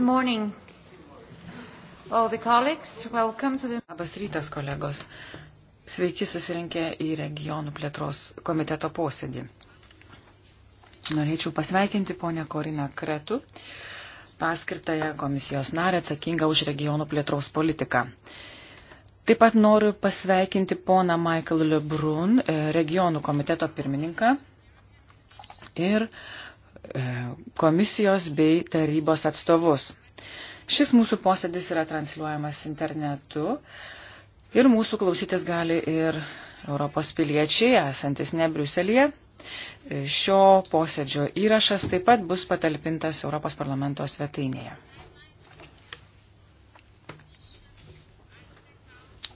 Good morning, all the colleagues. Welcome to the... Labas rytas, kolegos. Sveiki susirinkę į regionų plėtros komiteto posėdį. Norėčiau pasveikinti ponę Koriną Kretų, paskirtąją komisijos narę atsakingą už regionų plėtros politiką. Taip pat noriu pasveikinti poną Michael Lebrun, e, regionų komiteto pirmininką ir e, komisijos bei tarybos atstovus. Šis mūsų posėdis yra transliuojamas internetu ir mūsų klausytis gali ir Europos piliečiai, esantis ne Briuselėje. Šio posėdžio įrašas taip pat bus patalpintas Europos parlamento svetainėje.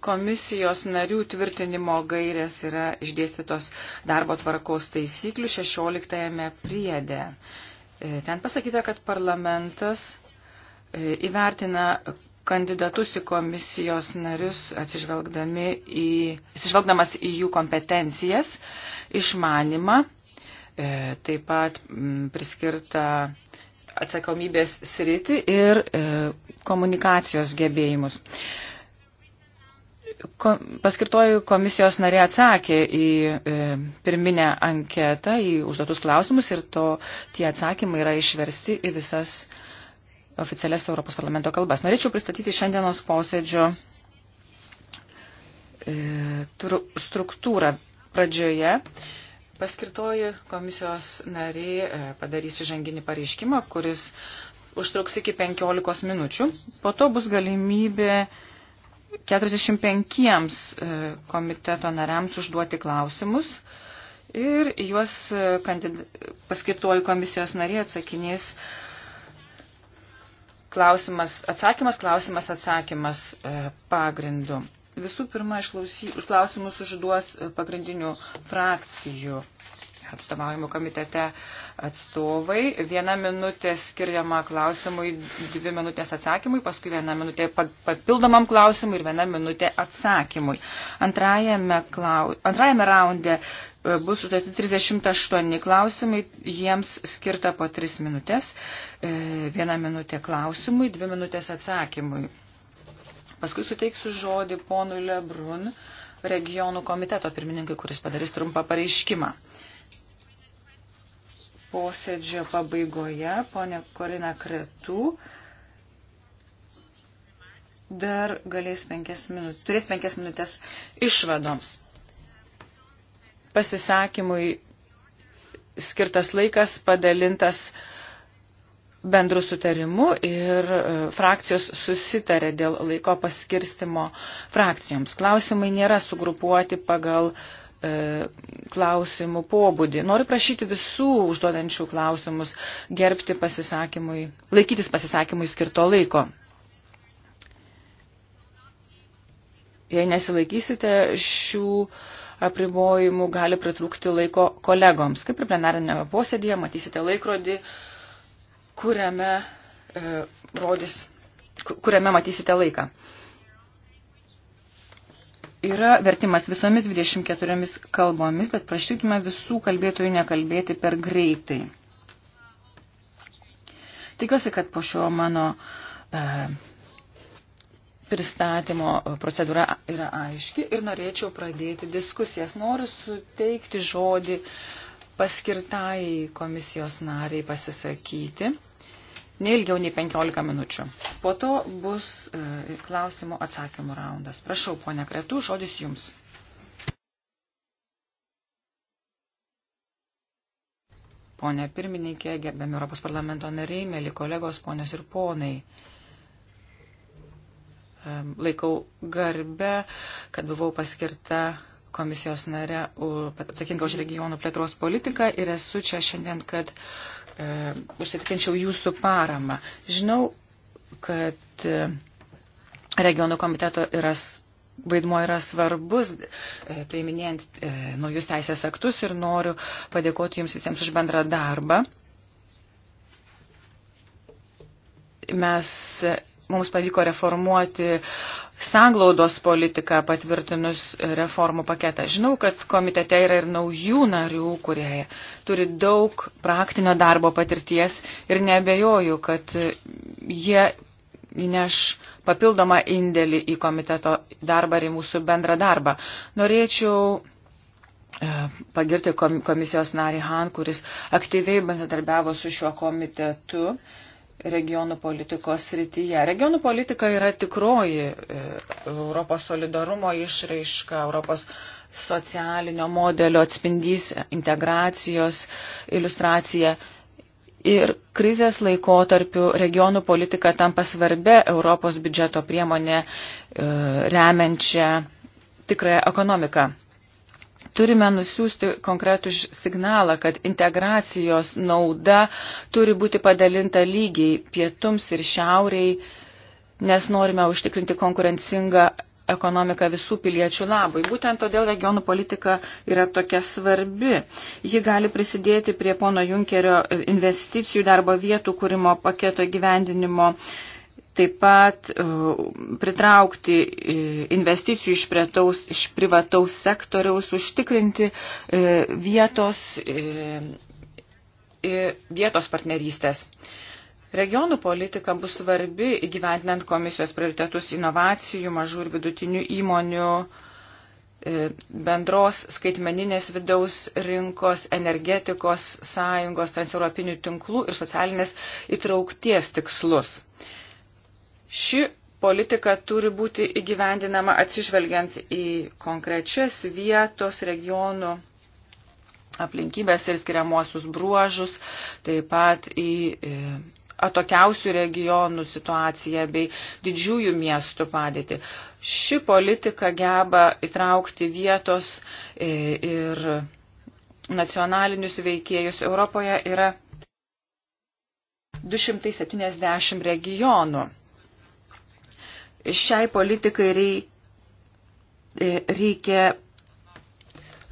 Komisijos narių tvirtinimo gairės yra išdėstytos darbo tvarkos taisyklių 16 priede. E, ten pasakyta, kad parlamentas įvertina kandidatus į komisijos narius atsižvelgdami į, atsižvelgdamas į jų kompetencijas, išmanimą, e, taip pat priskirta atsakomybės sritį ir e, komunikacijos gebėjimus. Paskirtojų komisijos narė atsakė į e, pirminę anketą, į užduotus klausimus ir to tie atsakymai yra išversti į visas uh, oficialias Europos parlamento kalbas. Norėčiau pristatyti šiandienos posėdžio e, struktūrą pradžioje. Paskirtoji komisijos nariai e, padarys įžanginį pareiškimą, kuris užtruks iki 15 minučių. Po to bus galimybė 45 e, komiteto nariams užduoti klausimus ir juos paskirtuoju komisijos nariai atsakinės klausimas, atsakymas, klausimas, atsakymas e, pagrindu. Visų pirma, klausimus užduos e, pagrindinių frakcijų atstovaujimų komitete atstovai. Viena minutė skiriama klausimui, dvi minutės atsakymui, paskui viena minutė papildomam klausimui ir viena minutė atsakymui. Antrajame, klau... Antrajame raunde bus užduoti 38 klausimai, jiems skirta po 3 minutės, e, viena minutė klausimui, 2 minutės atsakymui. Paskui suteiksiu žodį ponui Lebrun, regionų komiteto pirmininkai, kuris padarys trumpą pareiškimą. Posėdžio pabaigoje, ponė Korina Kretų, dar galės penkias minutės, turės penkias minutės išvadoms pasisakymui skirtas laikas padalintas bendrų sutarimų ir e, frakcijos susitarė dėl laiko paskirstimo frakcijoms. Klausimai nėra sugrupuoti pagal e, klausimų pobūdį. Noriu prašyti visų užduodančių klausimus gerbti pasisakymui, laikytis pasisakymui skirto laiko. Jei nesilaikysite šių apribojimų gali pritrūkti laiko kolegoms. Kaip ir plenarinėme posėdėje, matysite laikrodį, kuriame, e, rodys, kuriame matysite laiką. Yra vertimas visomis 24 kalbomis, bet prašytume visų kalbėtojų nekalbėti per greitai. Tikiuosi, kad po šio mano e, pristatymo procedūra yra aiški ir norėčiau pradėti diskusijas. Noriu suteikti žodį paskirtai komisijos nariai pasisakyti. Neilgiau nei 15 minučių. Po to bus e, klausimų atsakymų raundas. Prašau, ponia Kretų, žodis jums. Pone pirmininkė, gerbiami Europos parlamento nariai, mėly kolegos, ponios ir ponai laikau garbę, kad buvau paskirta komisijos nare atsakinga už regionų plėtros politiką ir esu čia šiandien, kad e, užsitikinčiau jūsų paramą. Žinau, kad e, regionų komiteto yra, vaidmo yra svarbus, e, priiminėjant e, naujus teisės aktus ir noriu padėkoti jums visiems už bendrą darbą. Mes mums pavyko reformuoti sanglaudos politiką patvirtinus reformų paketą. Žinau, kad komitete yra ir naujų narių, kurie turi daug praktinio darbo patirties ir nebejoju, kad jie įneš papildomą indėlį į komiteto darbą ir į mūsų bendrą darbą. Norėčiau e, pagirti komisijos narį Han, kuris aktyviai bendradarbiavo su šiuo komitetu regionų politikos srityje. Regionų politika yra tikroji e, Europos solidarumo išraiška, Europos socialinio modelio atspindys, integracijos iliustracija. Ir krizės laikotarpiu regionų politika tampa svarbia Europos biudžeto priemonė e, remiančia tikrąją ekonomiką turime nusiųsti konkretų signalą, kad integracijos nauda turi būti padalinta lygiai pietums ir šiauriai, nes norime užtikrinti konkurencingą ekonomiką visų piliečių labui. Būtent todėl regionų politika yra tokia svarbi. Ji gali prisidėti prie pono Junkerio investicijų darbo vietų kūrimo paketo gyvendinimo taip pat e, pritraukti e, investicijų iš, pretaus, iš privataus sektoriaus, užtikrinti e, vietos, vietos partnerystės. Regionų politika bus svarbi įgyventinant komisijos prioritetus inovacijų, mažų ir vidutinių įmonių, bendros skaitmeninės vidaus rinkos, energetikos sąjungos, transeuropinių tinklų ir socialinės įtraukties tikslus. Ši politika turi būti įgyvendinama atsižvelgiant į konkrečias vietos regionų aplinkybės ir skiriamuosius bruožus, taip pat į e, atokiausių regionų situaciją bei didžiųjų miestų padėtį. Ši politika geba įtraukti vietos e, ir nacionalinius veikėjus. Europoje yra 270 regionų šiai politikai reikia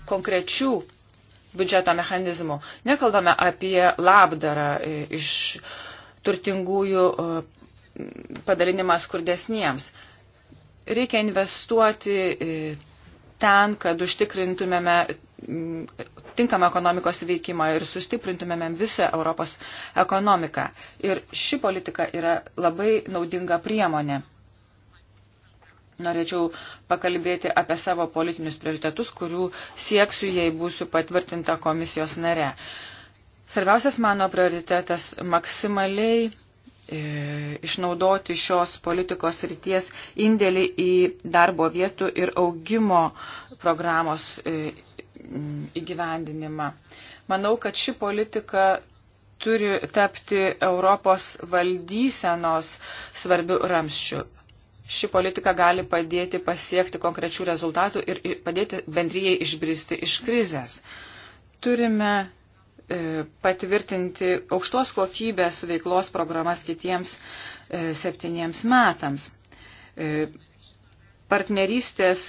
konkrečių biudžeto mechanizmų. Nekalbame apie labdarą e, iš turtingųjų e, padalinimą skurdesniems. Reikia investuoti e, ten, kad užtikrintumėme tinkamą ekonomikos veikimą ir sustiprintumėme visą Europos ekonomiką. Ir ši politika yra labai naudinga priemonė. Norėčiau pakalbėti apie savo politinius prioritetus, kurių sieksiu, jei būsiu patvirtinta komisijos nare. Svarbiausias mano prioritetas - maksimaliai e, išnaudoti šios politikos ryties indėlį į darbo vietų ir augimo programos e, įgyvendinimą. Manau, kad ši politika turi tapti Europos valdysenos svarbių ramščių ši politika gali padėti pasiekti konkrečių rezultatų ir padėti bendryjai išbristi iš krizės. Turime e, patvirtinti aukštos kokybės veiklos programas kitiems e, septyniems metams. E, partnerystės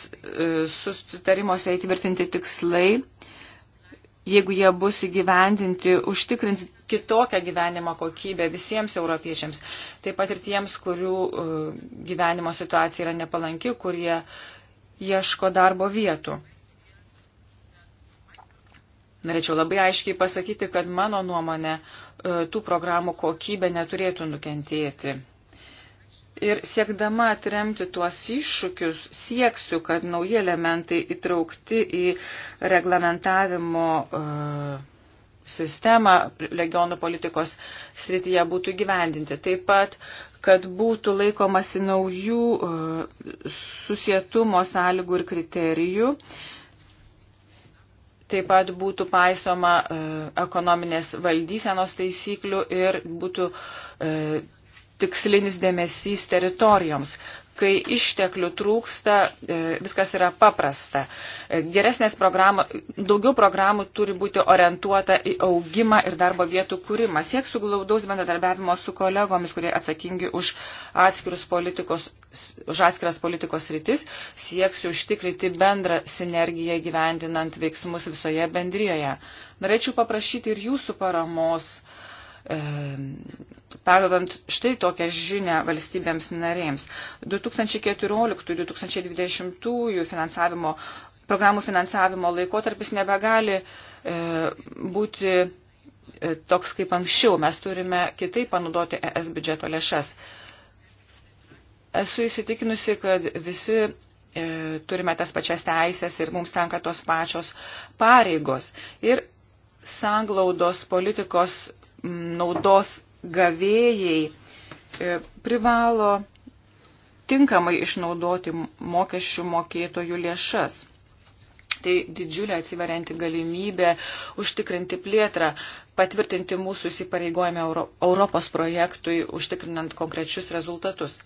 susitarimuose įtvirtinti tikslai jeigu jie bus įgyvendinti, užtikrins kitokią gyvenimo kokybę visiems europiečiams. Taip pat ir tiems, kurių e, gyvenimo situacija yra nepalanki, kurie ieško darbo vietų. Norėčiau labai aiškiai pasakyti, kad mano nuomonė e, tų programų kokybė neturėtų nukentėti. Ir siekdama atremti tuos iššūkius, sieksiu, kad nauji elementai įtraukti į reglamentavimo uh, sistemą regionų politikos srityje būtų gyvendinti. Taip pat, kad būtų laikomasi naujų uh, susietumo sąlygų ir kriterijų. Taip pat būtų paisoma uh, ekonominės valdysenos taisyklių ir būtų uh, tikslinis dėmesys teritorijoms. Kai išteklių trūksta, e, viskas yra paprasta. E, geresnės programų, daugiau programų turi būti orientuota į augimą ir darbo vietų kūrimą. Siek suglaudaus bendradarbiavimo su kolegomis, kurie atsakingi už, politikos, už atskiras politikos rytis, sieksiu užtikrinti bendrą sinergiją gyvendinant veiksmus visoje bendrijoje. Norėčiau paprašyti ir jūsų paramos. Uh, Ehm, perdodant štai tokią žinę valstybėms narėms. 2014-2020 finansavimo, programų finansavimo laikotarpis nebegali e, būti e, toks kaip anksčiau. Mes turime kitaip panaudoti ES biudžeto lėšas. Esu įsitikinusi, kad visi e, turime tas pačias teisės ir mums tenka tos pačios pareigos. Ir sanglaudos politikos naudos gavėjai e, privalo tinkamai išnaudoti mokesčių mokėtojų lėšas. Tai didžiulė atsiverianti galimybė užtikrinti plėtrą, patvirtinti mūsų įsipareigojimą Europos projektui, užtikrinant konkrečius rezultatus.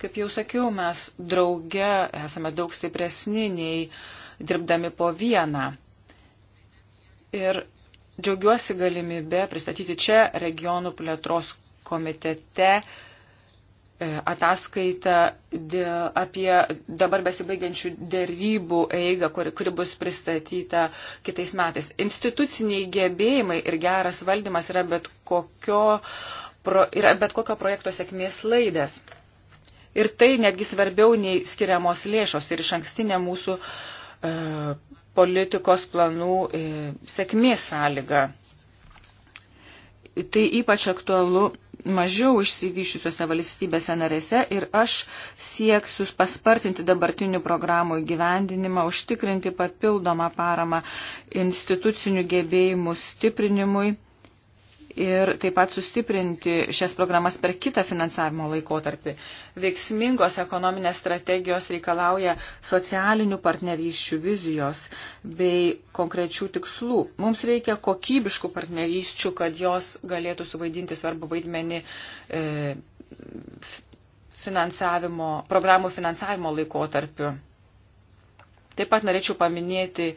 Kaip jau sakiau, mes drauge esame daug stipresni nei dirbdami po vieną. Ir Džiaugiuosi galimybę pristatyti čia regionų plėtros komitete e, ataskaitą apie dabar besibaigiančių dėrybų eigą, kuri, kuri bus pristatyta kitais metais. Instituciniai gebėjimai ir geras valdymas yra bet kokio, pro, yra bet kokio projekto sėkmės laidas. Ir tai netgi svarbiau nei skiriamos lėšos ir iš ankstinė mūsų e, politikos planų e, sėkmės sąlyga. Tai ypač aktualu mažiau išsivyšusiuose valstybėse narėse ir aš sieksiu paspartinti dabartinių programų įgyvendinimą, užtikrinti papildomą paramą institucinių gebėjimų stiprinimui ir taip pat sustiprinti šias programas per kitą finansavimo laikotarpį. Veiksmingos ekonominės strategijos reikalauja socialinių partnerysčių vizijos bei konkrečių tikslų. Mums reikia kokybiškų partnerysčių, kad jos galėtų suvaidinti svarbu vaidmenį e, finansavimo, programų finansavimo laikotarpiu. Taip pat norėčiau paminėti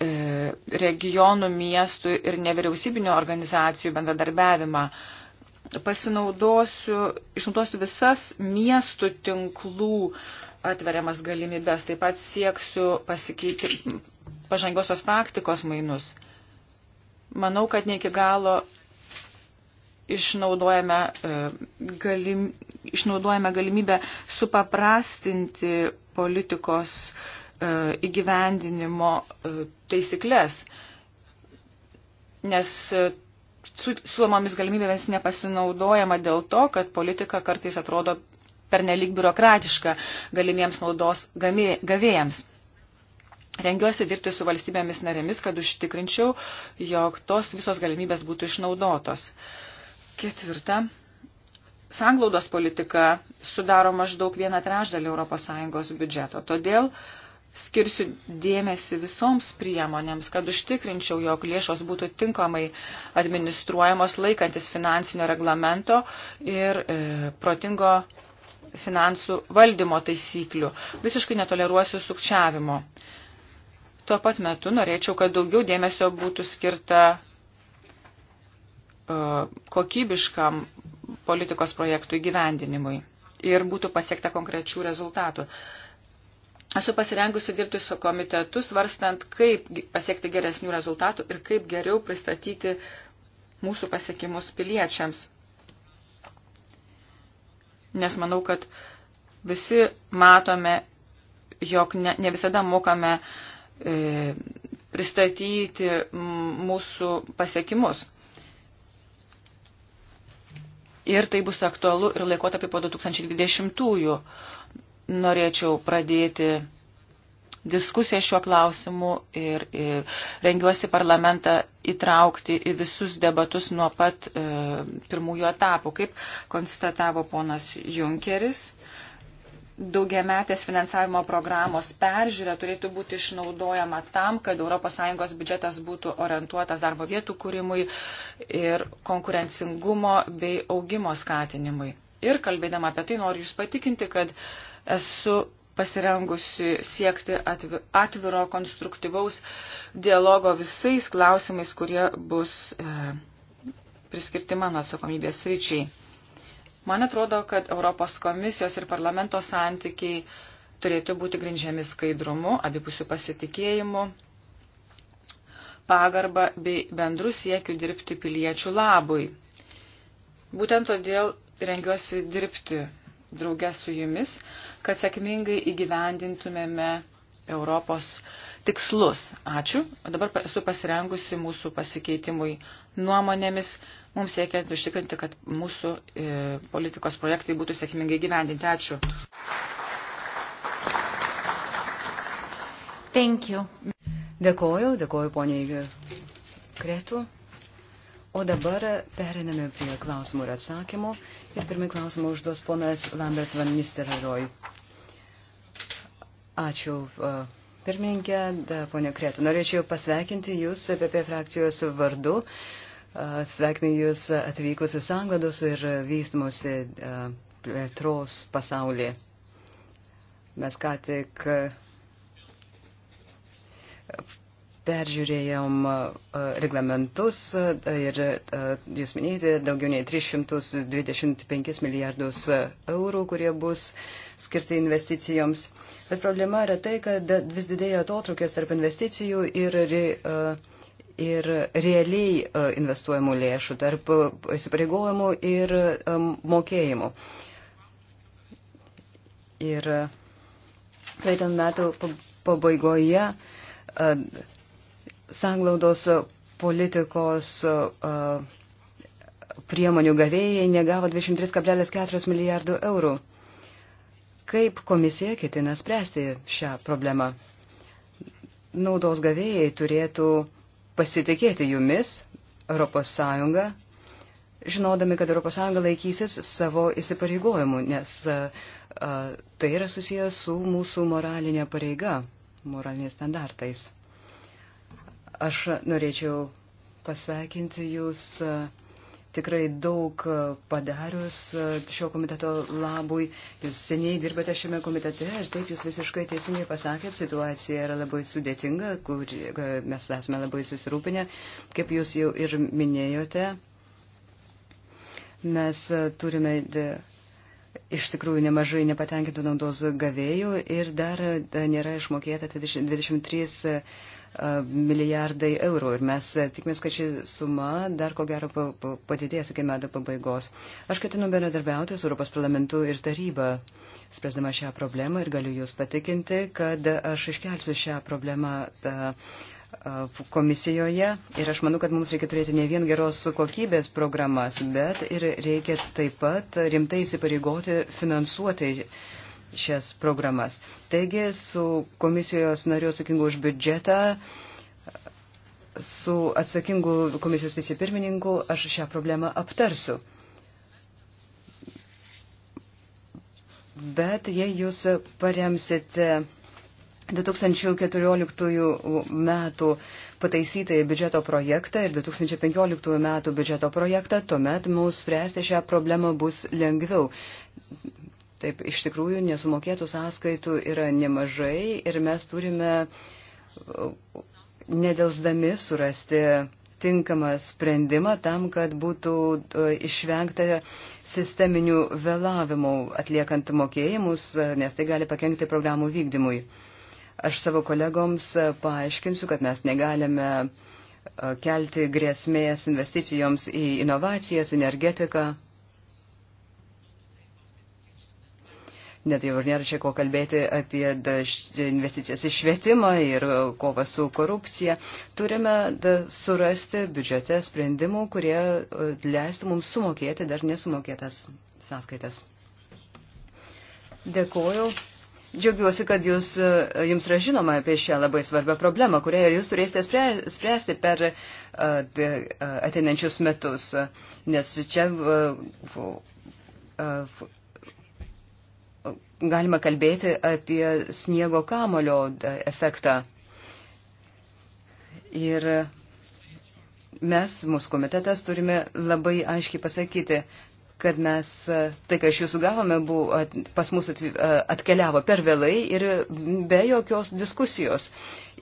E, regionų, miestų ir nevyriausybinio organizacijų bendradarbiavimą. Pasinaudosiu, išnaudosiu visas miestų tinklų atveriamas galimybės, taip pat sieksiu pasikeiti pažangiosios praktikos mainus. Manau, kad ne iki galo išnaudojame, e, galim, išnaudojame galimybę supaprastinti politikos uh, E, įgyvendinimo e, taisyklės, nes e, siūlomomis galimybėmis nepasinaudojama dėl to, kad politika kartais atrodo pernelyg biurokratiška galimiems naudos gavėjams. Rengiuosi dirbti su valstybėmis narėmis, kad užtikrinčiau, jog tos visos galimybės būtų išnaudotos. Ketvirta. Sanglaudos politika sudaro maždaug vieną trešdalį ES biudžeto. Todėl uh, skirsiu dėmesį visoms priemonėms, kad užtikrinčiau, jog lėšos būtų tinkamai administruojamos laikantis finansinio reglamento ir e, protingo finansų valdymo taisyklių. Visiškai netoleruosiu sukčiavimo. Tuo pat metu norėčiau, kad daugiau dėmesio būtų skirta e, kokybiškam politikos projektų įgyvendinimui ir būtų pasiekta konkrečių rezultatų. Esu pasirengusi dirbti su komitetu, svarstant, kaip pasiekti geresnių rezultatų ir kaip geriau pristatyti mūsų pasiekimus piliečiams. Nes manau, kad visi matome, jog ne, ne visada mokame e, pristatyti mūsų pasiekimus. Ir tai bus aktualu ir laikotarpį po 2020. -ųjų norėčiau pradėti diskusiją šiuo klausimu ir, ir e, rengiuosi parlamentą įtraukti į visus debatus nuo pat e, pirmųjų etapų, kaip konstatavo ponas Junkeris. Daugiametės finansavimo programos peržiūra turėtų būti išnaudojama tam, kad ES biudžetas būtų orientuotas darbo vietų kūrimui ir konkurencingumo bei augimo skatinimui. Ir kalbėdama apie tai noriu Jūs patikinti, kad e, esu pasirengusi siekti atviro, konstruktyvaus dialogo visais klausimais, kurie bus e, priskirti mano atsakomybės ryčiai. Man atrodo, kad Europos komisijos ir parlamento santykiai turėtų būti grindžiami skaidrumu, abipusių pasitikėjimu, pagarba bei bendrų siekių dirbti piliečių labui. Būtent todėl rengiuosi dirbti draugę su jumis, kad sėkmingai įgyvendintumėme Europos tikslus. Ačiū. O dabar esu pasirengusi mūsų pasikeitimui nuomonėmis, mums siekiant užtikrinti, kad mūsų e, politikos projektai būtų sėkmingai gyvendinti. Ačiū. Thank you. Dėkoju, dėkoju poniai Kretų. O dabar periname prie klausimų ir atsakymų. Ir pirmąjį klausimą užduos ponas Lambert van Nisterroj. Ačiū. Pirmininkė, ponė Kretų, norėčiau pasveikinti Jūs PP frakcijos vardu. Sveikinu Jūs atvykus į sanglados ir vystymosi plėtros pasaulį. Mes ką tik peržiūrėjom e, reglamentus e, ir e, jūs minėjote daugiau nei 325 milijardus eurų, kurie bus skirti investicijoms. Bet problema yra tai, kad vis didėja atotrukės tarp investicijų ir, ir realiai investuojamų lėšų, tarp įsipareigojimų ir mokėjimų. Ir praeitam metų pabaigoje sanglaudos politikos priemonių gavėjai negavo 23,4 milijardų eurų. Kaip komisija ketina spręsti šią problemą? Naudos gavėjai turėtų pasitikėti jumis, ES, žinodami, kad ES laikysis savo įsipareigojimų, nes a, tai yra susijęs su mūsų moralinė pareiga, moraliniais standartais. Aš norėčiau pasveikinti Jūs e, tikrai daug e, padarius e, šio komiteto labui. Jūs seniai dirbate šiame komitete, aš taip Jūs visiškai teisingai pasakėt, situacija yra labai sudėtinga, kur mes esame labai susirūpinę, kaip Jūs jau ir minėjote. Mes turime iš tikrųjų nemažai nepatenkintų naudos gavėjų ir dar nėra išmokėta 23 milijardai eurų ir mes tikimės, kad ši suma dar ko gero padidės iki metų pabaigos. Aš ketinu bendradarbiauti su Europos parlamentu ir taryba, spręsdama šią problemą ir galiu Jūs patikinti, kad aš iškelsiu šią problemą komisijoje ir aš manau, kad mums reikia turėti ne vien geros kokybės programas, bet ir reikia taip pat rimtai įsipareigoti finansuoti uh, šias programas. Taigi, su komisijos nariu atsakingu už biudžetą, su atsakingu komisijos vicepirmininku aš šią problemą aptarsiu. Bet jei jūs paremsite 2014 metų pataisytąjį biudžeto projektą ir 2015 metų biudžeto projektą, tuomet mums spręsti šią problemą bus lengviau. Taip, iš tikrųjų, nesumokėtų sąskaitų yra nemažai ir mes turime uh, nedelsdami surasti tinkamą sprendimą tam, kad būtų uh, išvengta sisteminių vėlavimų atliekant mokėjimus, uh, nes tai gali pakengti programų vykdymui. Aš savo kolegoms paaiškinsiu, kad mes negalime kelti grėsmės investicijoms į inovacijas, energetiką. Net tai jau nėra čia ko kalbėti apie investicijas į švietimą ir kovą su korupcija. Turime surasti biudžete sprendimų, kurie e, leistų mums sumokėti dar nesumokėtas sąskaitas. Dėkuoju. Džiaugiuosi, kad jūs, e, jums yra žinoma apie šią labai svarbią problemą, kurią jūs turėsite spręsti per e, ateinančius metus, nes čia galima kalbėti apie sniego kamulio efektą. Ir mes, mūsų komitetas, turime labai aiškiai pasakyti, kad mes tai, ką iš jūsų gavome, buvo, at, pas mus atv, atkeliavo per vėlai ir be jokios diskusijos.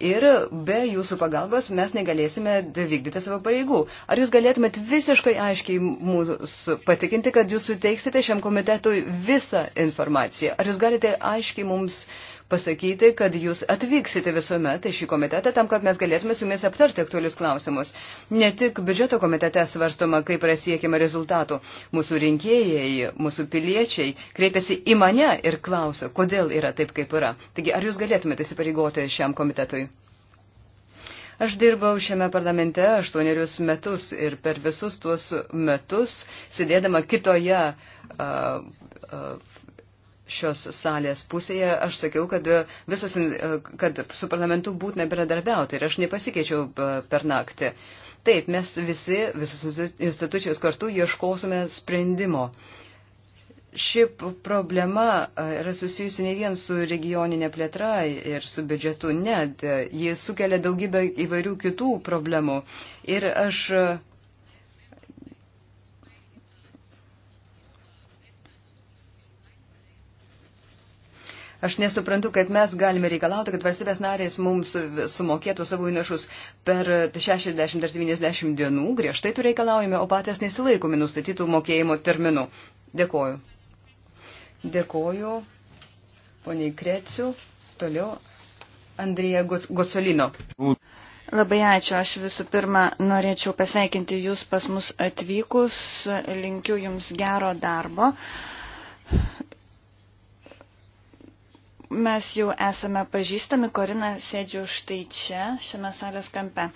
Ir be jūsų pagalbos mes negalėsime vykdyti savo pareigų. Ar jūs galėtumėt visiškai aiškiai mūsų patikinti, kad jūs suteiksite šiam komitetui visą informaciją? Ar jūs galite aiškiai mums uh, pasakyti, kad jūs atvyksite visuomet į šį komitetą tam, kad mes galėtume su jumis aptarti aktualius klausimus. Ne tik biudžeto komitete svarstoma, kaip yra siekiama rezultatų. Mūsų rinkėjai, mūsų piliečiai kreipiasi į mane ir klausia, kodėl yra taip, kaip yra. Taigi, ar jūs galėtumėte įsipareigoti šiam komitetui? Aš dirbau šiame parlamente aštuonerius metus ir per visus tuos metus, sėdėdama kitoje uh, uh, šios salės pusėje aš sakiau, kad, visos, kad su parlamentu būtina bendradarbiauti ir aš nepasikeičiau e, per naktį. Taip, mes visi, visos institucijos kartu ieškosime sprendimo. Ši problema e, yra susijusi ne vien su regioninė plėtra ir su biudžetu, net ji sukelia daugybę įvairių kitų problemų. Ir aš Aš nesuprantu, kad mes galime reikalauti, kad valstybės narės mums sumokėtų savo įnašus per 60 ar 90 dienų, griežtai tu reikalaujame, o patys nesilaikome nustatytų mokėjimo terminų. Dėkoju. Dėkoju, poniai Kreciu. Toliau Andrija Gocolino. Labai ačiū. Aš visų pirma norėčiau pasveikinti Jūs pas mus atvykus. Linkiu Jums gero darbo. Mes jau esame pažįstami, Korina sėdžiu štai čia, šiame salės kampe.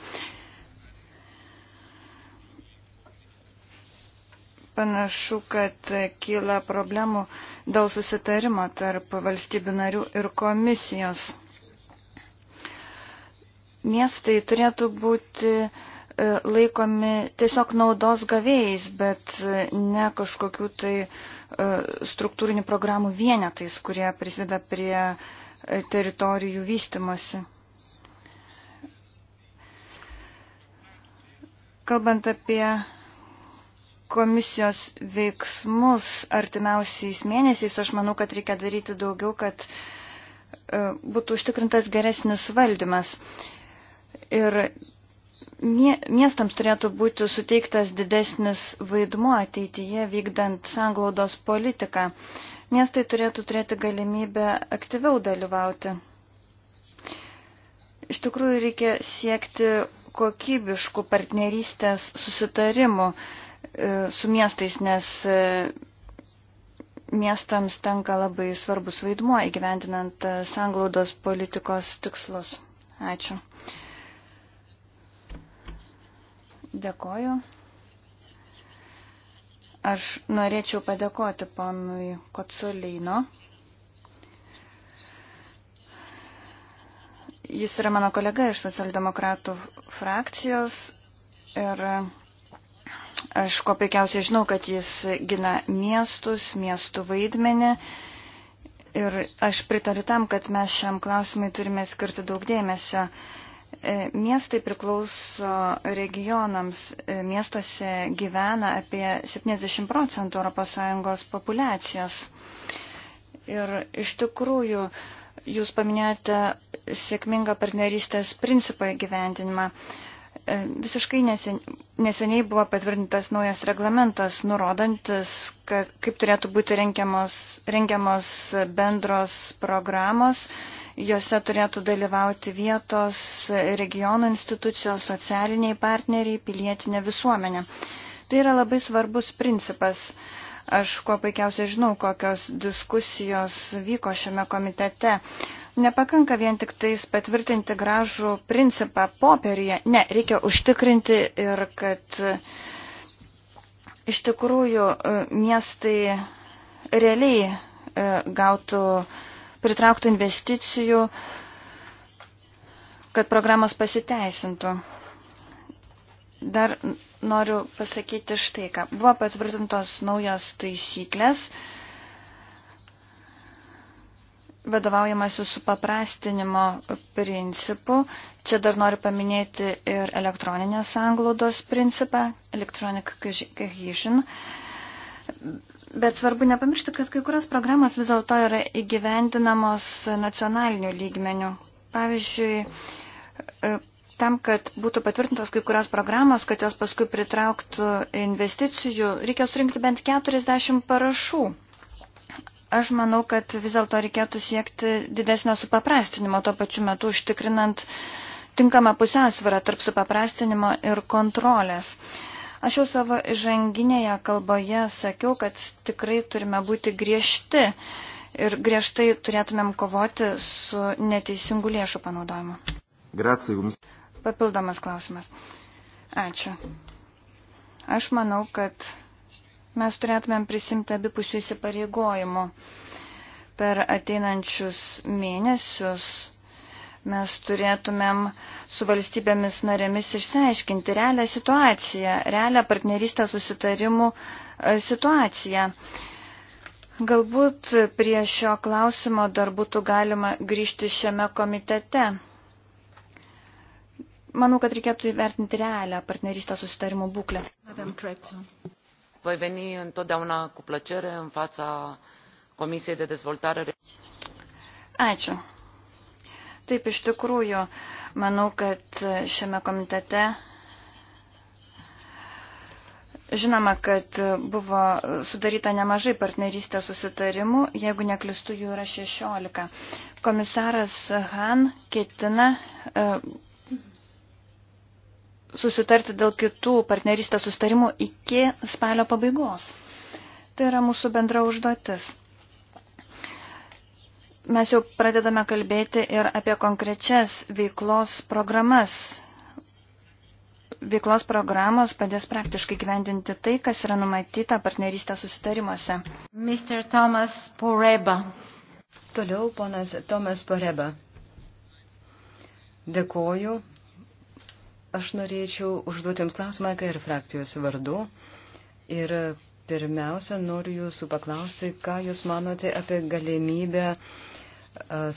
panašu, kad kyla problemų dėl susitarimo tarp valstybių narių ir komisijos. Miestai turėtų būti e, laikomi tiesiog naudos gavėjais, bet e, ne kažkokiu tai E, struktūrinių programų vienetais, kurie prisideda prie e, teritorijų vystimosi. Kalbant apie komisijos veiksmus artimiausiais mėnesiais, aš manau, kad reikia daryti daugiau, kad e, būtų užtikrintas geresnis valdymas. Ir miestams turėtų būti suteiktas didesnis vaidmuo ateityje vykdant sanglaudos politiką. Miestai turėtų turėti galimybę aktyviau dalyvauti. Iš tikrųjų reikia siekti kokybiškų partnerystės susitarimų e, su miestais, nes e, miestams tenka labai svarbus vaidmuo įgyvendinant e, sanglaudos politikos tikslus. Ačiū. Dėkoju. Aš norėčiau padėkoti ponui Koculino. Jis yra mano kolega iš socialdemokratų frakcijos ir aš ko puikiausiai žinau, kad jis gina miestus, miestų vaidmenį ir aš pritariu tam, kad mes šiam klausimai turime skirti daug dėmesio. E, miestai priklauso regionams, e, miestuose gyvena apie 70 procentų ES populacijos. Ir iš tikrųjų, jūs paminėjote sėkmingą partnerystės principą įgyvendinimą. E, visiškai nesen, neseniai buvo patvirtintas naujas reglamentas, nurodantis, ka, kaip turėtų būti rengiamos, rengiamos bendros programos. Jose turėtų dalyvauti vietos regionų institucijos, socialiniai partneriai, pilietinė visuomenė. Tai yra labai svarbus principas. Aš kuo puikiausiai žinau, kokios diskusijos vyko šiame komitete. Uh, Nepakanka vien tik tais patvirtinti gražų principą popieryje. Ne, reikia užtikrinti ir kad iš tikrųjų miestai realiai e, gautų, pritrauktų investicijų, kad programos pasiteisintų. Dar noriu pasakyti štai ką. Buvo patvirtintos naujos taisyklės vadovaujamasi su paprastinimo principu. Čia dar noriu paminėti ir elektroninės anglaudos principą, Electronic Cohesion. Bet svarbu nepamiršti, kad kai kurios programos vis dėlto yra įgyvendinamos nacionaliniu lygmeniu. Pavyzdžiui, e, tam, kad būtų patvirtintos kai kurios programos, kad jos paskui pritrauktų investicijų, reikia surinkti bent 40 parašų Aš manau, kad vis dėlto reikėtų siekti didesnio supaprastinimo, tuo pačiu metu užtikrinant tinkamą pusiausvyrą tarp supaprastinimo ir kontrolės. Aš jau savo žanginėje kalboje sakiau, kad tikrai turime būti griežti ir griežtai turėtumėm kovoti su neteisingu lėšų panaudojimu. Gracija Jums. Papildomas klausimas. Ačiū. Aš manau, kad Mes turėtumėm prisimti abipusių įsipareigojimų. Per ateinančius mėnesius mes turėtumėm su valstybėmis narėmis išsiaiškinti realią situaciją, realią partnerystę susitarimų e, situaciją. Galbūt prie šio klausimo dar būtų galima grįžti šiame komitete. Manau, kad reikėtų įvertinti realią partnerystę susitarimo būklę. Madam Kretsu voi veni întotdeauna cu plăcere în fața Comisiei de Dezvoltare Ačiū. Taip, iš tikrųjų, manau, kad šiame komitete žinoma, kad buvo sudaryta nemažai partnerystės susitarimų, jeigu neklistų jų yra 16. Komisaras Han ketina e, susitarti dėl kitų partnerystės sustarimų iki spalio pabaigos. Tai yra mūsų bendra užduotis. Mes jau pradedame kalbėti ir apie konkrečias veiklos programas. Veiklos programos padės praktiškai gyvendinti tai, kas yra numatyta partnerystės susitarimuose. Mr. Thomas Poreba. Toliau ponas Tomas Poreba. Dėkoju. Aš norėčiau užduoti Jums klausimą, kai ir frakcijos vardu. Ir pirmiausia, noriu Jūsų paklausti, ką Jūs manote apie galimybę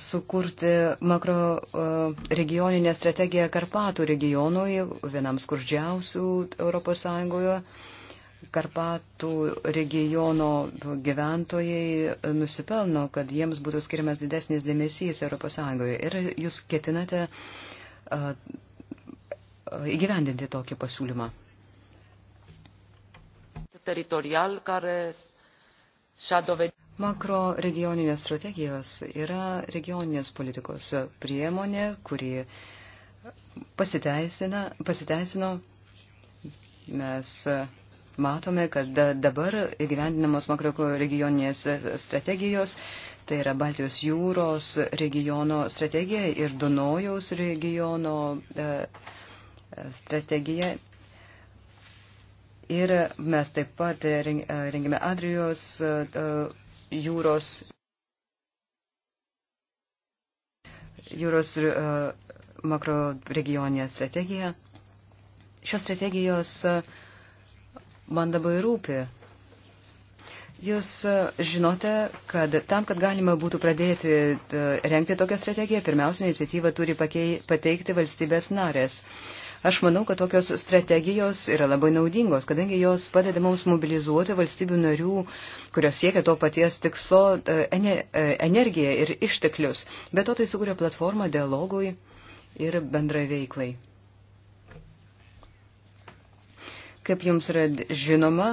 sukurti makro regioninę strategiją Karpatų regionui, vienam skurdžiausių ES. Karpatų regiono gyventojai nusipelno, kad jiems būtų skiriamas didesnis dėmesys ES. Ir jūs ketinate įgyvendinti tokį pasiūlymą. Makro regioninės strategijos yra regioninės politikos priemonė, kuri pasiteisino. Mes matome, kad dabar įgyvendinamos makro regioninės strategijos, tai yra Baltijos jūros regiono strategija ir Dunojaus regiono strategija strategiją. Ir mes taip pat rengime Adrijos e, jūros, jūros e, makro regioninę strategiją. Šios strategijos e, man labai rūpi. Jūs žinote, kad tam, kad galima būtų pradėti rengti tokią strategiją, pirmiausia iniciatyvą turi pateikti valstybės narės. Aš manau, kad tokios strategijos yra labai naudingos, kadangi jos padeda mums mobilizuoti valstybių narių, kurios siekia to paties tikslo e, e, energiją ir išteklius. Be to tai sukuria platformą dialogui ir bendrai veiklai. Kaip jums yra žinoma,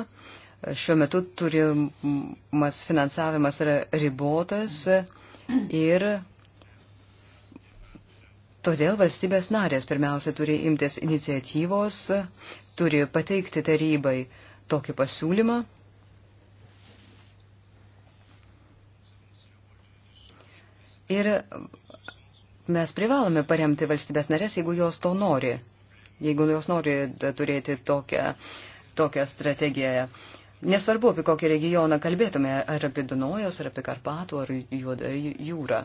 šiuo metu turimas finansavimas yra ribotas ir Todėl valstybės narės pirmiausia turi imtis iniciatyvos, turi pateikti tarybai tokį pasiūlymą. Ir mes privalome paremti valstybės narės, jeigu jos to nori, jeigu jos nori turėti tokią, tokią strategiją. Nesvarbu, apie kokį regioną kalbėtume, ar apie Dunojos, ar apie Karpatų, ar Juodą jūrą.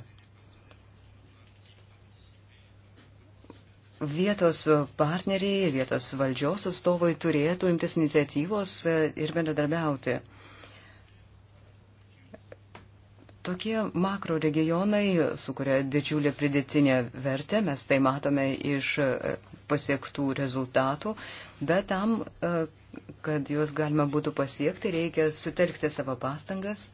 vietos partneriai, vietos valdžios atstovai turėtų imtis iniciatyvos e, ir bendradarbiauti. Tokie makro regionai sukuria didžiulę pridėtinę vertę, mes tai matome iš e, pasiektų rezultatų, bet tam, e, kad juos galima būtų pasiekti, reikia sutelkti savo pastangas,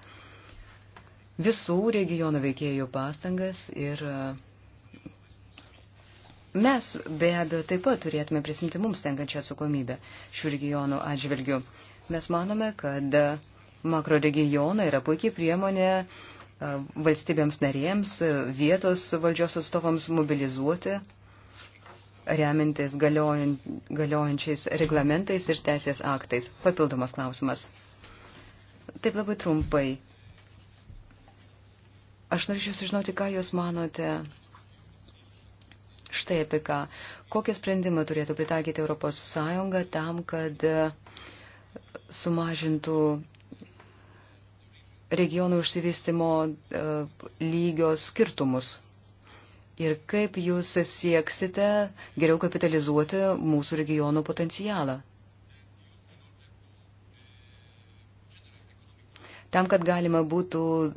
visų regionų veikėjų pastangas ir uh, Mes be abejo taip pat turėtume prisimti mums tenkančią atsakomybę šių regionų atžvilgių. Mes manome, kad makro regionai yra puikiai priemonė valstybėms narėms, vietos valdžios atstovams mobilizuoti, remintis galiojančiais reglamentais ir teisės aktais. Papildomas klausimas. Taip labai trumpai. Aš norėčiau sužinoti, ką Jūs manote štai apie ką. Kokią sprendimą turėtų pritaikyti ES tam, kad e, sumažintų regionų išsivystimo e, lygio skirtumus? Ir kaip jūs sieksite geriau kapitalizuoti mūsų regionų potencialą? tam, kad galima būtų uh,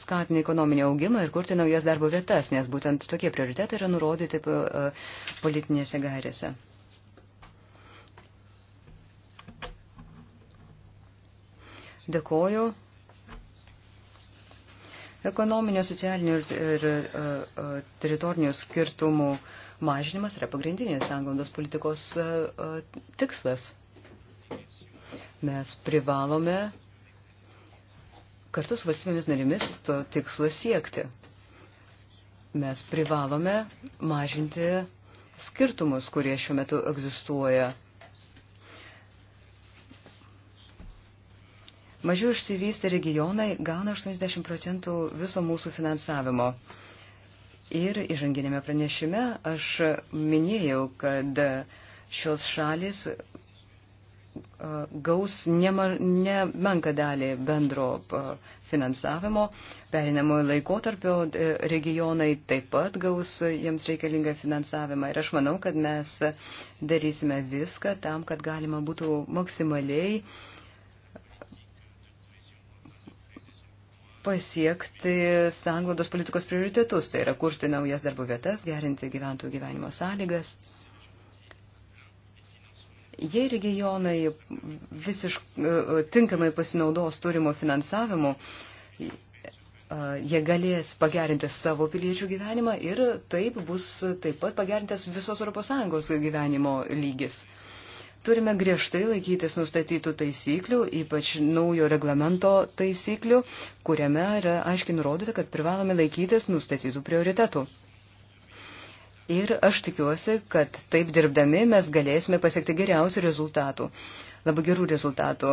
skatinti ekonominį augimą ir kurti naujas darbo vietas, nes būtent tokie prioritetai yra nurodyti uh, politinėse gairėse. Dėkoju. Ekonominio, socialinio ir, ir uh, e, teritorinio skirtumų mažinimas yra pagrindinis anglandos politikos uh, tikslas. Mes privalome kartu su valstybėmis narimis to tikslo siekti. Mes privalome mažinti skirtumus, kurie šiuo metu egzistuoja. Mažiau išsivystę regionai gauna 80 procentų viso mūsų finansavimo. Ir įžanginėme pranešime aš minėjau, kad šios šalis gaus nemenka dalį bendro finansavimo. Perinamojo laikotarpio e, regionai taip pat gaus jiems reikalingą finansavimą. Ir aš manau, kad mes darysime viską tam, kad galima būtų maksimaliai pasiekti sanglodos politikos prioritetus, tai yra kurti naujas darbo vietas, gerinti gyventojų gyvenimo sąlygas. Jei regionai visiškai e, e, tinkamai pasinaudos turimo finansavimu, e, jie galės pagerinti savo piliečių gyvenimą ir taip bus taip pat pagerintas visos ES gyvenimo lygis. Turime griežtai laikytis nustatytų taisyklių, ypač naujo reglamento taisyklių, kuriame yra aiškiai nurodyta, kad privalome laikytis nustatytų prioritetų. Ir aš tikiuosi, kad taip dirbdami mes galėsime pasiekti geriausių rezultatų. Labai gerų rezultatų.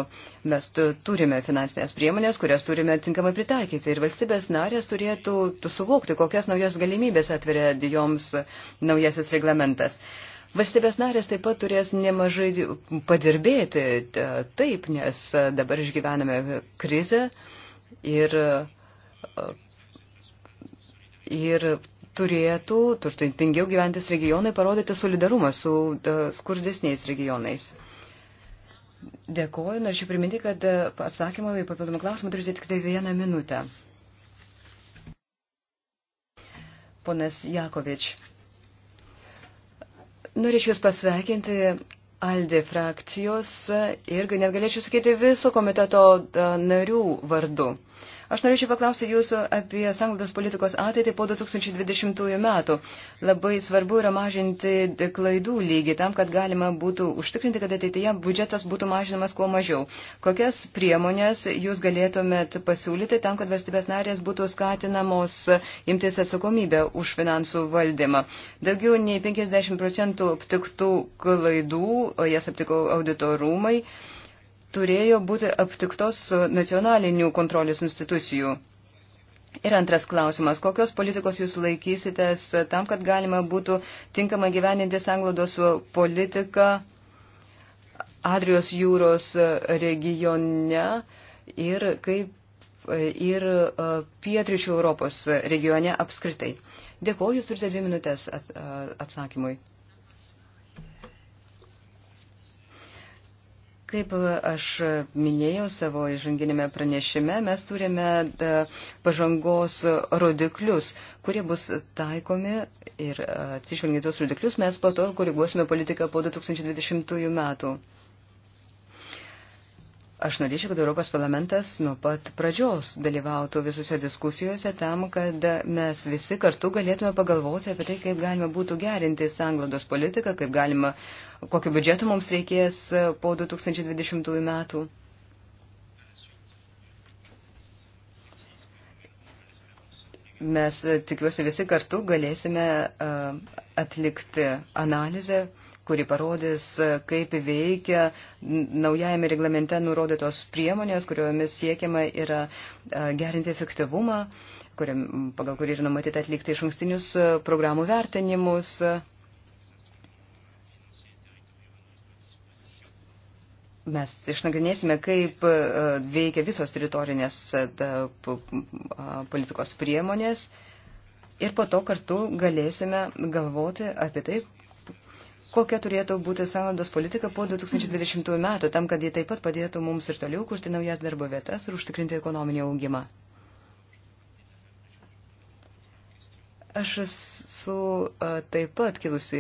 Mes turime finansinės priemonės, kurias turime tinkamai pritaikyti. Ir valstybės narės turėtų suvokti, kokias naujas galimybės atveria joms naujasis reglamentas. Valstybės narės taip pat turės nemažai padirbėti, taip, nes dabar išgyvename krizę ir, ir turėtų turtingiau gyventis regionai parodyti solidarumą su skurdesniais regionais. Dėkuoju, norėčiau priminti, kad e, atsakymą į papildomą klausimą turite tik tai vieną minutę. Ponas Jakovič, norėčiau Jūs pasveikinti Aldė frakcijos ir net galėčiau sakyti viso komiteto narių vardu. Aš norėčiau paklausti jūsų apie sanglaudos politikos ateitį po 2020 metų. Labai svarbu yra mažinti klaidų lygį tam, kad galima būtų užtikrinti, kad ateityje biudžetas būtų mažinamas kuo mažiau. Kokias priemonės jūs galėtumėt pasiūlyti tam, kad valstybės narės būtų skatinamos imtis atsakomybę už finansų valdymą? Daugiau nei 50 procentų aptiktų klaidų, jas aptiko auditorumai. rūmai turėjo būti aptiktos nacionalinių kontrolės institucijų. Ir antras klausimas, kokios politikos jūs laikysitės tam, kad galima būtų tinkamai gyveninti sanglodos politiką Adrijos jūros regione ir, kaip, ir e, pietričių Europos regione apskritai. Dėkuoju, jūs turite dvi minutės e, atsakymui. Kaip aš minėjau savo įžanginėme pranešime, mes turime e, pažangos rodiklius, kurie bus taikomi ir e, atsižvelgiant tuos rodiklius mes po to koriguosime politiką po 2020 metų. Aš norėčiau, kad Europos parlamentas nuo pat pradžios dalyvautų visose diskusijose tam, kad mes visi kartu galėtume pagalvoti apie tai, kaip galima būtų gerinti sanglados politiką, kaip galima, kokiu biudžetu mums reikės e, po 2020 metų. Mes e, tikiuosi visi kartu galėsime e, atlikti analizę kuri parodys, kaip veikia naujajame reglamente nurodytos priemonės, kuriomis siekiama yra gerinti efektyvumą, kuriam, pagal kurį yra numatyta atlikti iš ankstinius programų vertinimus. Mes išnagrinėsime, kaip veikia visos teritorinės politikos priemonės ir po to kartu galėsime galvoti apie tai, kokia turėtų būti sąnaudos politika po 2020 metų, tam, kad jie taip pat padėtų mums ir toliau kurti naujas darbo vietas ir užtikrinti ekonominį augimą. Aš esu taip pat kilusi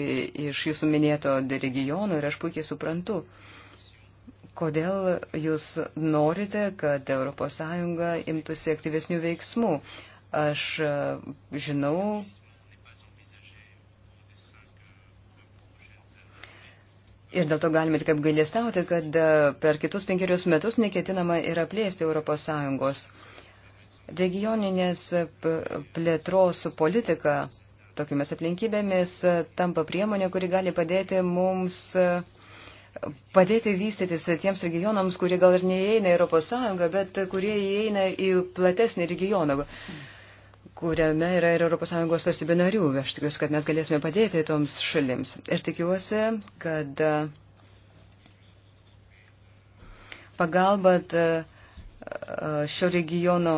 iš jūsų minėto regiono ir aš puikiai suprantu, kodėl jūs norite, kad ES imtųsi aktyvesnių veiksmų. Aš žinau, Ir dėl to galime tik apgailėstauti, kad e, per kitus penkerius metus neketinama yra plėsti ES. Regioninės e, plėtros politika tokiamis aplinkybėmis e, tampa priemonė, kuri gali padėti mums padėti vystytis tiems regionams, kurie gal ir neįeina į ES, bet kurie įeina į platesnį regioną. Mm kuriame yra ir ES valstybių narių. Aš tikiuosi, kad mes galėsime padėti toms šalims. Ir tikiuosi, kad e, pagalba e, e, šio regiono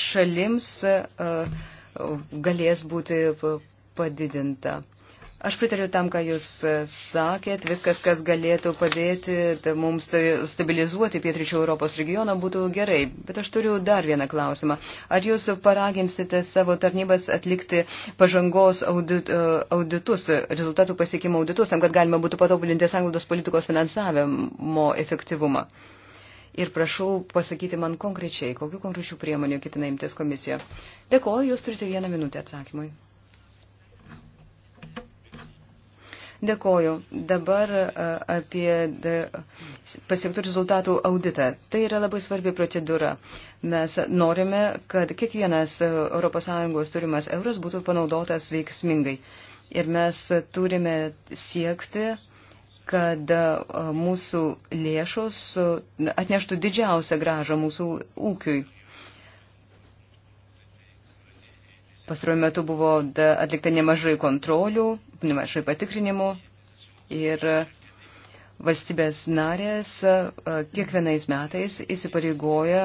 šalims galės būti padidinta. Aš pritariu tam, ką Jūs e, sakėt. Viskas, kas galėtų padėti tai mums tai stabilizuoti pietričių Europos regioną, būtų gerai. Bet aš turiu dar vieną klausimą. Ar Jūs paraginsite savo tarnybas atlikti pažangos audit, e, auditus, rezultatų pasiekimo auditus, tam, kad galima būtų patobulinti sanglaudos politikos finansavimo efektyvumą? Ir prašau pasakyti man konkrečiai, kokiu konkrečiu priemoniu ketina imtis komisija. Dėkuoju, Jūs turite vieną minutę atsakymui. Dėkoju. Dabar e, apie pasiektų rezultatų auditą. Tai yra labai svarbi procedūra. Mes norime, kad kiekvienas ES turimas euras būtų panaudotas veiksmingai. Ir mes turime siekti, kad e, mūsų lėšos e, atneštų didžiausią gražą mūsų ūkiui. Pastaruoju metu buvo atlikta nemažai kontrolių, nemažai patikrinimų ir e, valstybės narės e, e, kiekvienais metais įsipareigoja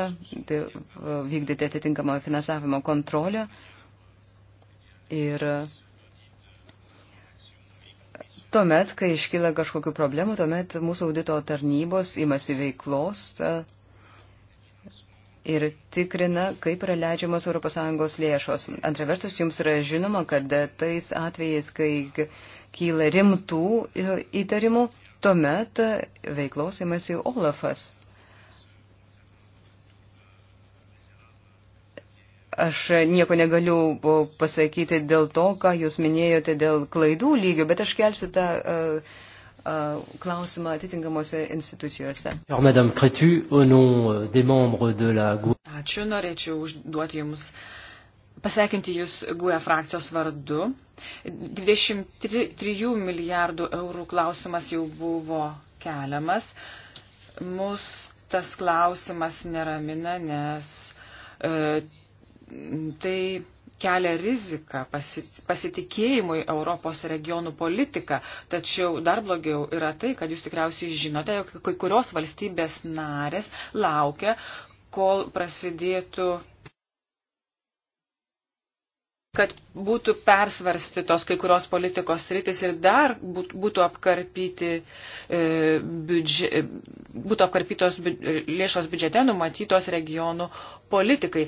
tai, vykdyti atitinkamą finansavimo kontrolę ir tuomet, kai iškyla kažkokių problemų, tuomet mūsų audito tarnybos imasi veiklos. Ta, ir tikrina, kaip yra leidžiamos ES lėšos. Antra vertus, jums yra žinoma, kad tais atvejais, kai kyla rimtų e, įtarimų, tuomet veiklos imasi Olafas. Aš nieko negaliu pasakyti dėl to, ką jūs minėjote dėl klaidų lygio, bet aš kelsiu tą. Uh, klausimą atitinkamuose institucijose. Euh, e. Ačiū, norėčiau užduoti Jums, pasveikinti Jūs GUE frakcijos vardu. 23 milijardų eurų klausimas jau buvo keliamas. Mus tas klausimas neramina, nes e, tai kelia riziką pasitikėjimui Europos regionų politiką. Tačiau dar blogiau yra tai, kad jūs tikriausiai žinote, jog kai kurios valstybės narės laukia, kol prasidėtų kad būtų persvarstytos kai kurios politikos rytis ir dar būtų, apkarpyti, e, biudžet, būtų apkarpytos biudž, lėšos biudžete numatytos regionų politikai.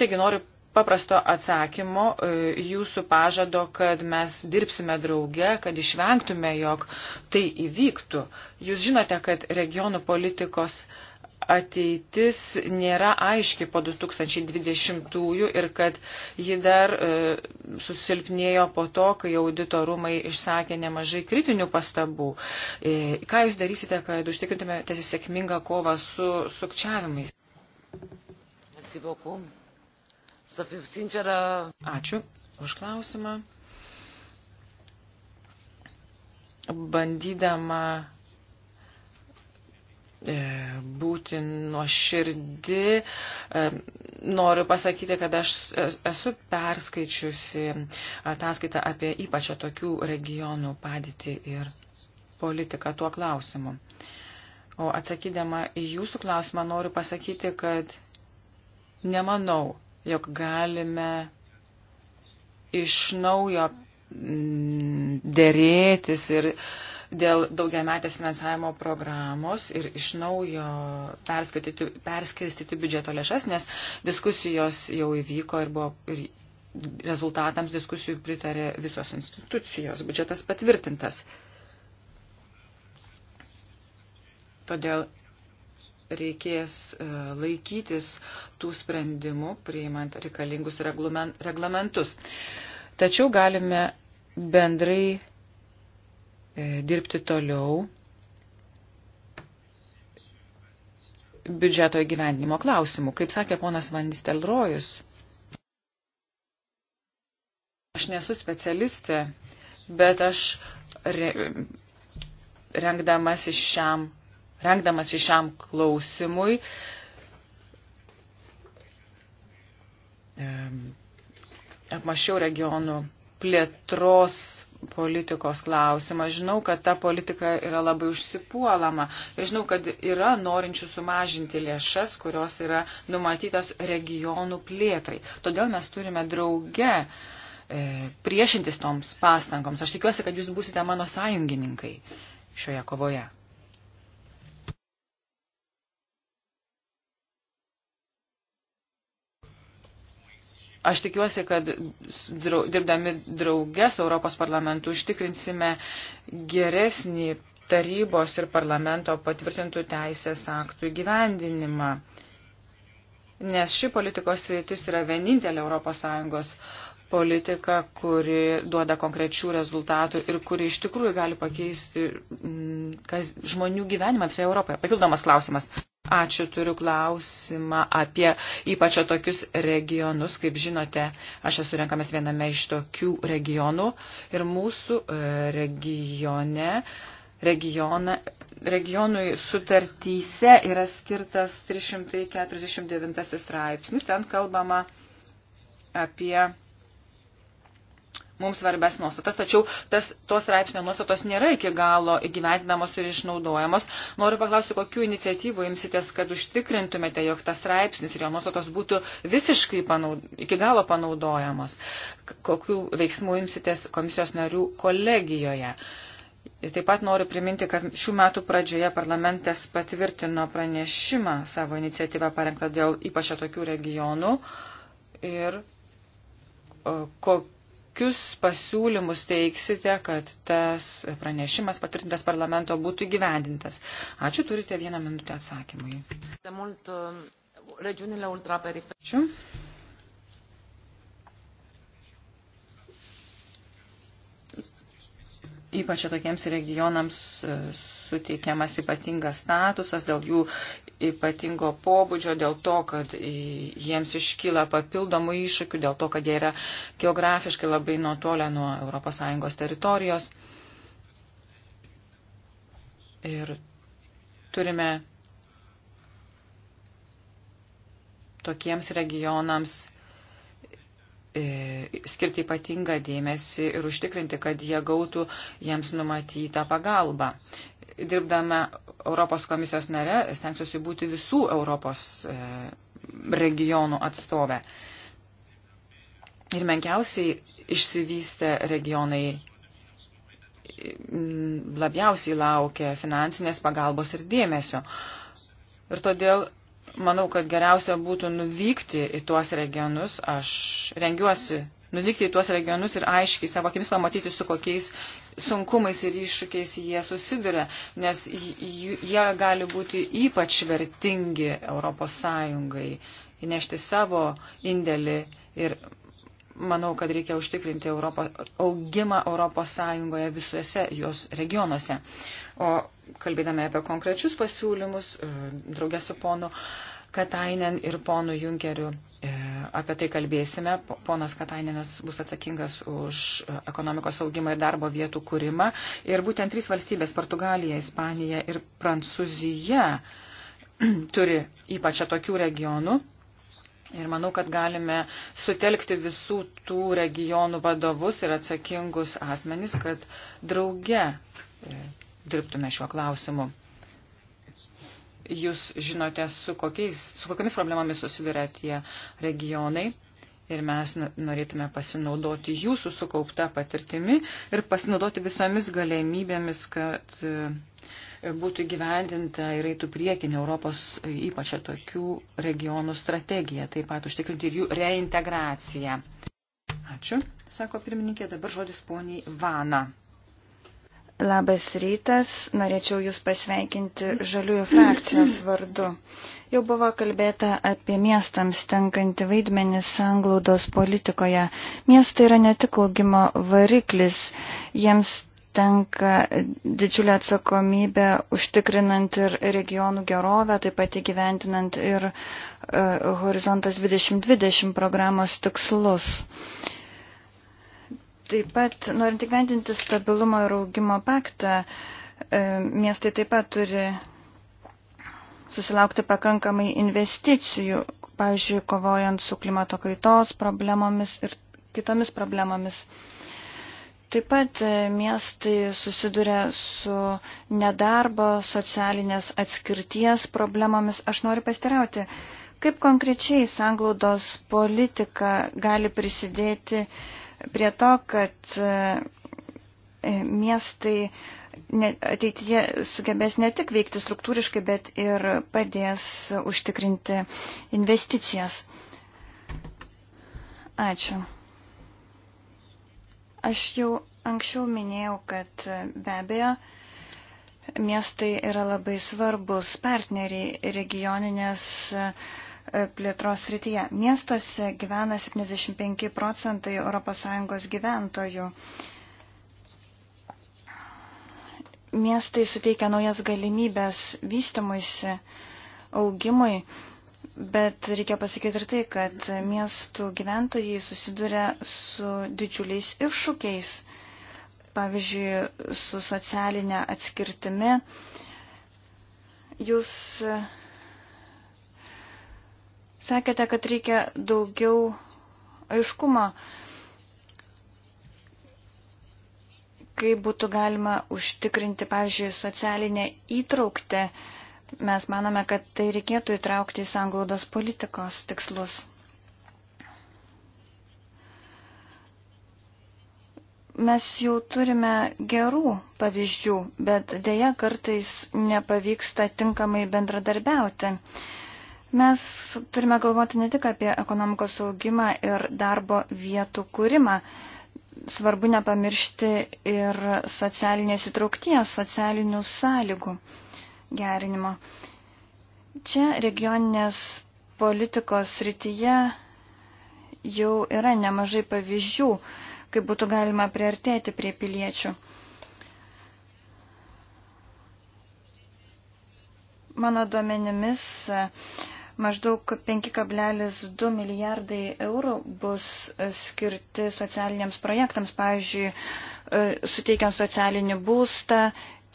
Taigi noriu paprasto atsakymo, e, jūsų pažado, kad mes dirbsime drauge, kad išvengtume, jog tai įvyktų. Jūs žinote, kad regionų politikos ateitis nėra aiški po 2020-ųjų ir kad ji dar e, susilpnėjo po to, kai audito rūmai išsakė nemažai kritinių pastabų. E, ką jūs darysite, kad užtikrintumėte sėkmingą kovą su sukčiavimais? Atsivokum să fiu sinceră. Ačiū už klausimą. Bandydama e, būti nuoširdi. E, noriu pasakyti, kad aš esu perskaičiusi ataskaitą apie ypač tokių regionų padėtį ir politiką tuo klausimu. O atsakydama į jūsų klausimą noriu pasakyti, kad nemanau, jog galime iš naujo mm, dėrėtis ir dėl daugiametės finansavimo programos ir iš naujo perskirstyti biudžeto lėšas, nes diskusijos jau įvyko ir buvo ir rezultatams diskusijų pritarė visos institucijos. Biudžetas patvirtintas. Todėl reikės e, laikytis tų sprendimų, priimant reikalingus reglamentus. Tačiau galime bendrai e, dirbti toliau biudžeto įgyvendinimo klausimų. Kaip sakė ponas Vandistelrojus, aš nesu specialistė, bet aš re, rengdamas iš šiam rengdamas į šiam klausimui, apmašiau regionų plėtros politikos klausimą. Žinau, kad ta politika yra labai užsipuolama. Ir žinau, kad yra norinčių sumažinti lėšas, kurios yra numatytas regionų plėtrai. Todėl mes turime drauge e, priešintis toms pastangoms. Aš tikiuosi, kad jūs būsite mano sąjungininkai šioje kovoje. Aš tikiuosi, kad dirbdami draugę su Europos parlamentu užtikrinsime geresnį tarybos ir parlamento patvirtintų teisės aktų įgyvendinimą. Nes ši politikos rytis yra vienintelė ES politika, kuri duoda konkrečių rezultatų ir kuri iš tikrųjų gali pakeisti mm, kas, žmonių gyvenimą visoje Europoje. Papildomas klausimas. Ačiū, turiu klausimą apie ypač tokius regionus. Kaip žinote, aš esu renkamas viename iš tokių regionų ir mūsų e, regione, regiona, regionui sutartyse yra skirtas 349 straipsnis. Ten kalbama apie mums svarbes nuostatas, tačiau tas, tos straipsnio nuostatos nėra iki galo įgyvendinamos ir išnaudojamos. Noriu paklausti, kokiu iniciatyvu imsitės, kad užtikrintumėte, jog tas straipsnis ir jo nuostatos būtų visiškai panaud, iki galo panaudojamos. Kokiu veiksmu imsitės komisijos narių kolegijoje. Ir taip pat noriu priminti, kad šių metų pradžioje parlamentas patvirtino pranešimą savo iniciatyvą parengtą dėl ypač tokių regionų ir o, ko, kokius pasiūlymus teiksite, kad tas pranešimas patvirtintas parlamento būtų gyvendintas. Ačiū, turite vieną minutę atsakymui. Uh, Ačiū. ypač tokiems regionams uh, suteikiamas ypatingas statusas dėl jų ypatingo pobūdžio dėl to, kad jiems iškyla papildomų iššūkių, dėl to, kad jie yra geografiškai labai nuotolę nuo ES teritorijos. Ir turime tokiems regionams e, skirti ypatingą dėmesį ir užtikrinti, kad jie gautų jiems numatytą pagalbą dirbdama Europos komisijos nare, stengsiuosi būti visų Europos e, regionų atstovę. Ir menkiausiai išsivystę regionai labiausiai laukia finansinės pagalbos ir dėmesio. Ir todėl manau, kad geriausia būtų nuvykti į tuos regionus. Aš rengiuosi nuvykti į tuos regionus ir aiškiai savo akimis pamatyti, su kokiais sunkumais ir iššūkiais jie susiduria, nes jie gali būti ypač vertingi Europos Sąjungai, įnešti savo indėlį ir manau, kad reikia užtikrinti Europo, augimą Europos Sąjungoje visuose jos regionuose. O kalbėdami apie konkrečius pasiūlymus, e, draugės su ponu Katainen ir ponu Junkeriu e, apie tai kalbėsime. Ponas Katainenas bus atsakingas už e, ekonomikos augimą ir darbo vietų kūrimą. Ir būtent trys valstybės - Portugalija, Ispanija ir Prancūzija - turi ypač tokių regionų. Ir manau, kad galime sutelkti visų tų regionų vadovus ir atsakingus asmenys, kad drauge e, dirbtume šiuo klausimu jūs žinote, su, kokiais, su kokiamis problemomis susiduria tie regionai. Ir mes norėtume pasinaudoti jūsų sukauptą patirtimi ir pasinaudoti visomis galimybėmis, kad e, būtų gyvendinta ir eitų priekinė Europos e, ypač tokių regionų strategija, taip pat užtikrinti ir jų reintegraciją. Ačiū, sako pirmininkė, dabar žodis poniai Vana. Labas rytas, norėčiau Jūs pasveikinti žaliųjų frakcijos vardu. Jau buvo kalbėta apie miestams tenkantį vaidmenį sanglaudos politikoje. Miestai yra ne tik augimo variklis, jiems tenka didžiulė atsakomybė užtikrinant ir regionų gerovę, taip pat įgyventinant ir uh, Horizontas 2020 programos tikslus. Uh, Taip pat, norint įgyvendinti stabilumo ir augimo paktą, e, miestai taip pat turi susilaukti pakankamai investicijų, pavyzdžiui, kovojant su klimato kaitos problemomis ir kitomis problemomis. Taip pat e, miestai susiduria su nedarbo, socialinės atskirties problemomis. Aš noriu pastirauti, kaip konkrečiai sanglaudos politika gali prisidėti prie to, kad e, miestai ateityje sugebės ne tik veikti struktūriškai, bet ir padės užtikrinti investicijas. Ačiū. Aš jau anksčiau minėjau, kad e, be abejo, miestai yra labai svarbus partneriai regioninės uh, plėtros srityje. Miestuose gyvena 75 procentai ES gyventojų. Miestai suteikia naujas galimybės vystimuisi, augimui, bet reikia pasakyti ir tai, kad miestų gyventojai susiduria su didžiuliais iššūkiais, pavyzdžiui, su socialinė atskirtimi. Jūs Sakėte, kad reikia daugiau aiškumo, kaip būtų galima užtikrinti, pavyzdžiui, socialinę įtrauktę. Mes manome, kad tai reikėtų įtraukti į sanglaudos politikos tikslus. mes jau turime gerų pavyzdžių, bet dėja kartais nepavyksta tinkamai bendradarbiauti. Mes turime galvoti ne tik apie ekonomikos augimą ir darbo vietų kūrimą. Svarbu nepamiršti ir socialinės įtraukties, socialinių sąlygų gerinimo. Čia regioninės politikos srityje jau yra nemažai pavyzdžių, kaip būtų galima priartėti prie piliečių. Mano duomenimis Maždaug 5,2 milijardai eurų bus skirti socialiniams projektams, pavyzdžiui, e, suteikiant socialinį būstą,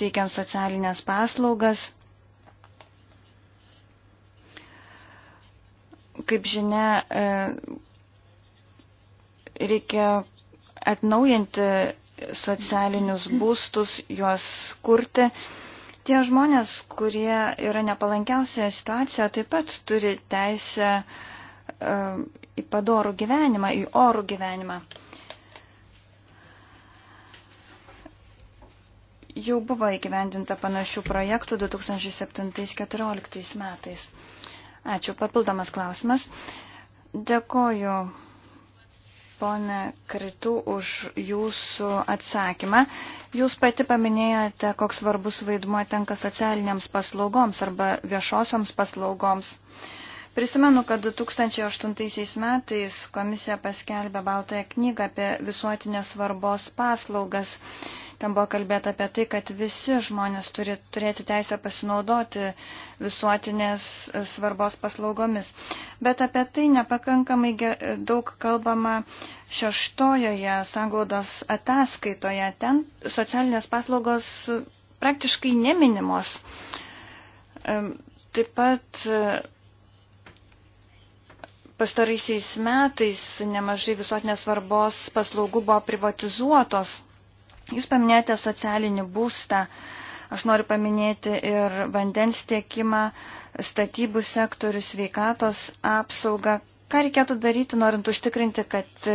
teikiant socialinės paslaugas. Kaip žinia, e, reikia atnaujinti socialinius būstus, juos kurti. Tie žmonės, kurie yra nepalankiausioje situacijoje, taip pat turi teisę e, į padorų gyvenimą, į orų gyvenimą. Jau buvo įgyvendinta panašių projektų 2007-2014 metais. Ačiū, papildomas klausimas. Dėkoju ponė Kritų už jūsų atsakymą. Jūs pati paminėjote, koks svarbus vaidmuo tenka socialiniams paslaugoms arba viešosioms paslaugoms. Uh, Prisimenu, kad 2008 metais komisija paskelbė Baltąją knygą apie visuotinės svarbos paslaugas. Ten buvo kalbėta apie tai, kad visi žmonės turi turėti teisę pasinaudoti visuotinės svarbos paslaugomis. Bet apie tai nepakankamai daug kalbama šeštojoje sanglaudos ataskaitoje. Ten socialinės paslaugos praktiškai neminimos. Taip pat Pastaraisiais metais nemažai visuotinės svarbos paslaugų buvo privatizuotos. Jūs paminėjote socialinį būstą, aš noriu paminėti ir vandens tiekimą, statybų sektorių, sveikatos apsaugą. Ką reikėtų daryti, norint užtikrinti, kad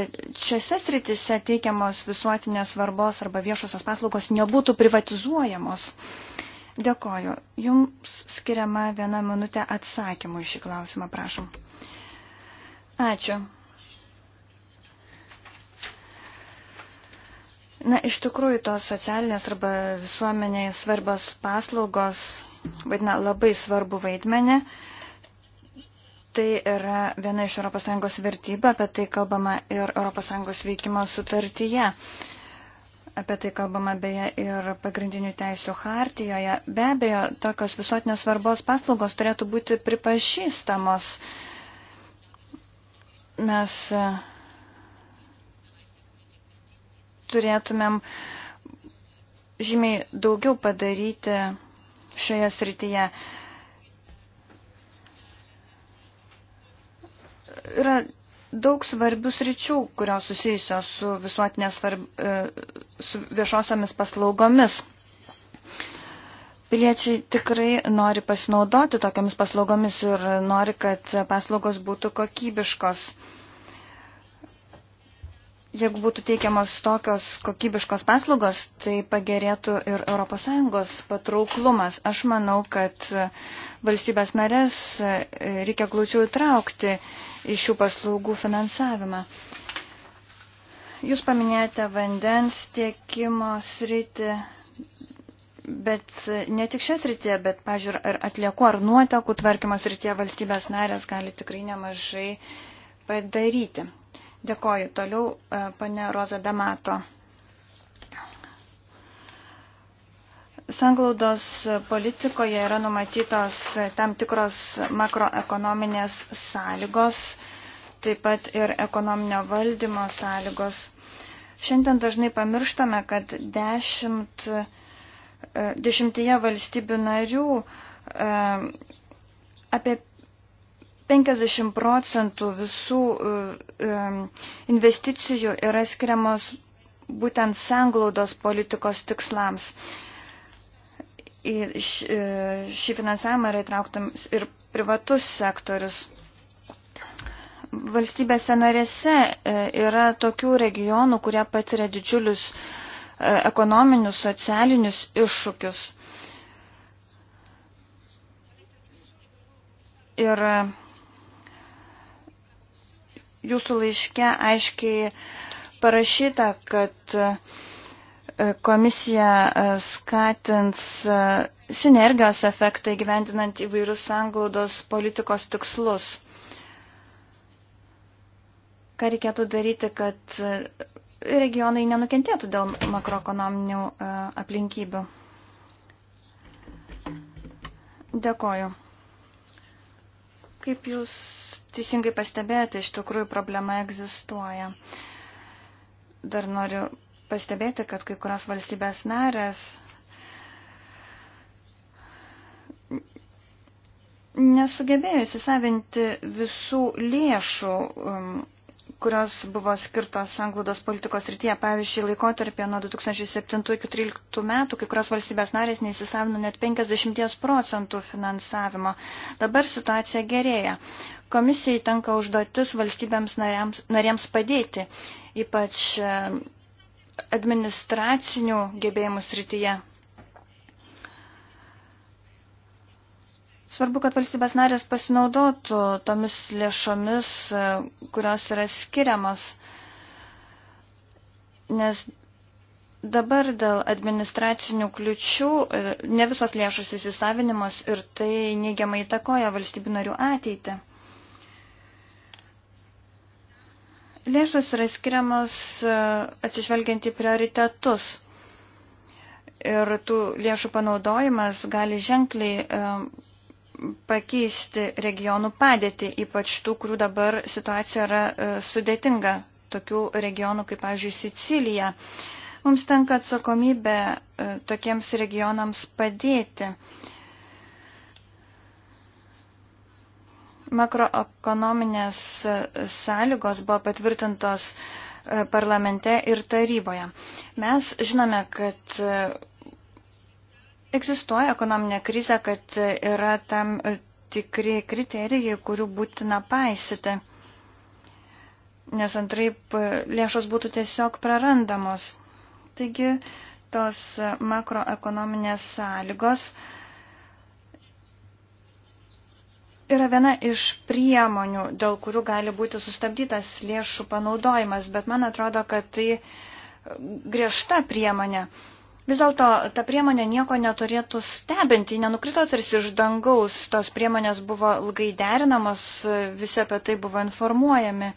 šiose sritise teikiamos visuotinės svarbos arba viešosios paslaugos nebūtų privatizuojamos? Dėkoju. Jums skiriama viena minutė atsakymų iš šį klausimą, prašom. Ačiū. Na, iš tikrųjų, tos socialinės arba visuomeniai svarbios paslaugos vaidina labai svarbu vaidmenį. Tai yra viena iš ES vertybių, apie tai kalbama ir ES veikimo sutartyje. Apie tai kalbama beje ir pagrindinių teisų hartijoje. Be abejo, tokios visuotinės svarbos paslaugos turėtų būti pripažįstamos uh, mes e, turėtumėm žymiai daugiau padaryti šioje srityje. Yra daug svarbių sričių, kurios susijusios su visuotinės svarb... E, su viešosiomis paslaugomis. Piliečiai tikrai nori pasinaudoti tokiamis paslaugomis ir nori, kad paslaugos būtų kokybiškos. Jeigu būtų teikiamos tokios kokybiškos paslaugos, tai pagerėtų ir ES patrauklumas. Aš manau, kad valstybės narės reikia glaučiau įtraukti į šių paslaugų finansavimą. Jūs paminėjote vandens tiekimo sritį Bet ne tik šias rytie, bet, pažiūrėjau, ir atliekų ar nuotekų tvarkymas rytie valstybės narės gali tikrai nemažai padaryti. Dėkoju. Toliau, e, pane Roza Damato. Sanglaudos politikoje yra numatytos tam tikros makroekonominės sąlygos, taip pat ir ekonominio valdymo sąlygos. Šiandien dažnai pamirštame, kad 10 dešimtyje valstybių narių e, apie 50 procentų visų e, e, investicijų yra skiriamos būtent sanglaudos politikos tikslams. Į šį finansavimą yra įtrauktas ir privatus sektorius. Valstybėse narėse yra tokių regionų, kurie patiria didžiulius uh, E, ekonominius, socialinius iššūkius. Ir jūsų laiške aiškiai parašyta, kad e, komisija e, skatins sinergijos efektą įgyvendinant įvairius sanglaudos politikos tikslus. Ką reikėtų daryti, kad regionai nenukentėtų dėl makroekonominių e, aplinkybių. Dėkoju. Kaip jūs teisingai pastebėjote, iš tikrųjų problema egzistuoja. Dar noriu pastebėti, kad kai kurios valstybės narės nesugebėjo įsisavinti visų lėšų, um, kurios buvo skirtos sanglaudos politikos rytyje. Pavyzdžiui, laikotarpė nuo 2007 iki 2013 metų, kai kurios valstybės narės neįsisavino net 50 procentų finansavimo. Dabar situacija gerėja. Komisijai tenka užduotis valstybėms narėms, narėms padėti, ypač e, administracinių gebėjimų srityje. Svarbu, kad valstybės narės pasinaudotų tomis lėšomis, e, kurios yra skiriamas, nes dabar dėl administracinių kliučių e, ne visos lėšos įsisavinimas ir tai neigiamai įtakoja valstybių narių ateitį. Lėšos yra skiriamas e, atsižvelgiant į prioritetus ir tų lėšų panaudojimas gali ženkliai pakeisti regionų padėtį, ypač tų, kurių dabar situacija yra e, sudėtinga, tokių regionų kaip, pavyzdžiui, Sicilija. Mums tenka atsakomybė e, tokiems regionams padėti. Makroekonominės e, sąlygos buvo patvirtintos parlamente ir taryboje. Mes žinome, kad egzistuoja ekonominė krizė, kad yra tam e, tikri kriterijai, kurių būtina paisyti, nes antraip e, lėšos būtų tiesiog prarandamos. Taigi tos makroekonominės sąlygos yra viena iš priemonių, dėl kurių gali būti sustabdytas lėšų panaudojimas, bet man atrodo, kad tai griežta priemonė. Uh, Vis dėlto ta priemonė nieko neturėtų stebinti, nenukrito tarsi iš dangaus, tos priemonės buvo ilgai derinamos, visi apie tai buvo informuojami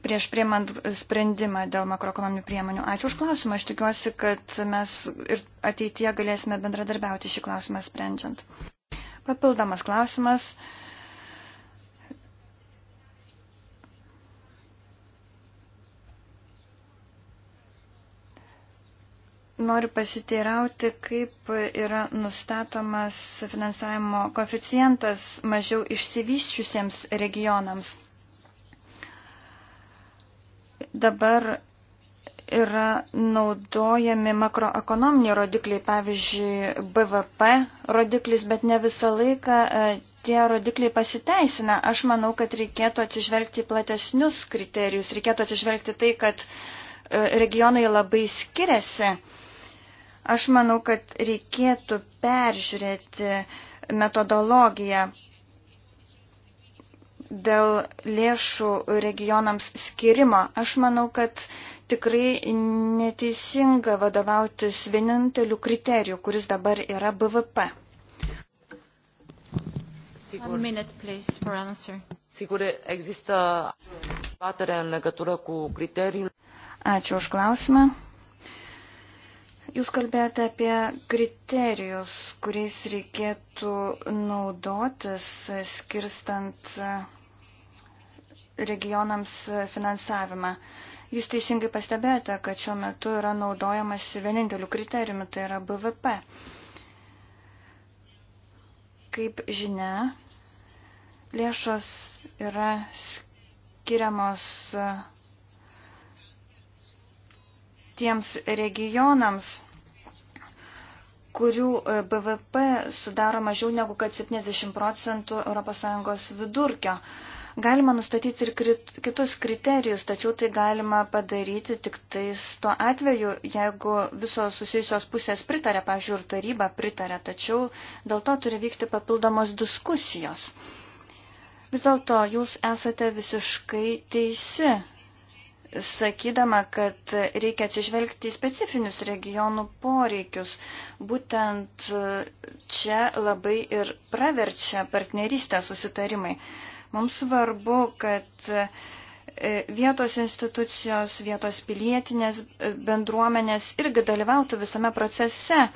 prieš priemant sprendimą dėl makroekonominių priemonių. Ačiū už klausimą, aš tikiuosi, kad mes ir ateityje galėsime bendradarbiauti šį klausimą sprendžiant. Papildomas klausimas. Uh, Noriu pasiteirauti, kaip yra nustatomas finansavimo koeficientas mažiau išsivyščiusiems regionams. Dabar yra naudojami makroekonominiai rodikliai, pavyzdžiui, BVP rodiklis, bet ne visą laiką e, tie rodikliai pasiteisina. Aš manau, kad reikėtų atsižvelgti platesnius kriterijus, reikėtų atsižvelgti tai, kad e, regionai labai skiriasi Aš manau, kad reikėtų peržiūrėti metodologiją dėl lėšų regionams skirimo. Aš manau, kad tikrai neteisinga vadovautis vieninteliu kriteriju, kuris dabar yra BVP. Sigur, minute, please, for answer. Sigur există dezbatere în legătură cu criteriul. Ačiū už klausimą. Jūs kalbėjote apie kriterijus, kuriais reikėtų naudotis, skirstant regionams finansavimą. Jūs teisingai pastebėjote, kad šiuo metu yra naudojamas vieninteliu kriterijumi, tai yra BVP. Kaip žinia, lėšos yra skiriamos tiems regionams, kurių e, BVP sudaro mažiau negu kad 70 procentų ES vidurkio. Galima nustatyti ir krit, kitus kriterijus, tačiau tai galima padaryti tik tais tuo atveju, jeigu visos susijusios pusės pritarė, pažiūrėjau, ir taryba pritarė, tačiau dėl to turi vykti papildomos diskusijos. Vis dėlto jūs esate visiškai teisi, sakydama, kad reikia atsižvelgti į specifinius regionų poreikius. Būtent čia labai ir praverčia partnerystę susitarimai. Mums svarbu, kad e, vietos institucijos, vietos pilietinės e, bendruomenės irgi dalyvautų visame procese,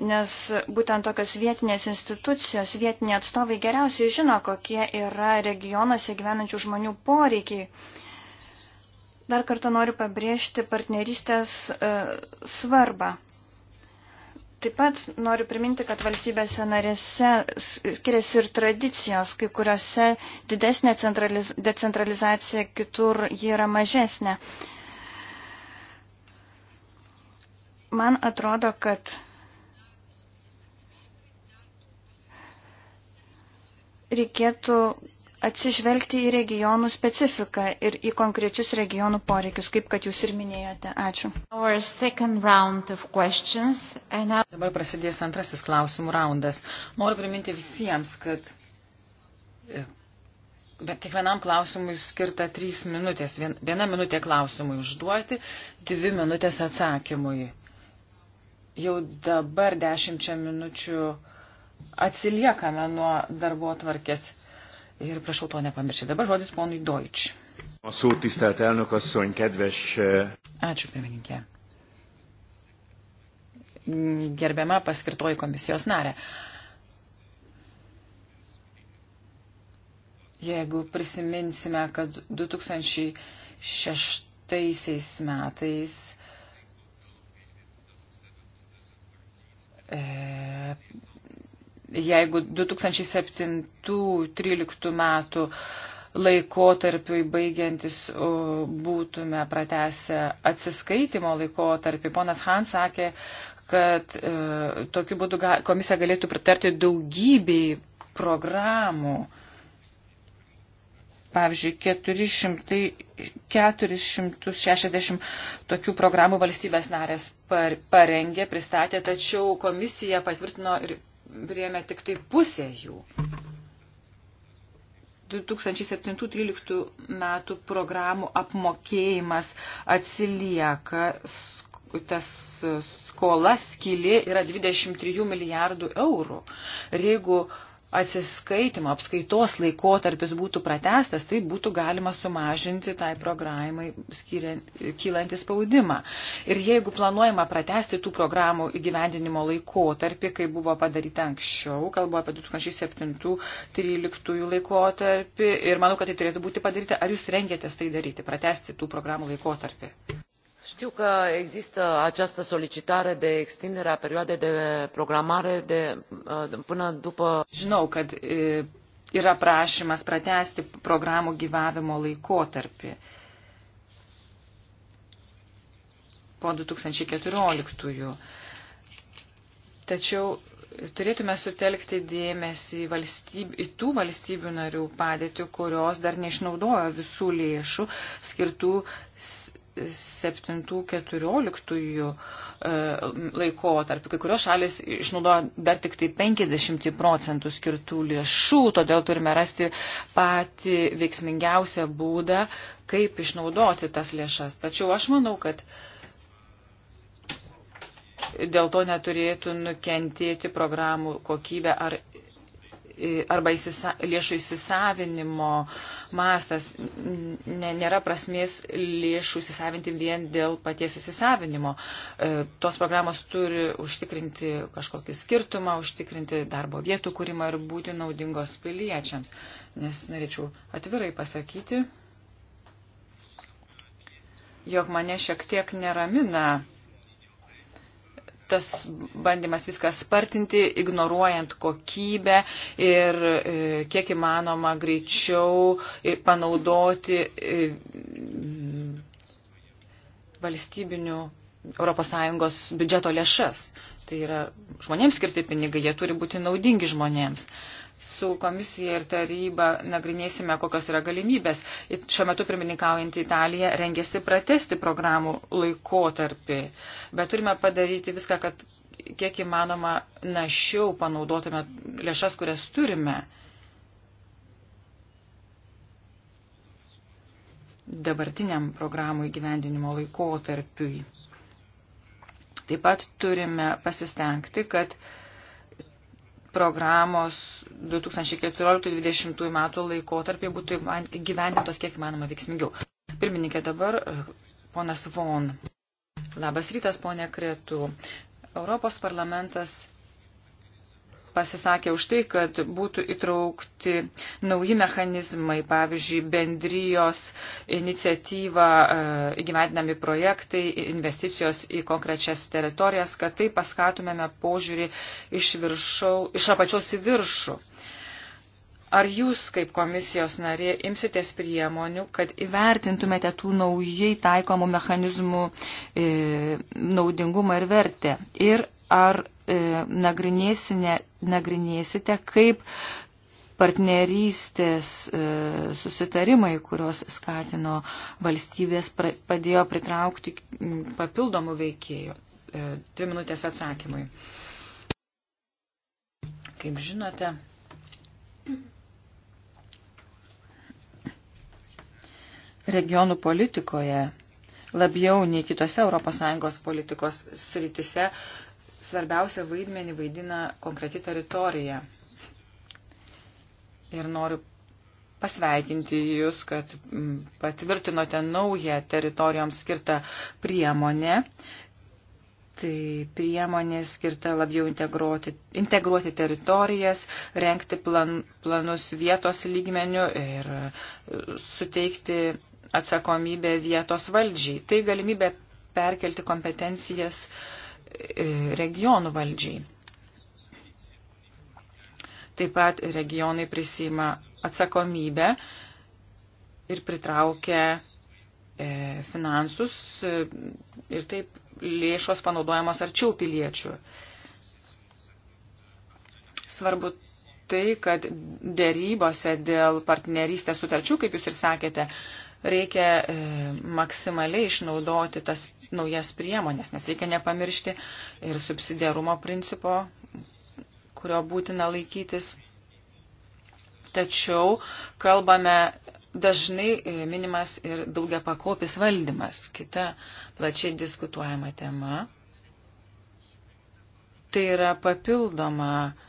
nes būtent tokios vietinės institucijos, vietiniai atstovai geriausiai žino, kokie yra regionuose gyvenančių žmonių poreikiai. Dar kartą noriu pabrėžti partnerystės e, svarbą. Taip pat noriu priminti, kad valstybėse narėse skiriasi ir tradicijos, kai kuriuose didesnė centraliz decentralizacija, kitur ji yra mažesnė. Man atrodo, kad reikėtų atsižvelgti į regionų specifiką ir į konkrečius regionų poreikius, kaip kad jūs ir minėjote. Ačiū. Dabar prasidės antrasis klausimų raundas. Noriu priminti visiems, kad e, kiekvienam klausimui skirta trys minutės. Viena minutė klausimui užduoti, dvi minutės atsakymui. Jau dabar dešimčia minučių atsiliekame nuo darbo atvarkės ir prašau to nepamiršti. Dabar žodis ponui Deutsch. A szó tisztelt elnök asszony, kedves... E, Ačiū, pirmininkė. Gerbiama paskirtoji komisijos narė. Jeigu prisiminsime, kad 2006 metais e, jeigu 2007-2013 metų laikotarpiui baigiantis būtume pratęsę atsiskaitimo laikotarpį. Ponas Han sakė, kad e, tokiu būdu ga, komisija galėtų pritarti daugybei programų. Pavyzdžiui, 400, 460 tokių programų valstybės narės par, parengė, pristatė, tačiau komisija patvirtino ir priėmė tik tai pusę jų. 2007-2013 metų programų apmokėjimas atsilieka, tas skola skili yra 23 milijardų eurų. Ir jeigu uh, atsiskaitimo apskaitos laikotarpis būtų pratestas, tai būtų galima sumažinti tai programai kylantį spaudimą. Ir jeigu planuojama pratesti tų programų įgyvendinimo laikotarpį, kai buvo padaryta anksčiau, kalbu apie 2007-2013 laikotarpį, ir manau, kad tai turėtų būti padaryti, ar jūs rengėtės tai daryti, pratesti tų programų laikotarpį? știu că există această solicitare de extindere a perioadei de programare de, uh, până după. Žinau, kad uh, yra prašymas pratesti programų gyvavimo laikotarpį po 2014. Tačiau turėtume sutelkti dėmesį valstyb, į tų valstybių narių padėtį, kurios dar neišnaudojo visų lėšų skirtų 7-14 laiko tarp. Kai kurios šalis išnaudoja dar tik tai 50 procentų skirtų lėšų, todėl turime rasti patį veiksmingiausią būdą, kaip išnaudoti tas lėšas. Tačiau aš manau, kad dėl to neturėtų nukentėti programų kokybė ar arba įsisa, lėšų įsisavinimo mastas ne, nėra prasmės lėšų įsisavinti vien dėl paties įsisavinimo. E, tos programos turi užtikrinti kažkokį skirtumą, užtikrinti darbo vietų kūrimą ir būti naudingos piliečiams. Nes norėčiau atvirai pasakyti, jog mane šiek tiek neramina tas bandymas viskas spartinti, ignoruojant kokybę ir e, kiek įmanoma greičiau panaudoti e, valstybinių ES biudžeto lėšas. Tai yra žmonėms skirti pinigai, jie turi būti naudingi žmonėms. Uh, su komisija ir taryba nagrinėsime, kokios yra galimybės. Šiuo metu pirmininkaujantį Italiją rengėsi pratesti programų laikotarpį, bet turime padaryti viską, kad kiek įmanoma našiau panaudotume lėšas, kurias turime. dabartiniam programų įgyvendinimo laikotarpiui. Taip pat turime pasistengti, kad uh, programos 2014-2020 metų laikotarpiai būtų gyvendintos kiek įmanoma veiksmingiau. Pirmininkė dabar, e, ponas Von. Labas rytas, ponė Kretų. Europos parlamentas pasisakė už tai, kad būtų įtraukti nauji mechanizmai, pavyzdžiui, bendrijos iniciatyva, e, įgyvendinami projektai, investicijos į konkrečias teritorijas, kad tai paskatumėme požiūrį iš, viršau, iš apačios į viršų. Ar jūs, kaip komisijos narė, imsitės priemonių, kad įvertintumėte tų naujai taikomų mechanizmų e, naudingumą ir vertę? Ir ar e, nagrinėsite, kaip partnerystės e, susitarimai, kurios skatino valstybės, pra, padėjo pritraukti papildomų veikėjų. E, dvi minutės atsakymui. Kaip žinote, regionų politikoje labiau nei kitose ES politikos sritise svarbiausią vaidmenį vaidina konkreti teritorija. Ir noriu pasveikinti Jūs, kad patvirtinote naują teritorijoms skirtą priemonę. Tai priemonė skirta labiau integruoti, integruoti teritorijas, renkti plan, planus vietos lygmenių ir e, suteikti atsakomybę vietos valdžiai. Tai galimybė perkelti kompetencijas uh, E, regionų valdžiai. Taip pat regionai prisima atsakomybę ir pritraukia e, finansus e, ir taip lėšos panaudojamos arčiau piliečių. Svarbu tai, kad dėrybose dėl partnerystės sutarčių, kaip jūs ir sakėte, reikia maksimaliai išnaudoti tas naujas priemonės, nes reikia nepamiršti ir subsidiarumo principo, kurio būtina laikytis. Tačiau kalbame dažnai e, minimas ir daugia pakopis valdymas, kita plačiai diskutuojama tema. Tai yra papildoma uh,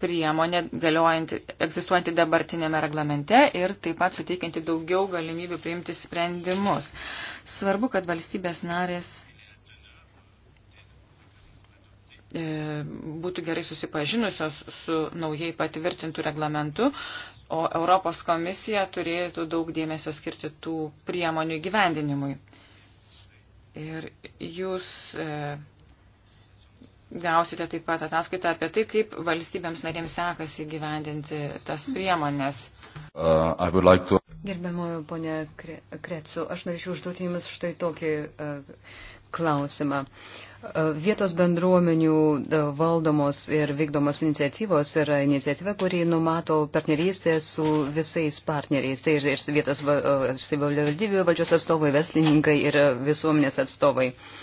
priemonė galiojanti, egzistuojanti dabartinėme reglamente ir taip pat suteikianti daugiau galimybių priimti sprendimus. Svarbu, kad valstybės narės e, būtų gerai susipažinusios su naujai patvirtintų reglamentu, o Europos komisija turėtų daug dėmesio skirti tų priemonių gyvendinimui. Ir jūs e, Gausite taip pat ataskaitą apie tai, kaip valstybėms narėms sekasi gyvendinti tas priemonės. Uh, like to... Gerbiamojo ponė Kre Kretsu, aš norėčiau užduoti Jums štai tokį uh, klausimą. Uh, vietos bendruomenių uh, valdomos ir vykdomos iniciatyvos yra iniciatyva, kuri numato partnerystę su visais partneriais. Tai ir, ir vietos uh, valdybių valdžios atstovai, verslininkai ir uh, visuomenės atstovai. Uh,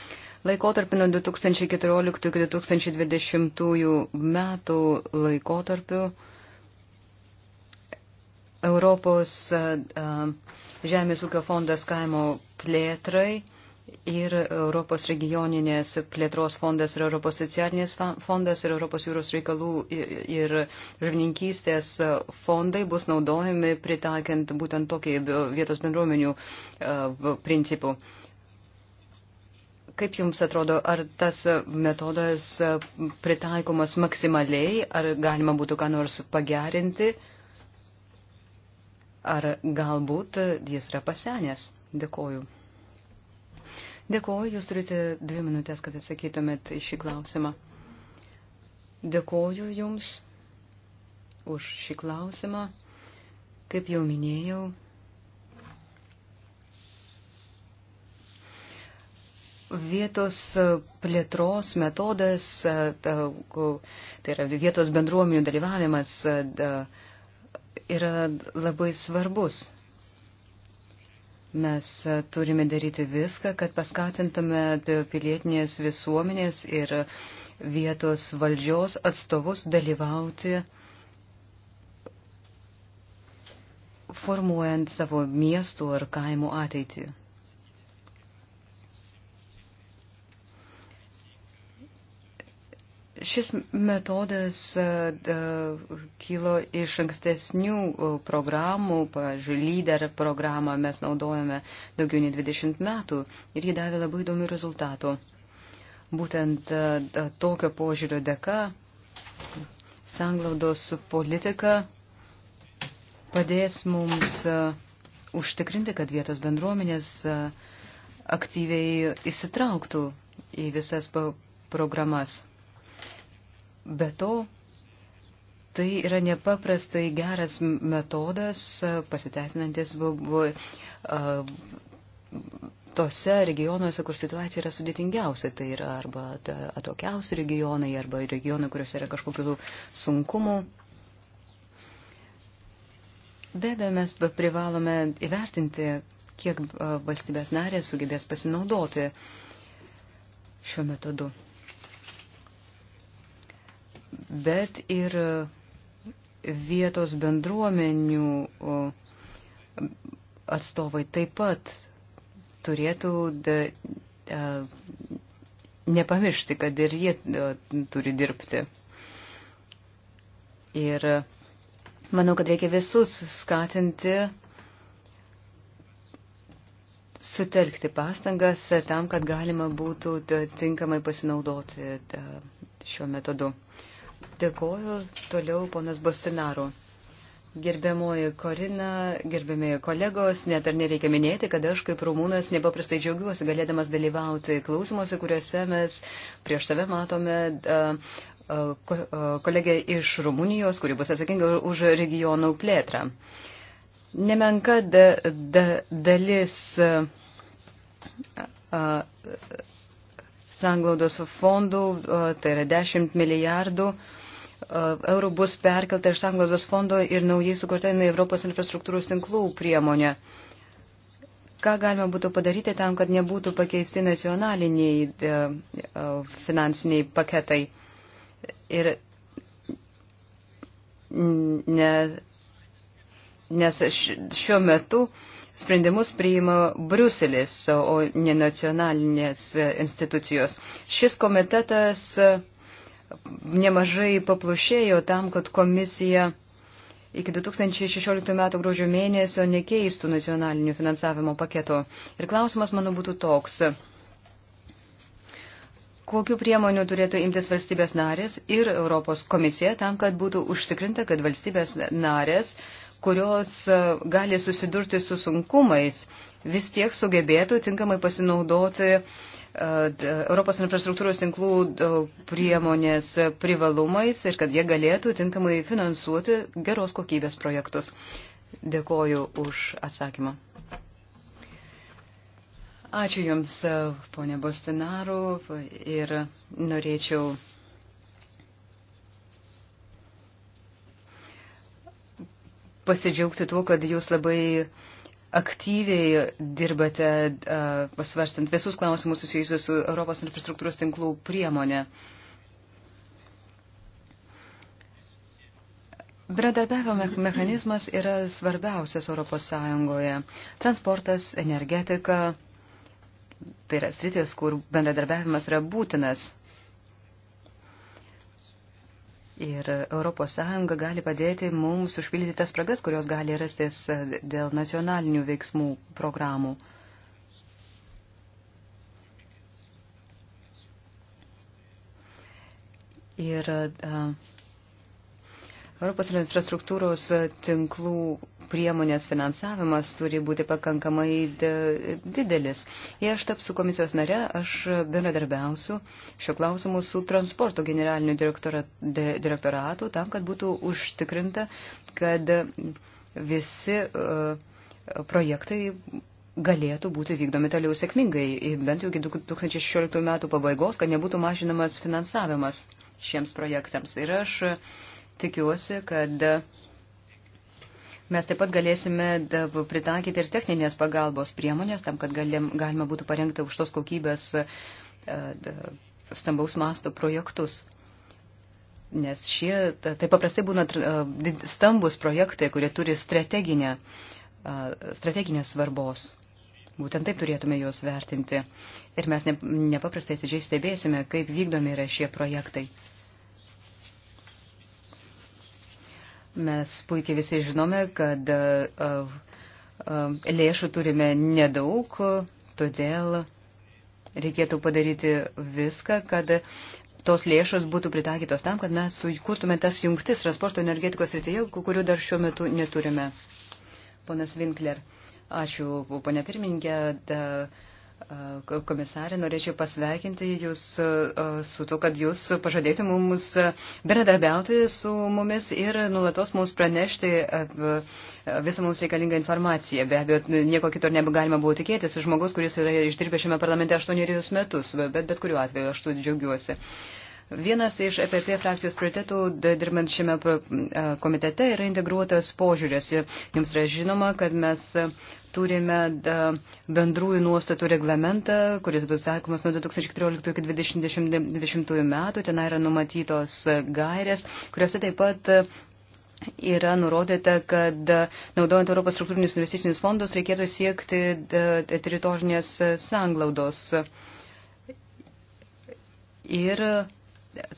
laikotarpį nuo 2014 iki 2020 metų laikotarpiu Europos Žemės ūkio fondas kaimo plėtrai ir Europos regioninės plėtros fondas ir Europos socialinės fondas ir Europos jūros reikalų ir žuvininkystės fondai bus naudojami pritaikant būtent tokį vietos bendruomenių principų. Kaip Jums atrodo, ar tas metodas pritaikomas maksimaliai, ar galima būtų ką nors pagerinti, ar galbūt jis yra pasenęs? Dėkoju. Dėkoju, Jūs turite dvi minutės, kad atsakytumėt į šį klausimą. Dėkoju Jums už šį klausimą. Kaip jau minėjau, vietos e, plėtros metodas, e, tai yra vietos bendruomenių dalyvavimas, e, yra labai svarbus. Mes turime daryti viską, kad paskatintume pilietinės visuomenės ir vietos valdžios atstovus dalyvauti formuojant savo miestų ar kaimų ateitį. Šis metodas e, e, kilo iš ankstesnių e, programų, pavyzdžiui, lyder programą mes naudojame daugiau nei 20 metų ir ji davė labai įdomių rezultatų. Būtent tokio požiūrio dėka sanglaudos politika padės mums užtikrinti, kad vietos bendruomenės aktyviai įsitrauktų į visas programas. Be to, tai yra nepaprastai geras metodas e, pasiteisinantis e, tose regionuose, kur situacija yra sudėtingiausia, tai yra arba atokiausi regionai, arba regionai, kuriuose yra kažkokių sunkumų. Be abejo, mes privalome įvertinti, kiek e, valstybės narės sugebės pasinaudoti šiuo metodu bet ir vietos bendruomenių atstovai taip pat turėtų da, da, nepamiršti, kad ir jie da, turi dirbti. Ir manau, kad reikia visus skatinti sutelkti pastangas tam, kad galima būtų tinkamai pasinaudoti šiuo metodu. Dėkoju toliau ponas Bostinaru. Gerbiamoji Korina, gerbiamieji kolegos, net ar nereikia minėti, kad aš kaip rumūnas nepaprastai džiaugiuosi galėdamas dalyvauti klausimuose, kuriuose mes prieš save matome uh, uh, kolegę iš Rumunijos, kuri bus atsakinga už regionų plėtrą. Nemenka da, da, dalis. Uh, uh, sanglaudos fondų, tai yra 10 milijardų eurų bus perkelta iš sanglaudos fondo ir naujai sukurta Europos infrastruktūros tinklų priemonė. Ką galima būtų padaryti tam, kad nebūtų pakeisti nacionaliniai finansiniai paketai ir ne, nes šiuo metu uh, Sprendimus priima Bruselis, o ne nacionalinės institucijos. Šis komitetas e, nemažai paplušėjo tam, kad komisija iki 2016 metų gruodžio mėnesio nekeistų nacionalinių finansavimo paketo. Ir klausimas, mano, būtų toks. Kokiu priemonių turėtų imtis valstybės narės ir Europos komisija tam, kad būtų užtikrinta, kad valstybės narės uh, kurios e, gali susidurti su sunkumais, vis tiek sugebėtų tinkamai pasinaudoti e, Europos infrastruktūros tinklų priemonės privalumais ir kad jie galėtų tinkamai finansuoti geros kokybės projektus. Dėkoju už atsakymą. Ačiū Jums, e, ponė Bostinaru, ir norėčiau pasidžiaugti tuo, kad jūs labai aktyviai dirbate, pasvarstant visus klausimus susijusius su Europos infrastruktūros tinklų priemonė. Bradarbiavimo mechanizmas yra svarbiausias Europos Sąjungoje. Transportas, energetika, tai yra sritis, kur bendradarbiavimas yra būtinas. Ir ES gali padėti mums užpildyti tas spragas, kurios gali rastis e, dėl nacionalinių veiksmų programų. Ir uh, Europos infrastruktūros tinklų priemonės finansavimas turi būti pakankamai didelis. Jei aš tapsiu komisijos nare, aš bendradarbiausiu šio klausimu su transporto generaliniu direktoratu tam, kad būtų užtikrinta, kad visi e, projektai galėtų būti vykdomi toliau sėkmingai, bent jau iki 2016 metų pabaigos, kad nebūtų mažinamas finansavimas šiems projektams. Ir aš tikiuosi, kad Mes taip pat galėsime pritaikyti ir techninės pagalbos priemonės, tam, kad galim, galima būtų parengti už tos kokybės e, stambaus masto projektus. Nes šie, tai paprastai būna e, stambus projektai, kurie turi strateginę, e, strateginės svarbos. Būtent taip turėtume juos vertinti. Ir mes nepaprastai atidžiai stebėsime, kaip vykdomi yra šie projektai. Mes puikiai visi žinome, kad e, e, e, lėšų turime nedaug, todėl reikėtų padaryti viską, kad tos lėšos būtų pritaikytos tam, kad mes sukurtume tas jungtis transporto energetikos rytyje, kurių dar šiuo metu neturime. Ponas Winkler, ačiū, ponė pirmininkė. Da, Komisarė, norėčiau pasveikinti Jūs e, e, su to, kad Jūs pažadėjote mums e, bendradarbiauti su mumis ir nulatos mums pranešti visą mums reikalingą informaciją. Be abejo, nieko kito negalima buvo tikėtis. Žmogus, kuris yra išdirbęs šiame parlamente aštuonerius metus, bet bet kuriuo atveju aš tu džiaugiuosi. Uh, Vienas iš EPP frakcijos prioritetų, dirbant šiame komitete, yra integruotas požiūrės. Jums yra žinoma, kad mes turime bendrųjų nuostatų reglamentą, kuris bus sakomas nuo 2014 iki 2020 metų. Ten yra numatytos gairės, kuriuose taip pat yra nurodyta, kad naudojant Europos struktūrinius investicinius fondus reikėtų siekti teritorinės sanglaudos. Ir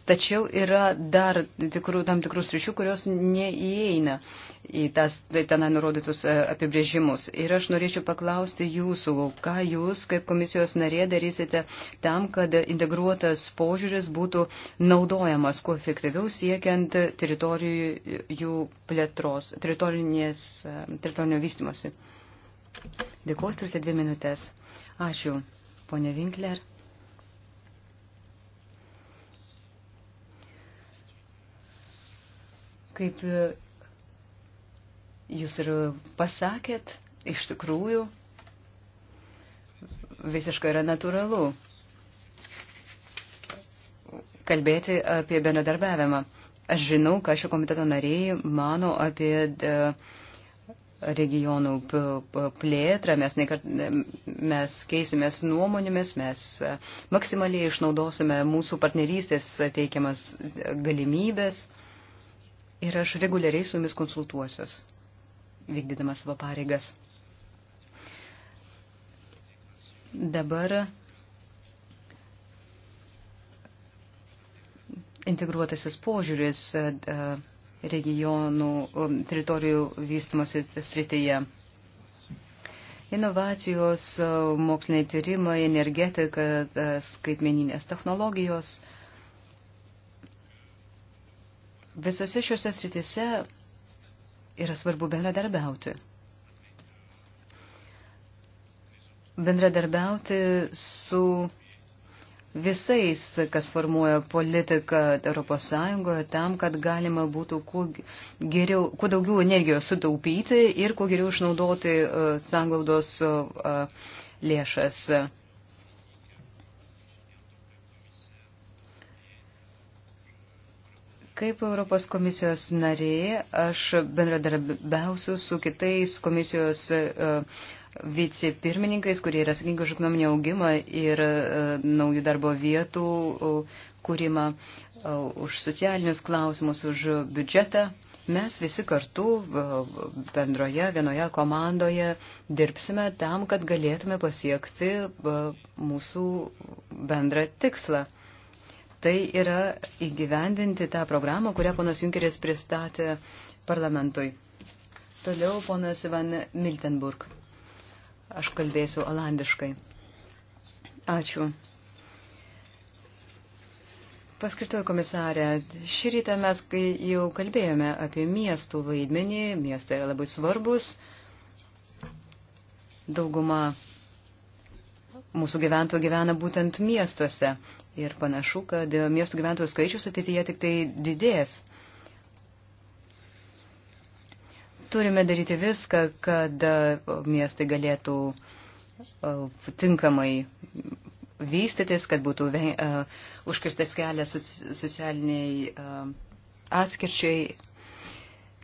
Tačiau yra dar tikrų, tam tikrus ryšių, kurios neįeina į tas tai tenai nurodytus e, apibrėžimus. Ir aš norėčiau paklausti jūsų, ką jūs kaip komisijos narė darysite tam, kad integruotas požiūris būtų naudojamas kuo efektyviau siekiant teritorijų plėtros, e, teritorinio vystimosi. Dėkuosiu, turite dvi minutės. Ačiū, ponia Winkler. Kaip e, jūs ir pasakėt, iš tikrųjų visiškai yra natūralu kalbėti apie bendradarbiavimą. Aš žinau, ką šio komiteto nariai mano apie e, regionų plėtrą, mes, nekart, mes keisimės nuomonėmis, mes e, maksimaliai išnaudosime mūsų partnerystės teikiamas galimybės ir aš reguliariai su jumis konsultuosios, vykdydamas savo pareigas. Dabar integruotasis požiūris e, regionų e, teritorijų vystimosi srityje. Inovacijos, e, moksliniai tyrimai, energetika, skaitmeninės technologijos – Visose šiuose sritise yra svarbu bendradarbiauti. Bendradarbiauti su visais, kas formuoja politiką ES, tam, kad galima būtų kuo, geriau, kuo daugiau energijos sutaupyti ir kuo geriau išnaudoti uh, sanglaudos uh, lėšas. Uh, Kaip Europos komisijos narė, aš bendradarbiausiu su kitais komisijos e, vicepirmininkais, kurie yra sakingi už ekonominį augimą ir e, naujų darbo vietų kūrimą, už socialinius klausimus, už biudžetą mes visi kartu e, bendroje vienoje komandoje dirbsime tam, kad galėtume pasiekti mūsų bendrą tikslą tai yra įgyvendinti tą programą, kurią ponas Junkeris pristatė parlamentui. Toliau ponas Ivan Miltenburg. Aš kalbėsiu olandiškai. Ačiū. Paskirtoju komisarė, šį rytą mes jau kalbėjome apie miestų vaidmenį, miestai yra labai svarbus. Dauguma mūsų gyventojų gyvena būtent miestuose Ir panašu, kad miestų gyventojų skaičius ateityje tik tai didės. Turime daryti viską, kad e, miestai galėtų e, tinkamai vystytis, kad būtų uh, užkirstas kelias socialiniai uh, atskirčiai.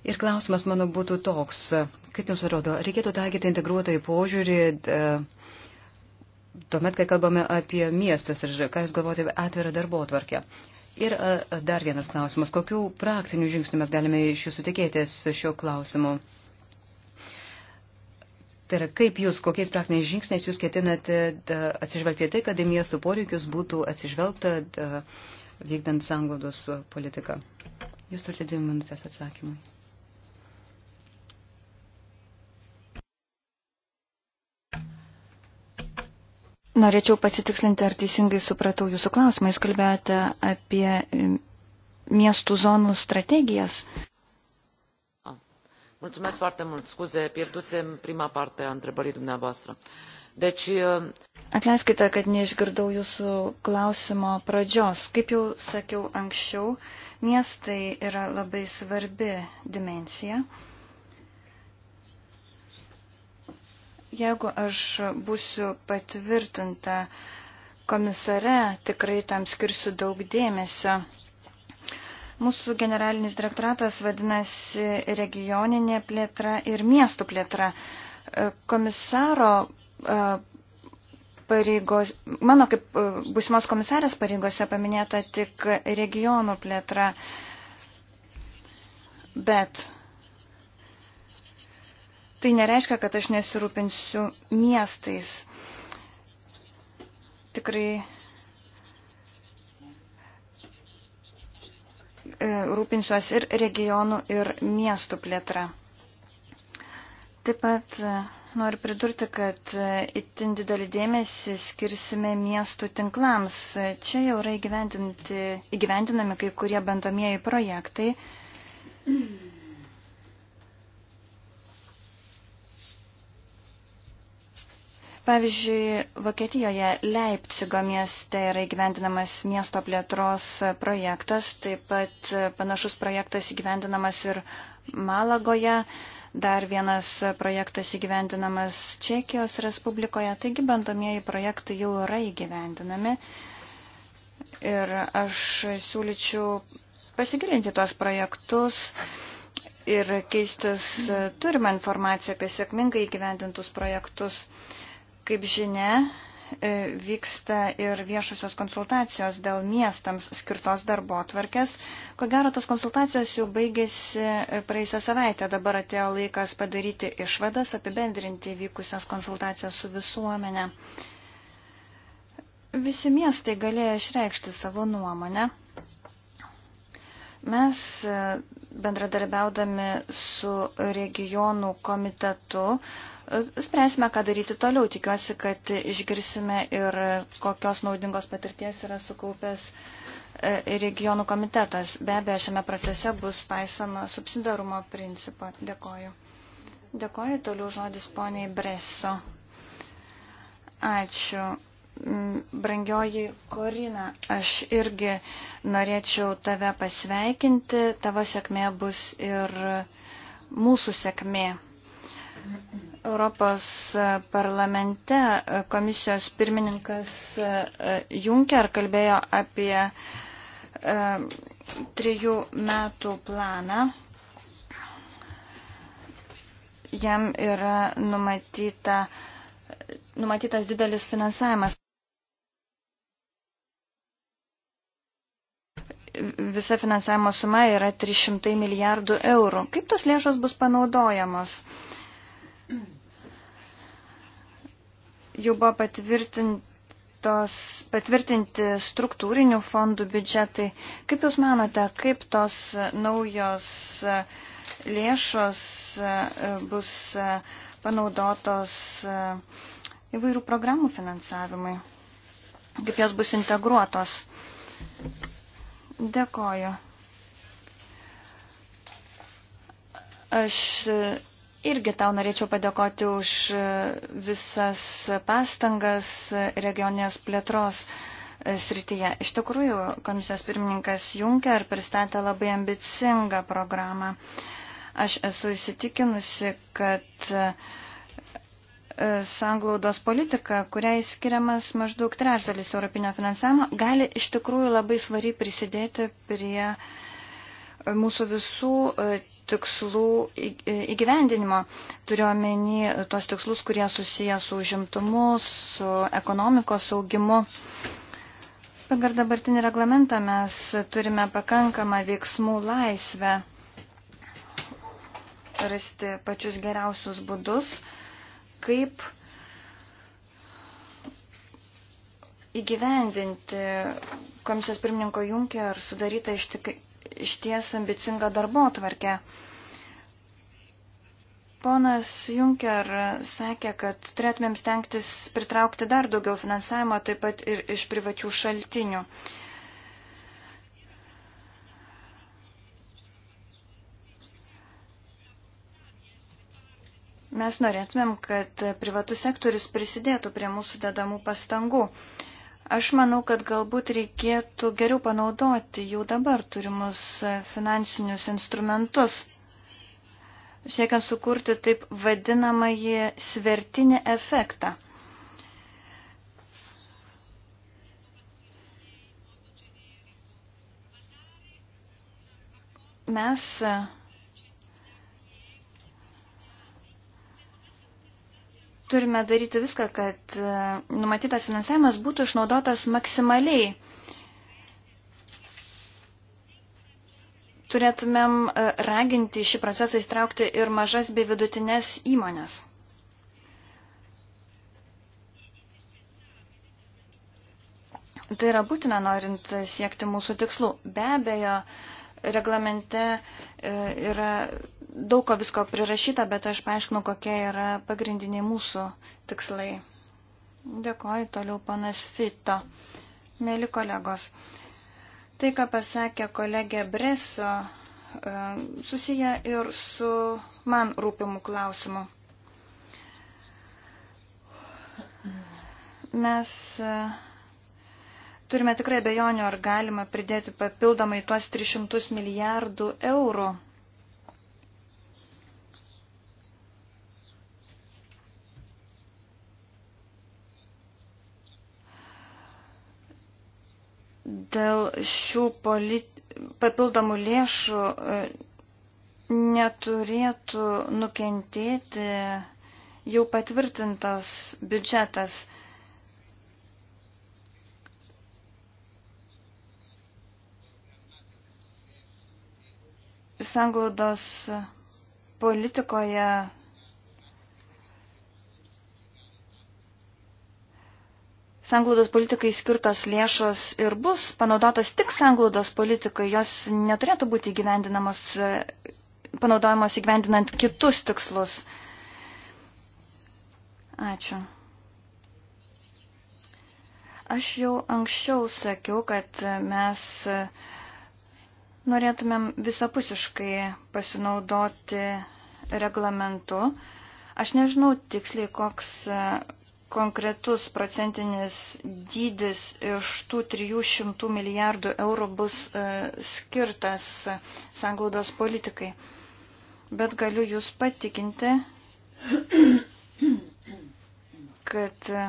Ir klausimas mano būtų toks, kaip jums atrodo, reikėtų taikyti integruotą į požiūrį. Uh, tuomet, kai kalbame apie miestus ir ką jūs galvojate apie atvirą darbo atvarkę. Ir dar vienas klausimas. Kokių praktinių žingsnių mes galime iš jūsų tikėtis šiuo klausimu? Tai yra, kaip jūs, kokiais praktiniais žingsniais jūs ketinate atsižvelgti tai, kad į miestų poreikius būtų atsižvelgta da, vykdant sanglaudos politiką? Jūs turite dvi minutės atsakymui. Norėčiau pasitikslinti, ar teisingai supratau jūsų klausimą. Jūs kalbėjote apie e, miestų zonų strategijas. Ah, mulțumesc foarte mult. Scuze, pierdusem prima parte a întrebării dumneavoastră. Deci... E, Atleiskite, kad neišgirdau jūsų klausimo pradžios. Kaip jau sakiau anksčiau, miestai yra labai svarbi dimensija. Uh, Jeigu aš būsiu patvirtinta komisare, tikrai tam skirsiu daug dėmesio. Mūsų generalinis direktoratas vadinasi regioninė plėtra ir miestų plėtra. E, komisaro e, pareigos, mano kaip e, būsimos komisarės pareigose paminėta tik regionų plėtra, bet tai nereiškia, kad aš nesirūpinsiu miestais. Tikrai e, rūpinsiuos ir regionų, ir miestų plėtra. Taip pat e, noriu pridurti, kad e, itin didelį dėmesį skirsime miestų tinklams. Čia jau yra įgyvendinami kai kurie bandomieji projektai. Pavyzdžiui, Vokietijoje Leipcigo mieste yra įgyvendinamas miesto plėtros projektas, taip pat panašus projektas įgyvendinamas ir Malagoje, dar vienas projektas įgyvendinamas Čekijos Respublikoje, taigi bandomieji projektai jau yra įgyvendinami. Ir aš siūlyčiau pasigilinti tuos projektus ir keistis turimą informaciją apie sėkmingai įgyvendintus projektus. Kaip žinia, e, vyksta ir viešusios konsultacijos dėl miestams skirtos darbo atvarkės. Ko gero, tas konsultacijos jau baigėsi e, praėjusią savaitę, dabar atėjo laikas padaryti išvadas, apibendrinti vykusias konsultacijas su visuomenė. Visi miestai galėjo išreikšti savo nuomonę. Mes e, bendradarbiaudami su regionų komitetu e, spręsime, ką daryti toliau. Tikiuosi, kad išgirsime ir kokios naudingos patirties yra sukaupęs e, regionų komitetas. Be abejo, šiame procese bus paisoma subsidarumo principo. Dėkoju. Dėkoju, toliau žodis poniai Breso. Ačiū. Mm, brangioji Korina, aš irgi norėčiau tave pasveikinti, tavo sėkmė bus ir mūsų sėkmė. Europos parlamente komisijos pirmininkas e, Juncker kalbėjo apie e, trijų metų planą. Jam yra numatyta, numatytas didelis finansavimas. visa finansavimo suma yra 300 milijardų eurų. Kaip tos lėšos bus panaudojamos? Jau buvo patvirtinti struktūrinių fondų biudžetai. Kaip Jūs manote, kaip tos naujos lėšos e, bus e, panaudotos e, įvairių programų finansavimui? Kaip jos bus integruotos? Dėkoju. Aš irgi tau norėčiau padėkoti už visas pastangas regionės plėtros srityje. Iš tikrųjų, komisijos pirmininkas Juncker pristatė labai ambicingą programą. Aš esu įsitikinusi, kad uh, E, sanglaudos politika, kuriai skiriamas maždaug trečdalis europinio finansavimo, gali iš tikrųjų labai svariai prisidėti prie e, mūsų visų e, tikslų įgyvendinimo. Turiuomenį tuos tikslus, kurie susiję su užimtumu, su ekonomikos augimu. Pagal dabartinį reglamentą mes turime pakankamą veiksmų laisvę rasti pačius geriausius būdus kaip įgyvendinti komisijos pirmininko Junker sudarytą iš, tik, iš ties ambicingą darbo tvarkę. Ponas Junker sakė, kad turėtumėm stengtis pritraukti dar daugiau finansavimo, taip pat ir iš privačių šaltinių. Uh, Mes norėtumėm, kad privatus sektorius prisidėtų prie mūsų dedamų pastangų. Aš manau, kad galbūt reikėtų geriau panaudoti jau dabar turimus finansinius instrumentus, siekiant sukurti taip vadinamąjį svertinį efektą. Mes turime daryti viską, kad e, numatytas finansavimas būtų išnaudotas maksimaliai. Turėtumėm e, raginti šį procesą įstraukti ir mažas bei vidutinės įmonės. Tai yra būtina norint siekti mūsų tikslų. Be abejo, uh, reglamente e, yra daug ko visko prirašyta, bet aš paaiškinau, kokie yra pagrindiniai mūsų tikslai. Dėkoju toliau panas Fito. Mėly kolegos, tai, ką pasakė kolegė Breso, e, susiję ir su man rūpimu klausimu. Mes uh, Turime tikrai bejonių, ar galima pridėti papildomai tuos 300 milijardų eurų. Dėl šių polit... papildomų lėšų e, neturėtų nukentėti jau patvirtintas biudžetas – sanglaudos politikoje sanglaudos politikai skirtos lėšos ir bus panaudotos tik sanglaudos politikai, jos neturėtų būti įgyvendinamos, panaudojamos įgyvendinant kitus tikslus. Ačiū. Aš jau anksčiau sakiau, kad mes uh, Norėtumėm visapusiškai pasinaudoti reglamentu. Aš nežinau tiksliai, koks e, konkretus procentinis dydis iš tų 300 milijardų eurų bus e, skirtas sanglaudos politikai. Bet galiu Jūs patikinti, kad e,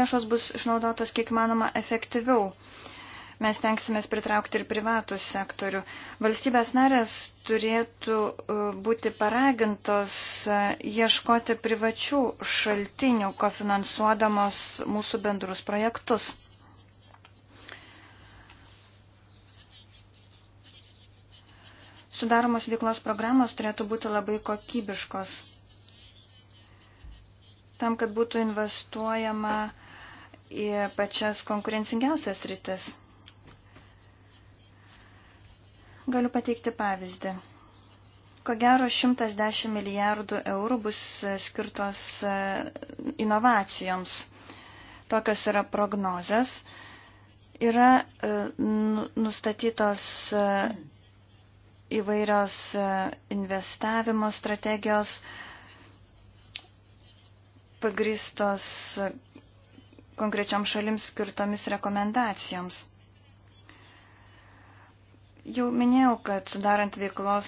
lėšos bus išnaudotos kiek manoma efektyviau. Mes tenksimės pritraukti ir privatų sektorių. Valstybės narės turėtų e, būti paragintos e, ieškoti privačių šaltinių, kofinansuodamos mūsų bendrus projektus. Sudaromos veiklos programos turėtų būti labai kokybiškos. Tam, kad būtų investuojama į pačias konkurencingiausias rytis. Galiu pateikti pavyzdį. Ko gero 110 milijardų eurų bus e, skirtos e, inovacijoms. Tokios yra prognozės. Yra e, nu, nustatytos įvairios investavimo strategijos, pagristos konkrečiam šalims skirtomis rekomendacijoms. Jau minėjau, kad sudarant veiklos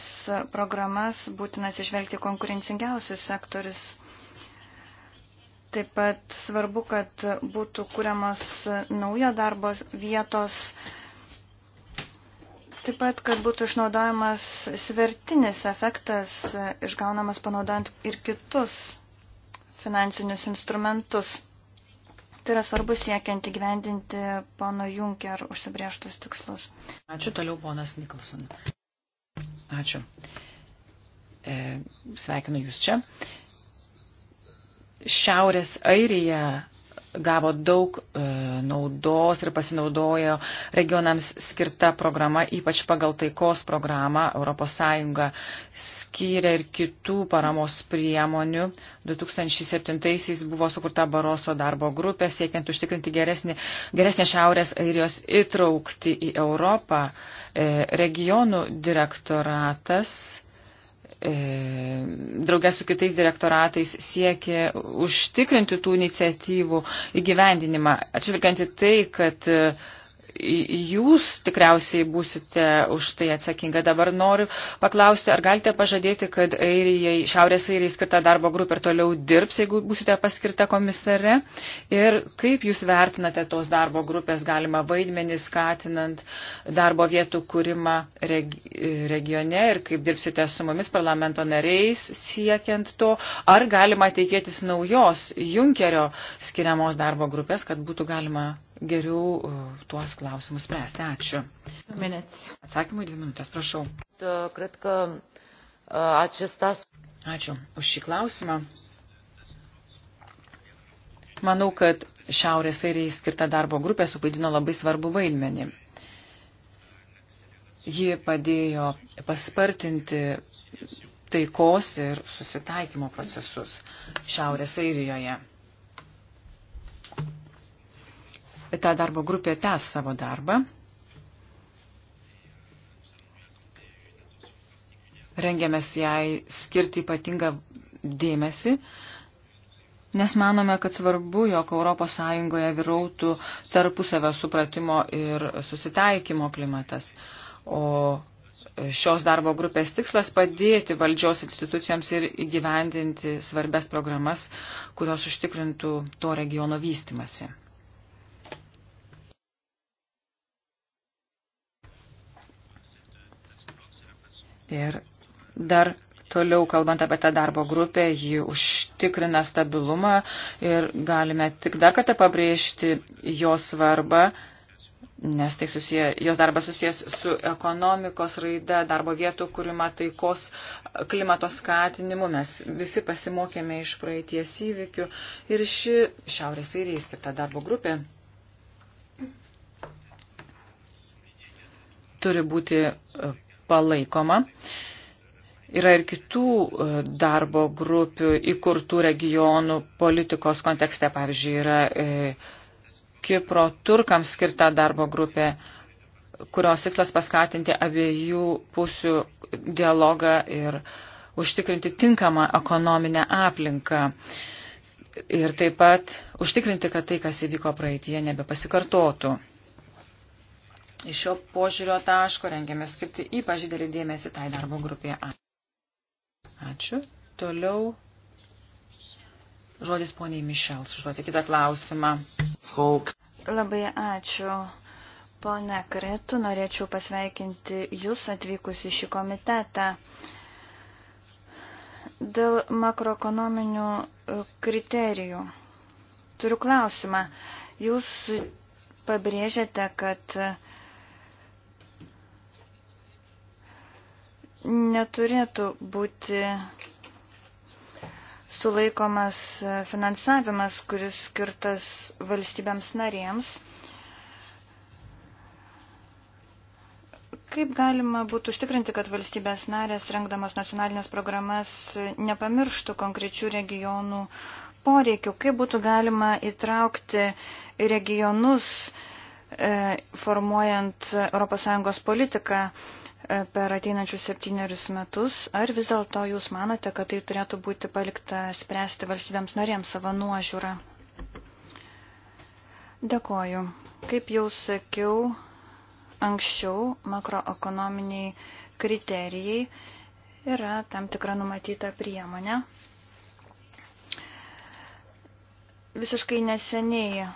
programas būtina atsižvelgti konkurencingiausius sektorius. Taip pat svarbu, kad būtų kuriamos naujo darbo vietos, taip pat, kad būtų išnaudojamas svertinis efektas, išgaunamas panaudojant ir kitus finansinius instrumentus. Tai yra svarbu siekiant įgyvendinti pono Junker užsibrieštus tikslus. Ačiū toliau, ponas Nikolson. Ačiū. E, sveikinu Jūs čia. Šiaurės Airija gavo daug e, naudos ir pasinaudojo regionams skirta programa, ypač pagal taikos programą ES skyrė ir kitų paramos priemonių. 2007-aisiais buvo sukurta Baroso darbo grupė, siekiant užtikrinti geresnį, geresnę Šiaurės Airijos įtraukti į Europą. E, regionų direktoratas E, draugė su kitais direktoratais siekė užtikrinti tų iniciatyvų įgyvendinimą, atšvirkiant į tai, kad jūs tikriausiai būsite už tai atsakinga. Dabar noriu paklausti, ar galite pažadėti, kad airijai, Šiaurės airijai skirta darbo grupė ir toliau dirbs, jeigu būsite paskirta komisare? Ir kaip jūs vertinate tos darbo grupės galima vaidmenį skatinant darbo vietų kūrimą regione ir kaip dirbsite su mumis parlamento nariais siekiant to? Ar galima teikėtis naujos Junkerio skiriamos darbo grupės, kad būtų galima geriau e, tuos klausimus spręsti. Ačiū. Minutes. Atsakymui dvi minutės, prašau. E, Ačiū už šį klausimą. Manau, kad Šiaurės airiai skirta darbo grupė suvaidino labai svarbu vaidmenį. Ji padėjo paspartinti taikos ir susitaikymo procesus Šiaurės airijoje. ta darbo grupė tęs savo darbą. Rengiamės jai skirti ypatingą dėmesį, nes manome, kad svarbu, jog ES vyrautų tarpusavio supratimo ir susitaikymo klimatas. O šios darbo grupės tikslas padėti valdžios institucijoms ir įgyvendinti svarbes programas, kurios užtikrintų to regiono vystimasi. Ir dar toliau, kalbant apie tą darbo grupę, ji užtikrina stabilumą ir galime tik dar kartą pabrėžti jo svarbą, nes tai susiję, jos darbas susijęs su ekonomikos raida, darbo vietų kūrima taikos klimato skatinimu. Mes visi pasimokėme iš praeities įvykių ir ši Šiaurės airiai skirta darbo grupė turi būti palaikoma. Yra ir kitų e, darbo grupių įkurtų regionų politikos kontekste. Pavyzdžiui, yra e, Kipro turkams skirta darbo grupė, kurios tikslas paskatinti abiejų pusių dialogą ir užtikrinti tinkamą ekonominę aplinką. Ir taip pat užtikrinti, kad tai, kas įvyko praeitie, nebepasikartotų. Iš šio požiūrio taško rengiame skirti ypač didelį dėmesį tai darbo grupėje. Ačiū. Toliau žodis poniai Mišel, sužduoti kitą klausimą. Folk. Labai ačiū. Pone Kretu, norėčiau pasveikinti Jūs atvykus į šį komitetą. Dėl makroekonominių e, kriterijų. Turiu klausimą. Jūs pabrėžiate, kad uh, neturėtų būti sulaikomas finansavimas, kuris skirtas valstybėms narėms. Kaip galima būtų užtikrinti, kad valstybės narės, rengdamas nacionalinės programas, nepamirštų konkrečių regionų poreikių? Kaip būtų galima įtraukti regionus, e, formuojant ES politiką? E, per ateinančius septynerius metus, ar vis dėlto jūs manote, kad tai turėtų būti palikta spręsti valstybėms narėms savo nuožiūrą? Dėkoju. Kaip jau sakiau, anksčiau makroekonominiai kriterijai yra tam tikra numatyta priemonė. Visiškai neseniai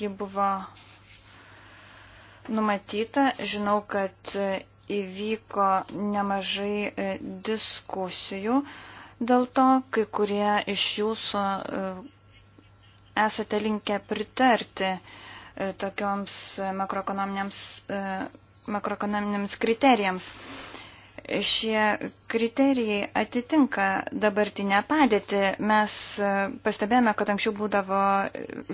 ji buvo numatyta. Žinau, kad įvyko nemažai e, diskusijų dėl to, kai kurie iš jūsų e, esate linkę pritarti e, tokioms makroekonominiams, makroekonominiams kriterijams. Šie kriterijai atitinka dabartinę padėtį. Mes pastebėjome, kad anksčiau būdavo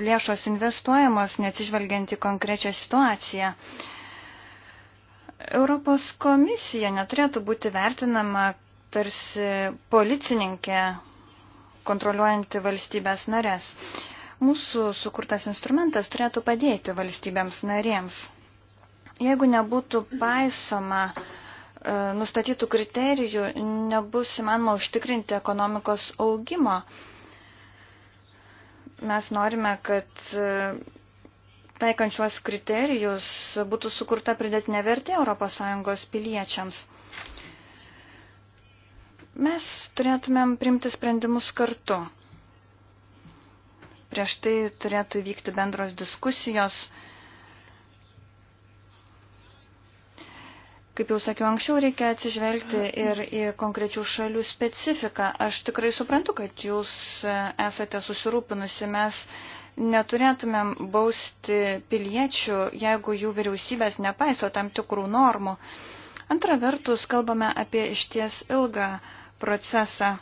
lėšos investuojamos, neatsižvelgiant į konkrečią situaciją. Europos komisija neturėtų būti vertinama tarsi policininkė kontroliuojanti valstybės narės. Mūsų sukurtas instrumentas turėtų padėti valstybėms narėms. Jeigu nebūtų paisoma e, nustatytų kriterijų, nebus įmanoma užtikrinti ekonomikos augimo. Mes norime, kad e, taikant šiuos kriterijus, būtų sukurta pridėtinė vertė ES piliečiams. Mes turėtumėm priimti sprendimus kartu. Prieš tai turėtų vykti bendros diskusijos. Kaip jau sakiau anksčiau, reikia atsižvelgti ir į konkrečių šalių specifiką. Aš tikrai suprantu, kad jūs esate susirūpinusi. Mes uh, neturėtumėm bausti piliečių, jeigu jų vyriausybės nepaiso tam tikrų normų. Antra vertus, kalbame apie išties ilgą procesą.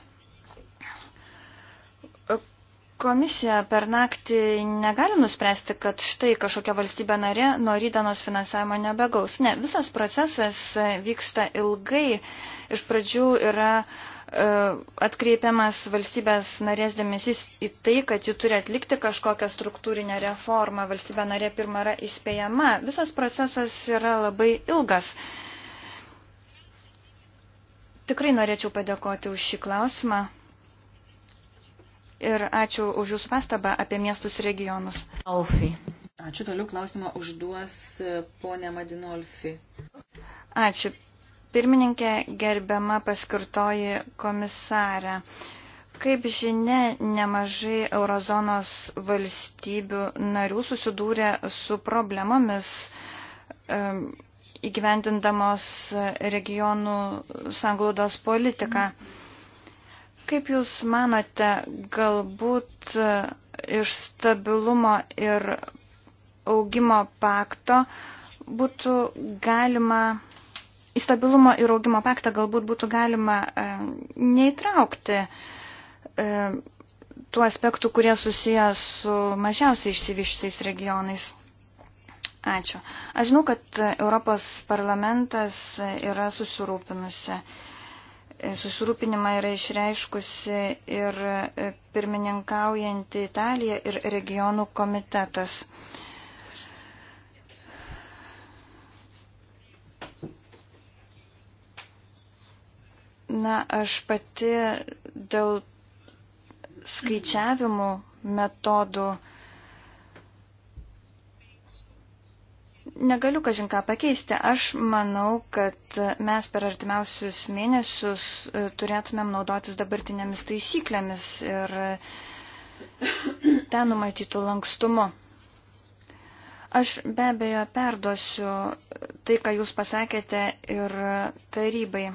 Komisija per naktį negali nuspręsti, kad štai kažkokia valstybė narė nuo rydanos finansavimo nebegaus. Ne, visas procesas vyksta ilgai. Iš pradžių yra uh, E, atkreipiamas valstybės narės dėmesys į tai, kad ji turi atlikti kažkokią struktūrinę reformą. Valstybė narė pirma yra įspėjama. Visas procesas yra labai ilgas. Tikrai norėčiau padėkoti už šį klausimą. Ir ačiū už Jūsų pastabą apie miestus regionus. Alfi. Ačiū toliau klausimą užduos ponė Madinolfi. Ačiū Pirmininkė gerbiama paskirtoji komisarė. Kaip žinia, nemažai eurozonos valstybių narių susidūrė su problemomis įgyvendindamos regionų sanglaudos politiką. Kaip Jūs manote, galbūt iš stabilumo ir augimo pakto būtų galima į stabilumo ir augimo paktą galbūt būtų galima e, neįtraukti e, tų aspektų, kurie susiję su mažiausiai išsivyščiais regionais. Ačiū. Aš žinau, kad Europos parlamentas yra susirūpinusi. E, susirūpinimą yra išreiškusi ir pirmininkaujanti Italija ir regionų komitetas. Na, aš pati dėl skaičiavimų metodų negaliu kažinką pakeisti. Aš manau, kad mes per artimiausius mėnesius e, turėtumėm naudotis dabartinėmis taisyklėmis ir ten numatytų lankstumu. Aš be abejo perduosiu tai, ką jūs pasakėte ir tarybai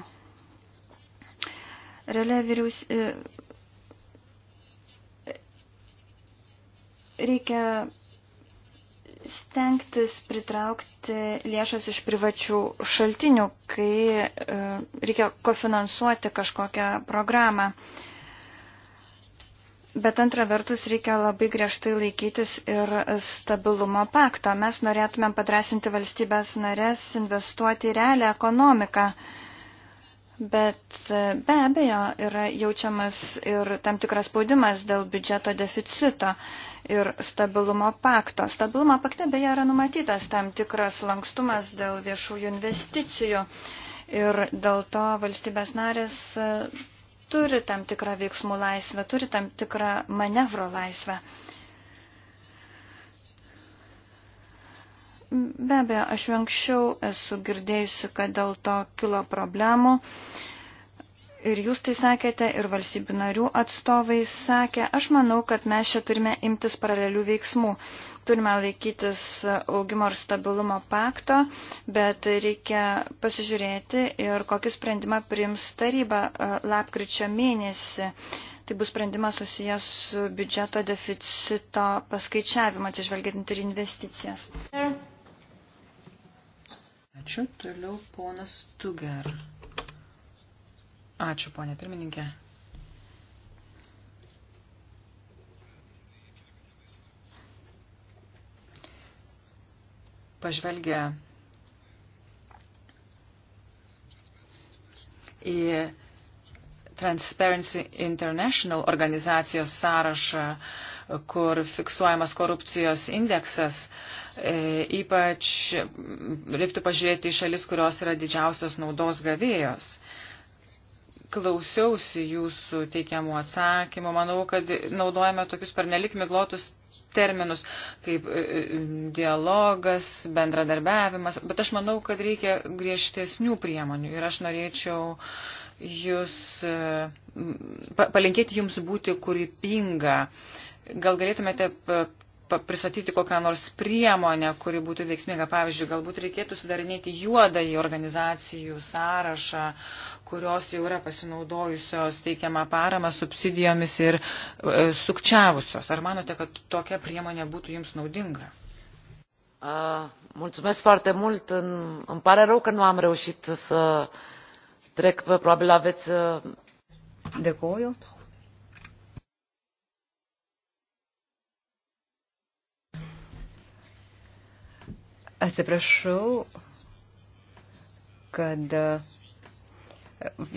realia vyriaus... E, reikia stengtis pritraukti lėšas iš privačių šaltinių, kai e, reikia kofinansuoti kažkokią programą. Bet antra vertus reikia labai griežtai laikytis ir stabilumo pakto. Mes norėtumėm padrasinti valstybės narės investuoti į realią ekonomiką. Uh, Bet e, be abejo yra jaučiamas ir tam tikras spaudimas dėl biudžeto deficito ir stabilumo pakto. Stabilumo pakte beje yra numatytas tam tikras lankstumas dėl viešųjų investicijų ir dėl to valstybės narės e, turi tam tikrą veiksmų laisvę, turi tam tikrą manevro laisvę. Uh, Be abejo, aš jau anksčiau esu girdėjusi, kad dėl to kilo problemų. Ir jūs tai sakėte, ir valstybių narių atstovai sakė, aš manau, kad mes čia turime imtis paralelių veiksmų. Turime laikytis augimo ir stabilumo pakto, bet reikia pasižiūrėti ir kokį sprendimą priims taryba e, lapkričio mėnesį. Tai bus sprendimas susijęs su biudžeto deficito paskaičiavimu, atsižvelgiant ir investicijas. There. Ačiū. Toliau ponas Tuger. Ačiū, ponė pirmininkė. Pažvelgia į Transparency International organizacijos sąrašą, kur fiksuojamas korupcijos indeksas. Uh, E, ypač reiktų pažiūrėti į šalis, kurios yra didžiausios naudos gavėjos. Klausiausi jūsų teikiamų atsakymų. Manau, kad naudojame tokius pernelik miglotus terminus kaip e, e, dialogas, bendradarbiavimas, bet aš manau, kad reikia griežtesnių priemonių ir aš norėčiau jūs, e, palinkėti jums būti kūrybinga. Gal galėtumėte pristatyti kokią nors priemonę, kuri būtų veiksminga. Pavyzdžiui, galbūt reikėtų sudarinėti juodąjį organizacijų sąrašą, kurios jau yra pasinaudojusios teikiamą paramą subsidijomis ir e, sukčiavusios. Ar manote, kad tokia priemonė būtų jums naudinga? Uh, mulțumesc foarte mult. Îmi pare rău că nu am reușit să trec, probabil aveți. Dėkoju. Atsiprašau, kad e,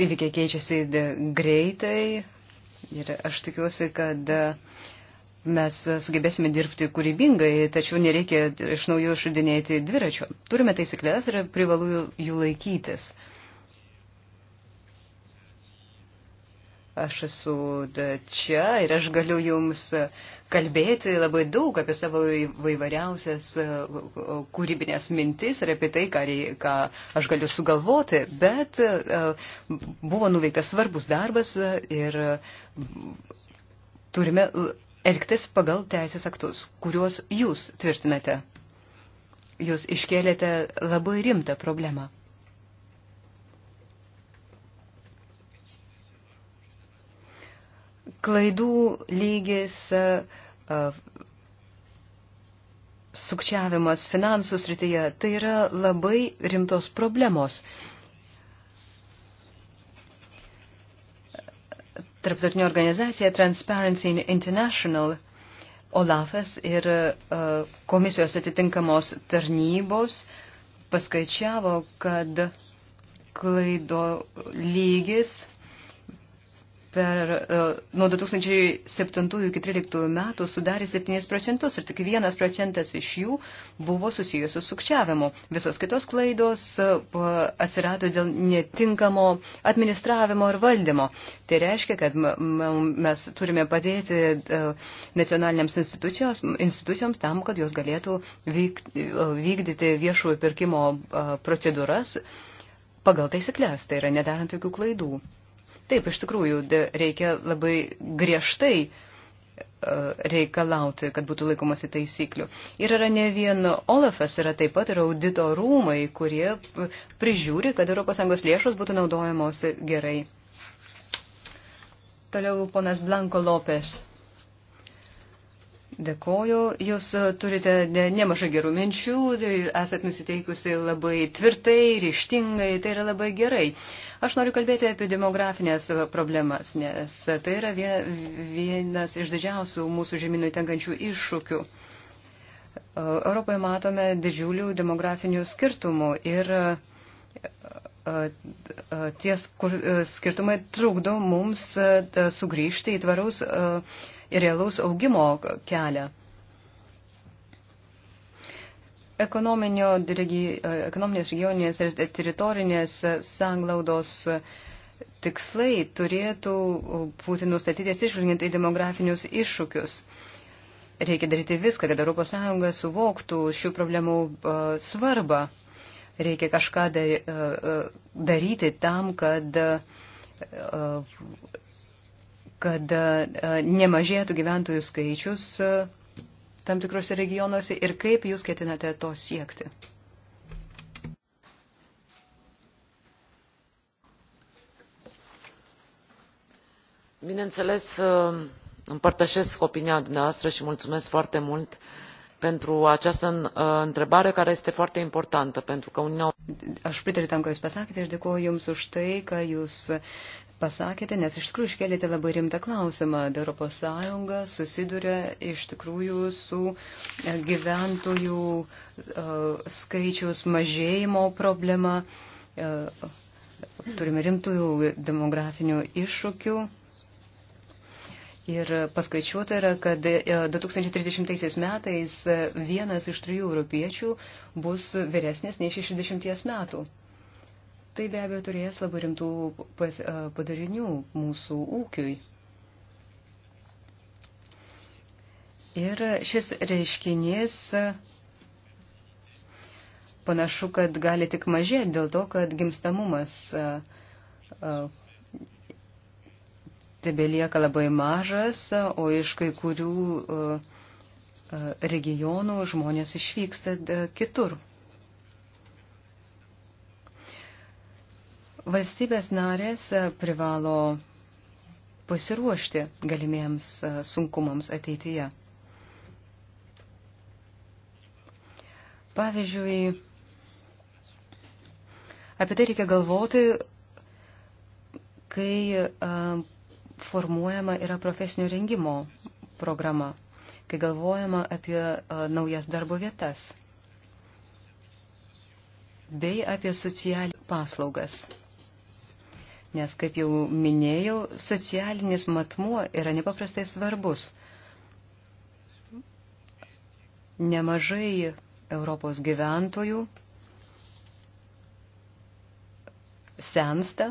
įvykiai keičiasi greitai ir aš tikiuosi, kad e, mes sugebėsime dirbti kūrybingai, tačiau nereikia iš naujo išradinėti dviračio. Turime taisyklės ir privalu jų laikytis. Aš esu čia ir aš galiu jums kalbėti labai daug apie savo įvairiausias kūrybinės mintis ir apie tai, ką, ką aš galiu sugalvoti, bet buvo nuveiktas svarbus darbas ir turime elgtis pagal teisės aktus, kuriuos jūs tvirtinate. Jūs iškėlėte labai rimtą problemą. klaidų lygis, e, e, sukčiavimas finansų srityje, tai yra labai rimtos problemos. Tarptautinė organizacija Transparency International, Olafas ir e, komisijos atitinkamos tarnybos paskaičiavo, kad klaido lygis per, e, nuo 2007 iki 2013 metų sudarė 7 procentus ir tik 1 procentas iš jų buvo susijęs su sukčiavimu. Visos kitos klaidos e, atsirado dėl netinkamo administravimo ir valdymo. Tai reiškia, kad mes turime padėti e, nacionaliniams institucijoms, institucijoms tam, kad jos galėtų vykdyti viešųjų pirkimo procedūras pagal taisyklės, tai yra nedarant jokių klaidų. Taip, iš tikrųjų, reikia labai griežtai e, reikalauti, kad būtų laikomasi taisyklių. Ir yra ne vien Olafas, yra taip pat ir audito rūmai, kurie prižiūri, kad ES lėšos būtų naudojamos gerai. Toliau ponas Blanko Lopes. Dėkoju, jūs e, turite nemažai gerų minčių, tai esat nusiteikusi labai tvirtai, ryštingai, tai yra labai gerai. Aš noriu kalbėti apie demografinės problemas, nes tai yra vienas iš didžiausių mūsų žemynų tenkančių iššūkių. E, Europoje matome didžiulių demografinių skirtumų ir e, tie skirtumai trukdo mums sugrįžti į tvarus ir realaus augimo kelią. Regi, ekonominės regioninės ir teritorinės sanglaudos tikslai turėtų būti nustatytis išvelgiant į demografinius iššūkius. Reikia daryti viską, kad ES suvoktų šių problemų svarbą. Reikia kažką daryti tam, kad kad e, nemažėtų gyventojų skaičius e, tam tikrose regionuose ir kaip jūs ketinate to siekti? Bineînțeles, e, împărtășesc opinia dumneavoastră și mulțumesc foarte mult pentru această întrebare care este foarte importantă pentru că Uniunea Aš pritariu tam, ko jūs pasakėte ir dėkuoju Jums už tai, ką Jūs pasakėte, nes iš tikrųjų iškelėte labai rimtą klausimą. Europos Sąjunga susiduria iš tikrųjų su e, gyventojų uh, skaičiaus mažėjimo problema. Uh, turime rimtų demografinių iššūkių. Ir paskaičiuota yra, kad 2030 metais vienas iš trijų europiečių bus vyresnis nei 60 metų. Tai be abejo turės labai rimtų padarinių mūsų ūkiui. Ir šis reiškinys panašu, kad gali tik mažėti dėl to, kad gimstamumas tebelieka labai mažas, o iš kai kurių regionų žmonės išvyksta kitur. Valstybės narės e, privalo pasiruošti galimiems e, sunkumams ateityje. Pavyzdžiui, apie tai reikia galvoti, kai e, formuojama yra profesinio rengimo programa, kai galvojama apie naujas darbo vietas bei apie socialinį paslaugas nes, kaip jau minėjau, socialinis matmuo yra nepaprastai svarbus. Nemažai Europos gyventojų sensta.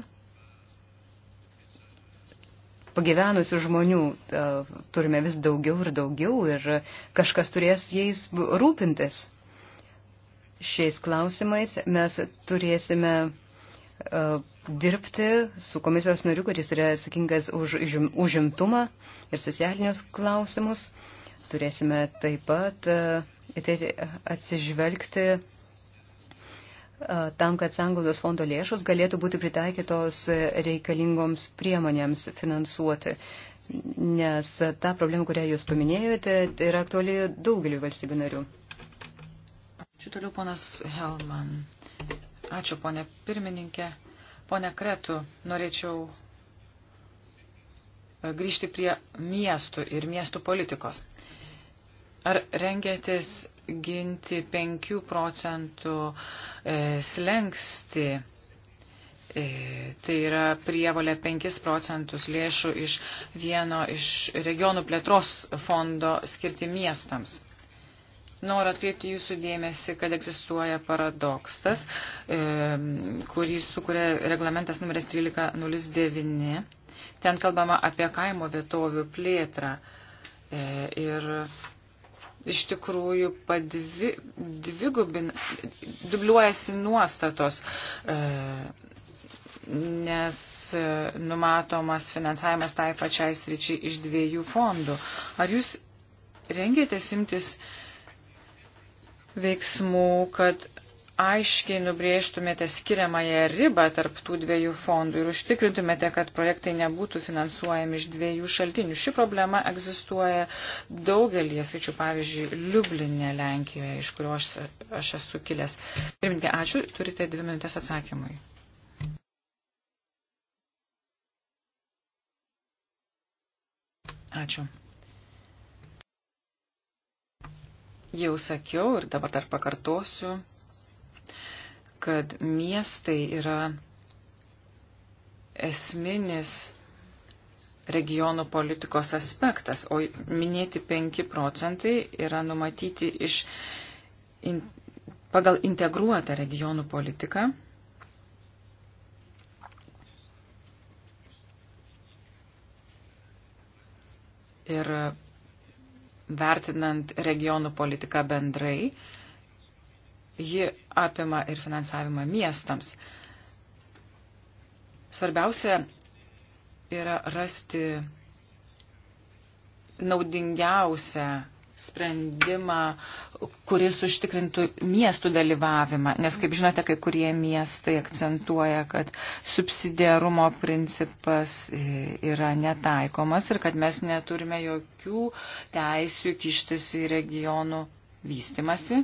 Pagyvenusių žmonių e, turime vis daugiau ir daugiau ir kažkas turės jais rūpintis. Šiais klausimais mes turėsime e, dirbti su komisijos nariu, kuris yra atsakingas už užimtumą ir socialinius klausimus. Turėsime taip pat e, tai atsižvelgti e, tam, kad sanglaudos fondo lėšos galėtų būti pritaikytos reikalingoms priemonėms finansuoti. Nes ta problema, kurią jūs paminėjote, tai yra aktuali daugeliu valstybių narių. Ačiū toliau, ponas Helman. Ačiū, ponė pirmininkė. Pone Kretu, norėčiau e, grįžti prie miestų ir miestų politikos. Ar rengėtės ginti 5 procentų e, slengsti? E, tai yra prievolė 5 procentus lėšų iš vieno iš regionų plėtros fondo skirti miestams. Noriu atkreipti jūsų dėmesį, kad egzistuoja paradoksas, e, kurį sukuria reglamentas numeris 1309. Ten kalbama apie kaimo vietovių plėtrą. E, ir iš tikrųjų padvi, dvigubin, dubliuojasi nuostatos. E, nes e, numatomas finansavimas tai pačiai sričiai iš dviejų fondų. Ar jūs rengėtės imtis veiksmų, kad aiškiai nubrėžtumėte skiriamąją ribą tarp tų dviejų fondų ir užtikrintumėte, kad projektai nebūtų finansuojami iš dviejų šaltinių. Ši problema egzistuoja daugelį sričių, pavyzdžiui, Liublinė Lenkijoje, iš kurio aš, aš esu kilęs. Pirmininkė, ačiū, turite dvi minutės atsakymui. Ačiū. Jau sakiau ir dabar dar pakartosiu, kad miestai yra esminis regionų politikos aspektas, o minėti 5 procentai yra numatyti iš in, pagal integruotą regionų politiką. Ir vertinant regionų politiką bendrai, ji apima ir finansavimą miestams. Svarbiausia yra rasti naudingiausią sprendimą, kuris užtikrintų miestų dalyvavimą. Nes, kaip žinote, kai kurie miestai akcentuoja, kad subsidiarumo principas yra netaikomas ir kad mes neturime jokių teisių kištis į regionų vystimasi.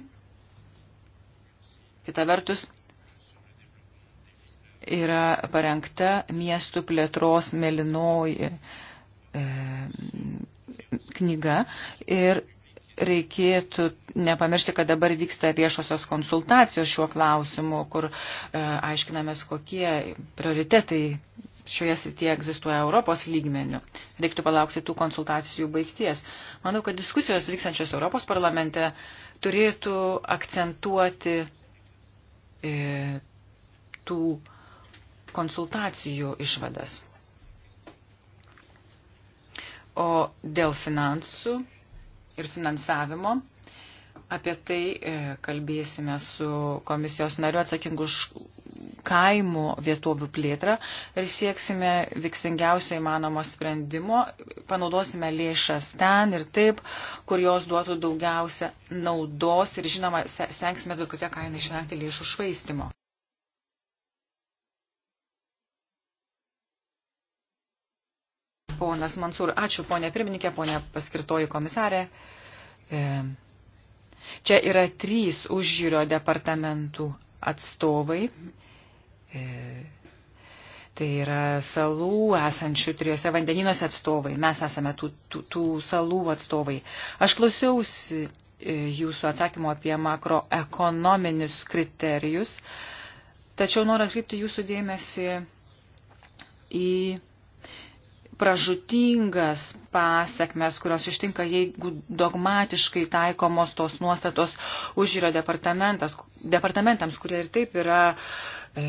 Kita vertus, yra parengta miestų plėtros melinoji e, knyga ir reikėtų nepamiršti, kad dabar vyksta viešosios konsultacijos šiuo klausimu, kur e, aiškinamės, kokie prioritetai šioje srityje egzistuoja Europos lygmenių. Reiktų palaukti tų konsultacijų baigties. Manau, kad diskusijos vykstančios Europos parlamente turėtų akcentuoti e, tų konsultacijų išvadas. O dėl finansų ir finansavimo. Apie tai e, kalbėsime su komisijos nariu atsakingu už kaimų vietovių plėtrą ir sieksime veiksmingiausio įmanomo sprendimo, panaudosime lėšas ten ir taip, kur jos duotų daugiausia naudos ir žinoma, stengsime bet kokią kainą išvengti lėšų švaistimo. Ponas Mansur, ačiū ponė pirmininkė, ponė paskirtoji komisarė. E, čia yra trys užžiūrio departamentų atstovai. E, tai yra salų esančių trijose vandeninuose atstovai. Mes esame tų, tų, tų salų atstovai. Aš klausiausi e, jūsų atsakymo apie makroekonominius kriterijus, tačiau noriu atkreipti jūsų dėmesį į pražutingas pasiekmes, kurios ištinka, jeigu dogmatiškai taikomos tos nuostatos užyro departamentams, kurie ir taip yra e,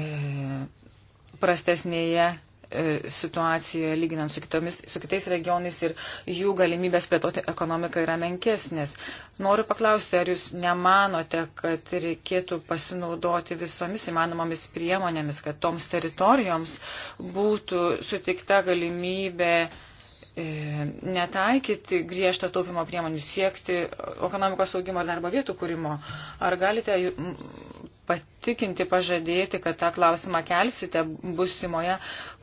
prastesnėje E, situacijoje lyginant su, kitomis, su kitais regionais ir jų galimybės plėtoti ekonomiką yra menkesnės. Noriu paklausti, ar jūs nemanote, kad reikėtų pasinaudoti visomis įmanomomis priemonėmis, kad toms teritorijoms būtų sutikta galimybė E, netaikyti griežto taupimo priemonių, siekti ekonomikos augimo ir darbo vietų kūrimo. Ar galite patikinti, pažadėti, kad tą klausimą kelsite busimoje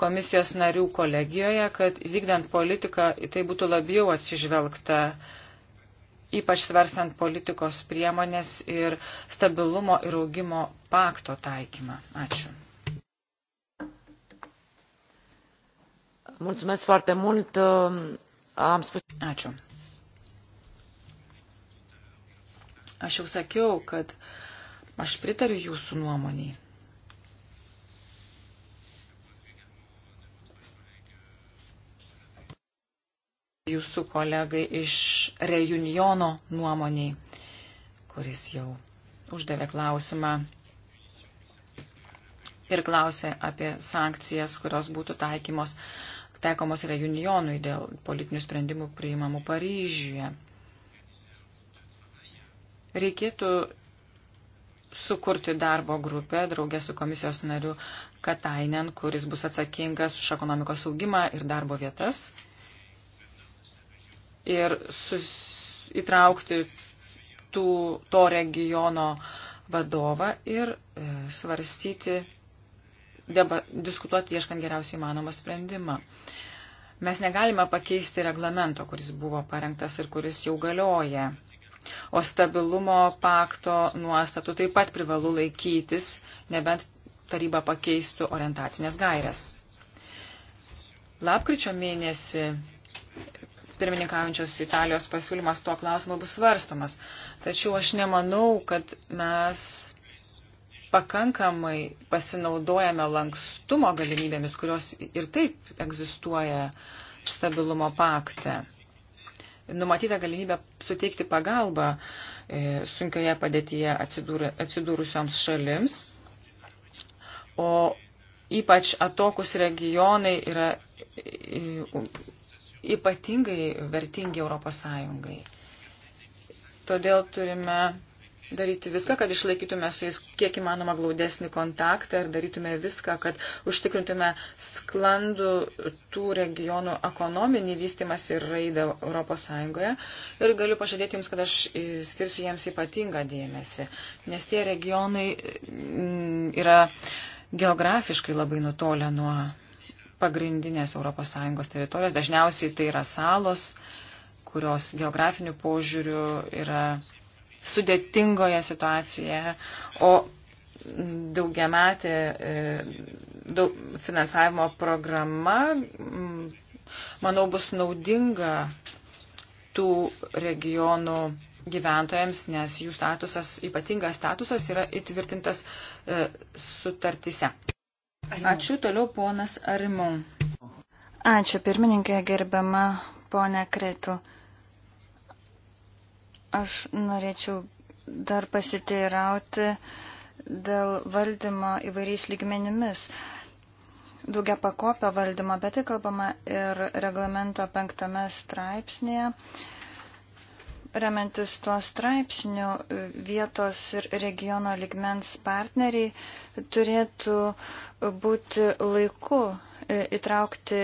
komisijos narių kolegijoje, kad vykdant politiką tai būtų labiau atsižvelgta, ypač svarstant politikos priemonės ir stabilumo ir augimo pakto taikymą? Ačiū. Mulțumesc foarte mult. Uh, am spus. Ačiū. Aš jau sakiau, kad aš pritariu jūsų nuomoniai. Jūsų kolegai iš Reunijono nuomoniai, kuris jau uždavė klausimą ir klausė apie sankcijas, kurios būtų taikymos taikomos reunijonui dėl politinių sprendimų priimamų Paryžiuje. Reikėtų sukurti darbo grupę draugę su komisijos nariu Katainen, kuris bus atsakingas už ekonomikos augimą ir darbo vietas. Ir sus, įtraukti tų, to regiono vadovą ir e, svarstyti deba, diskutuoti ieškant geriausiai įmanomą sprendimą. Mes negalime pakeisti reglamento, kuris buvo parengtas ir kuris jau galioja. O stabilumo pakto nuostatų taip pat privalu laikytis, nebent taryba pakeistų orientacinės gairias. Lapkričio mėnesį pirmininkaujančios Italijos pasiūlymas tuo klausimu bus svarstomas. Tačiau aš nemanau, kad mes pakankamai pasinaudojame lankstumo galimybėmis, kurios ir taip egzistuoja stabilumo pakte. Numatyta galimybė suteikti pagalbą e, sunkioje padėtyje atsidūrusioms šalims, o ypač atokus regionai yra e, ypatingai vertingi Europos Sąjungai. Todėl turime daryti viską, kad išlaikytume su jais kiek įmanoma glaudesnį kontaktą ir darytume viską, kad užtikrintume sklandų tų regionų ekonominį vystimas ir raidą ES. Ir galiu pažadėti Jums, kad aš skirsiu jiems ypatingą dėmesį, nes tie regionai mm, yra geografiškai labai nutolę nuo pagrindinės ES teritorijos. Dažniausiai tai yra salos kurios geografinių požiūrių yra sudėtingoje situacijoje, o daugiametė e, daug, finansavimo programa, manau, bus naudinga tų regionų gyventojams, nes jų statusas, ypatingas statusas yra įtvirtintas e, sutartise. Ačiū toliau ponas Arimon. Ačiū pirmininkė gerbiama ponė Kretu. Aš norėčiau dar pasiteirauti dėl valdymo įvairiais lygmenimis. Daugia pakopio valdymo, bet tai kalbama ir reglamento penktame straipsnėje. Remiantis tuo straipsniu, vietos ir regiono ligmens partneriai turėtų būti laiku e, įtraukti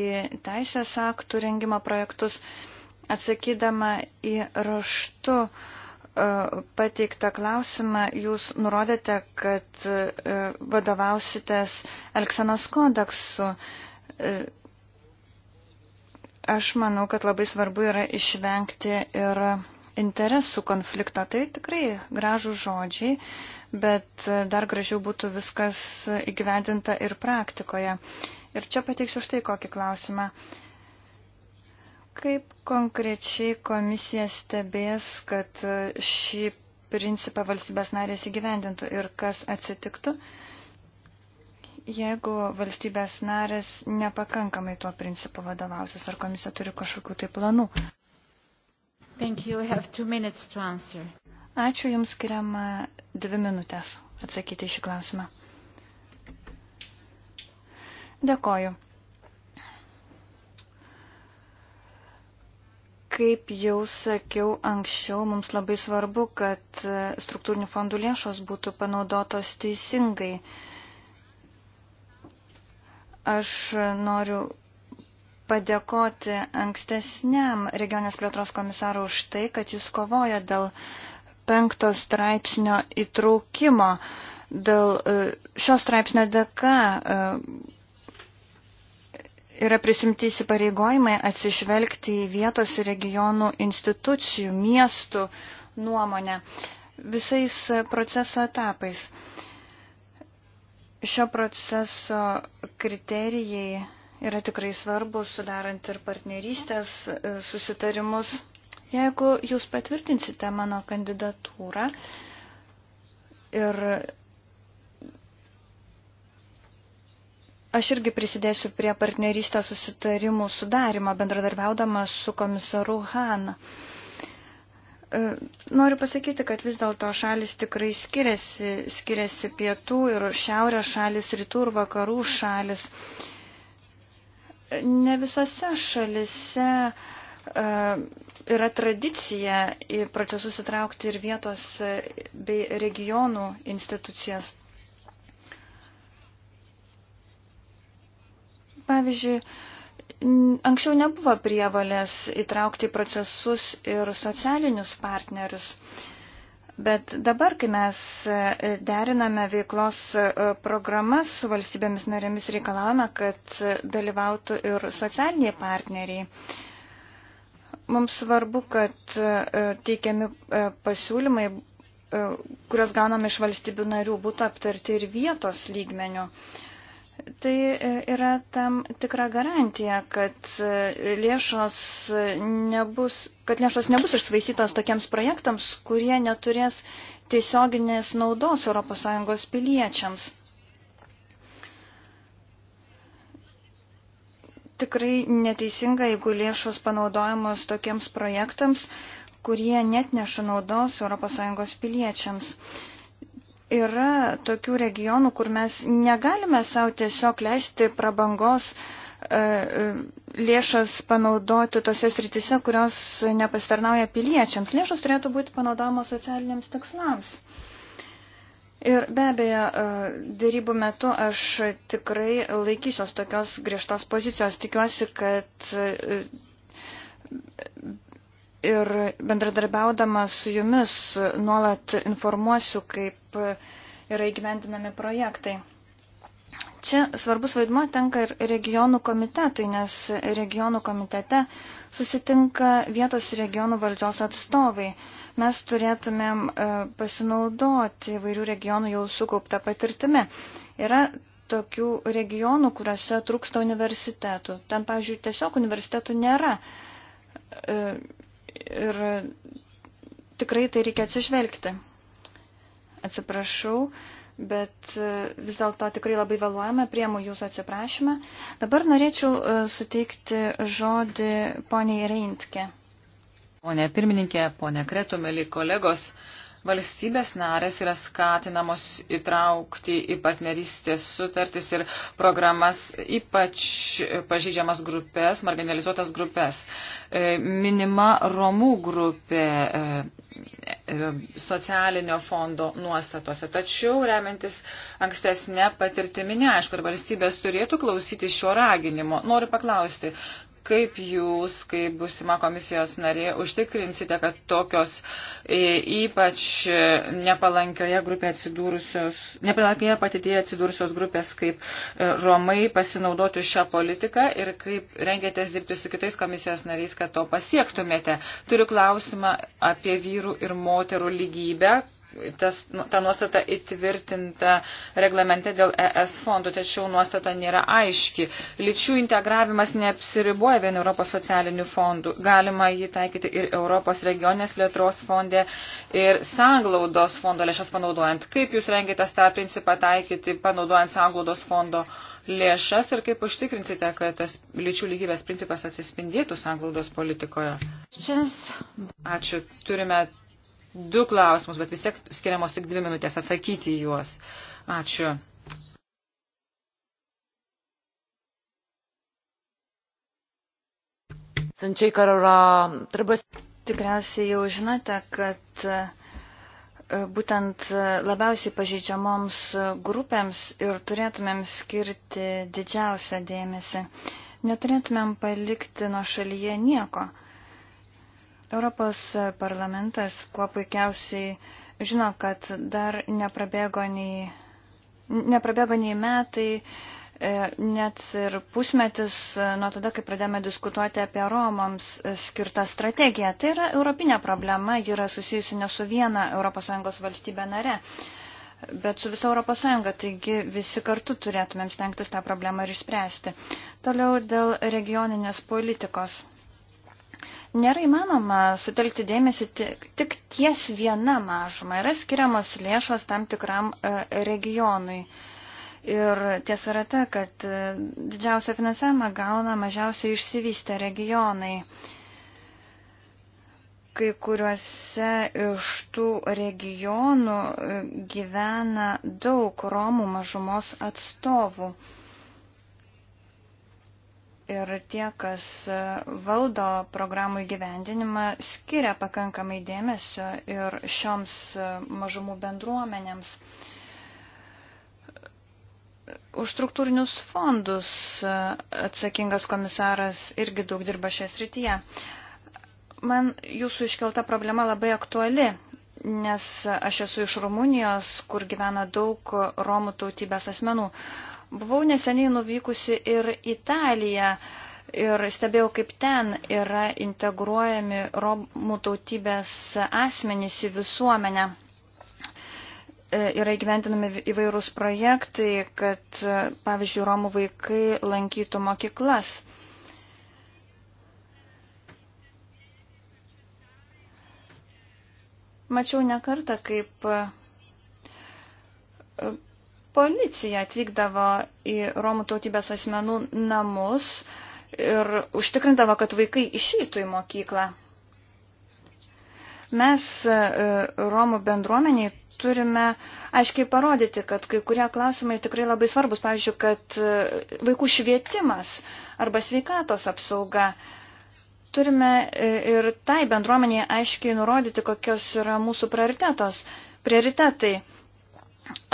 į teisės aktų rengimo projektus Atsakydama į raštu e, pateiktą klausimą, jūs nurodėte, kad e, vadovausitės Elksenos kodeksu. E, aš manau, kad labai svarbu yra išvengti ir interesų konfliktą. Tai tikrai gražų žodžiai, bet dar gražiau būtų viskas įgyvendinta ir praktikoje. Ir čia pateiksiu štai kokį klausimą. Kaip konkrečiai komisija stebės, kad šį principą valstybės narės įgyvendintų ir kas atsitiktų, jeigu valstybės narės nepakankamai tuo principu vadovausis, ar komisija turi kažkokių tai planų? Ačiū Jums skiriama dvi minutės atsakyti į šį klausimą. Dėkoju. Kaip jau sakiau anksčiau, mums labai svarbu, kad e, struktūrinių fondų lėšos būtų panaudotos teisingai. Aš noriu padėkoti ankstesniam regionės plėtros komisarų už tai, kad jis kovoja dėl penkto straipsnio įtraukimo. Dėl e, šio straipsnio dėka e, yra prisimti įsipareigojimai atsižvelgti į vietos ir regionų institucijų, miestų nuomonę visais proceso etapais. Šio proceso kriterijai yra tikrai svarbus, sudarant ir partnerystės e, susitarimus. Jeigu jūs patvirtinsite mano kandidatūrą ir Aš irgi prisidėsiu prie partnerystės susitarimų sudarimo, bendradarbiaudama su komisaru Han. E, noriu pasakyti, kad vis dėlto šalis tikrai skiriasi, skiriasi pietų ir šiaurės šalis, rytų ir vakarų šalis. Ne visose šalise e, yra tradicija į procesus įtraukti ir vietos e, bei regionų institucijas. Pavyzdžiui, anksčiau nebuvo prievalės įtraukti į procesus ir socialinius partnerius. Bet dabar, kai mes deriname veiklos programas su valstybėmis narėmis, reikalavome, kad dalyvautų ir socialiniai partneriai. Mums svarbu, kad e, teikiami e, pasiūlymai, e, kurios gauname iš valstybių narių, būtų aptarti ir vietos lygmenių. Tai e, yra tam tikra garantija, kad e, lėšos nebus, kad lėšos nebus išsvaistytos tokiems projektams, kurie neturės tiesioginės naudos ES piliečiams. Tikrai neteisinga, jeigu lėšos panaudojamos tokiems projektams, kurie net neša naudos ES piliečiams yra tokių regionų, kur mes negalime savo tiesiog leisti prabangos e, e, lėšas panaudoti tose sritise, kurios nepasitarnauja piliečiams. Lėšos turėtų būti panaudojamos socialiniams tikslams. Ir be abejo, e, dėrybų metu aš tikrai laikysiuos tokios griežtos pozicijos. Tikiuosi, kad ir bendradarbiaudama su jumis nuolat informuosiu, kaip yra įgyventinami projektai. Čia svarbus vaidmo tenka ir regionų komitetui, nes regionų komitete susitinka vietos regionų valdžios atstovai. Mes turėtumėm e, pasinaudoti vairių regionų jau sukauptą patirtimį. Yra tokių regionų, kuriuose trūksta universitetų. Ten, pavyzdžiui, tiesiog universitetų nėra e, Ir tikrai tai reikia atsižvelgti. Atsiprašau, bet e, vis dėlto tikrai labai vėluojame, priemu jūsų atsiprašymą. Dabar norėčiau e, suteikti žodį poniai Reintke. Pone pirmininkė, pone Kretumėlį, kolegos. Uh, valstybės narės yra skatinamos įtraukti į partnerystės sutartis ir programas ypač pažydžiamas grupės, marginalizuotas grupės. E, minima Romų grupė e, e, socialinio fondo nuostatose. Tačiau, remiantis ankstesnė patirtimi, neaišku, ar valstybės turėtų klausyti šio raginimo. Noriu paklausti, Kaip jūs, kaip busima komisijos narė, užtikrinsite, kad tokios e, ypač nepalankioje grupėje atsidūrusios, nepalankioje patidėje atsidūrusios grupės kaip e, Romai pasinaudotų šią politiką ir kaip rengėtės dirbti su kitais komisijos nariais, kad to pasiektumėte? Turiu klausimą apie vyrų ir moterų lygybę tas, ta nuostata įtvirtinta reglamente dėl ES fondų, tačiau nuostata nėra aiški. Lyčių integravimas neapsiriboja vien Europos socialinių fondų. Galima jį taikyti ir Europos regionės plėtros fonde ir sanglaudos fondo lėšas panaudojant. Kaip jūs rengitės tą principą taikyti panaudojant sanglaudos fondo lėšas ir kaip užtikrinsite, kad tas lyčių lygybės principas atsispindėtų sanglaudos politikoje? Ačiū. Turime du klausimus, bet vis tiek skiriamos tik dvi minutės atsakyti juos. Ačiū. Sunt cei cărora trebuie să... Tikriausiai jau žinote, kad e, būtent labiausiai pažeidžiamoms grupėms ir turėtumėm skirti didžiausią dėmesį. Neturėtumėm palikti nuo šalyje nieko. Europos parlamentas kuo puikiausiai žino, kad dar neprabėgo nei, neprabėgo nei metai, e, net ir pusmetis nuo tada, kai pradėjome diskutuoti apie Romams skirtą strategiją. Tai yra europinė problema, ji yra susijusi ne su viena ES valstybė nare, bet su visa ES, taigi visi kartu turėtumėm stengtis tą problemą ir išspręsti. Toliau dėl regioninės politikos. Nėra įmanoma sutelkti dėmesį tik, tik ties viena mažuma. Yra skiriamos lėšos tam tikram e, regionui. Ir tiesa yra ta, kad e, didžiausią finansavimą gauna mažiausiai išsivystę regionai. Kai kuriuose iš tų regionų e, gyvena daug Romų mažumos atstovų ir tie, kas valdo programų įgyvendinimą, skiria pakankamai dėmesio ir šioms mažumų bendruomenėms. Už struktūrinius fondus atsakingas komisaras irgi daug dirba šią srityje. Man jūsų iškelta problema labai aktuali, nes aš esu iš Rumunijos, kur gyvena daug Romų tautybės asmenų. Uh, Buvau neseniai nuvykusi ir Italiją ir stebėjau, kaip ten yra integruojami romų tautybės asmenys į visuomenę. E, yra įgyventinami įvairūs projektai, kad, e, pavyzdžiui, romų vaikai lankytų mokyklas. Mačiau nekartą, kaip e, policija atvykdavo į Romų tautybės asmenų namus ir užtikrindavo, kad vaikai išeitų į mokyklą. Mes e, Romų bendruomeniai turime aiškiai parodyti, kad kai kurie klausimai tikrai labai svarbus, pavyzdžiui, kad e, vaikų švietimas arba sveikatos apsauga. Turime e, ir tai bendruomeniai aiškiai nurodyti, kokios yra mūsų prioritetos. prioritetai.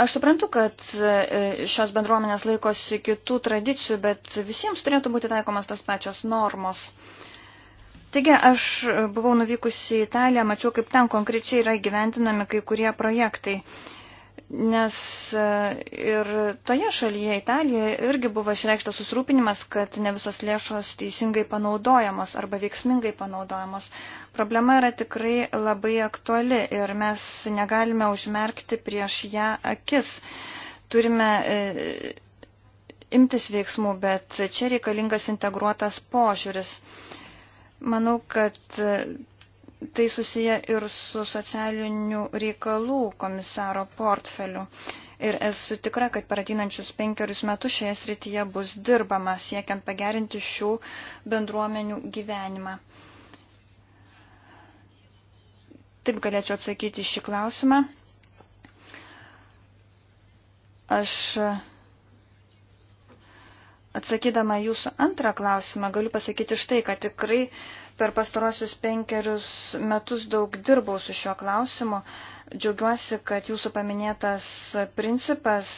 Aš suprantu, kad e, šios bendruomenės laikosi kitų tradicijų, bet visiems turėtų būti taikomas tas pačios normos. Taigi aš buvau nuvykusi į Italiją, mačiau, kaip ten konkrečiai yra gyventinami kai kurie projektai. Uh, nes e, ir toje šalyje, Italijoje, irgi buvo išreikštas susirūpinimas, kad ne visos lėšos teisingai panaudojamos arba veiksmingai panaudojamos. Problema yra tikrai labai aktuali ir mes negalime užmerkti prieš ją akis. Turime e, imtis veiksmų, bet čia reikalingas integruotas požiūris. Manau, kad tai susiję ir su socialinių reikalų komisaro portfeliu. Ir esu tikra, kad per ateinančius penkerius metus šioje srityje bus dirbama siekiant pagerinti šių bendruomenių gyvenimą. Taip galėčiau atsakyti šį klausimą. Aš atsakydama jūsų antrą klausimą galiu pasakyti štai, kad tikrai uh, Per pastarosius penkerius metus daug dirbau su šiuo klausimu. Džiaugiuosi, kad jūsų paminėtas principas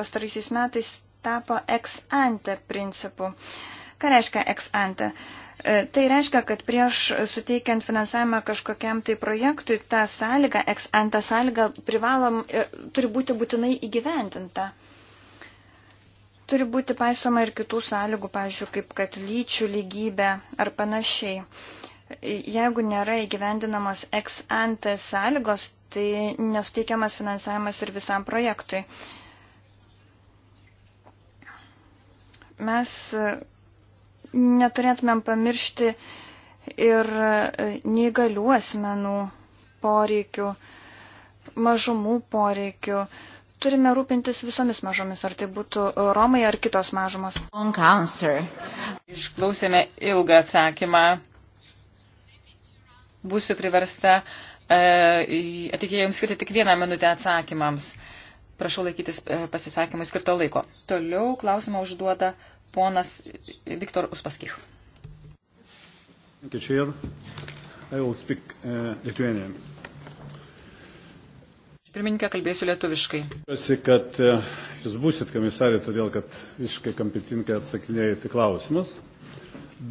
pastaraisiais metais tapo ex ante principu. Ką reiškia ex ante? E, tai reiškia, kad prieš suteikiant finansavimą kažkokiam tai projektui, ta sąlyga, ex ante sąlyga privalom, e, turi būti būtinai įgyventinta. Turi būti paisoma ir kitų sąlygų, pavyzdžiui, kaip kad lyčių lygybė ar panašiai. Jeigu nėra įgyvendinamas ex ante sąlygos, tai nesuteikiamas finansavimas ir visam projektui. Mes neturėtumėm pamiršti ir neįgalių asmenų poreikių, mažumų poreikių, Turime rūpintis visomis mažomis, ar tai būtų e, Romai ar kitos mažumos. Išklausėme ilgą atsakymą. Būsiu priversta e, ateityje jums skirti tik vieną minutę atsakymams. Prašau laikytis e, pasisakymui skirto laiko. Toliau klausimą užduoda ponas Viktor Uspaskich. Ačiū. I will speak uh, Lithuanian. Pirmininkė, kalbėsiu lietuviškai. Tikiuosi, kad e, jūs būsit komisarė, todėl kad visiškai kampitinkai atsakinėjate klausimus.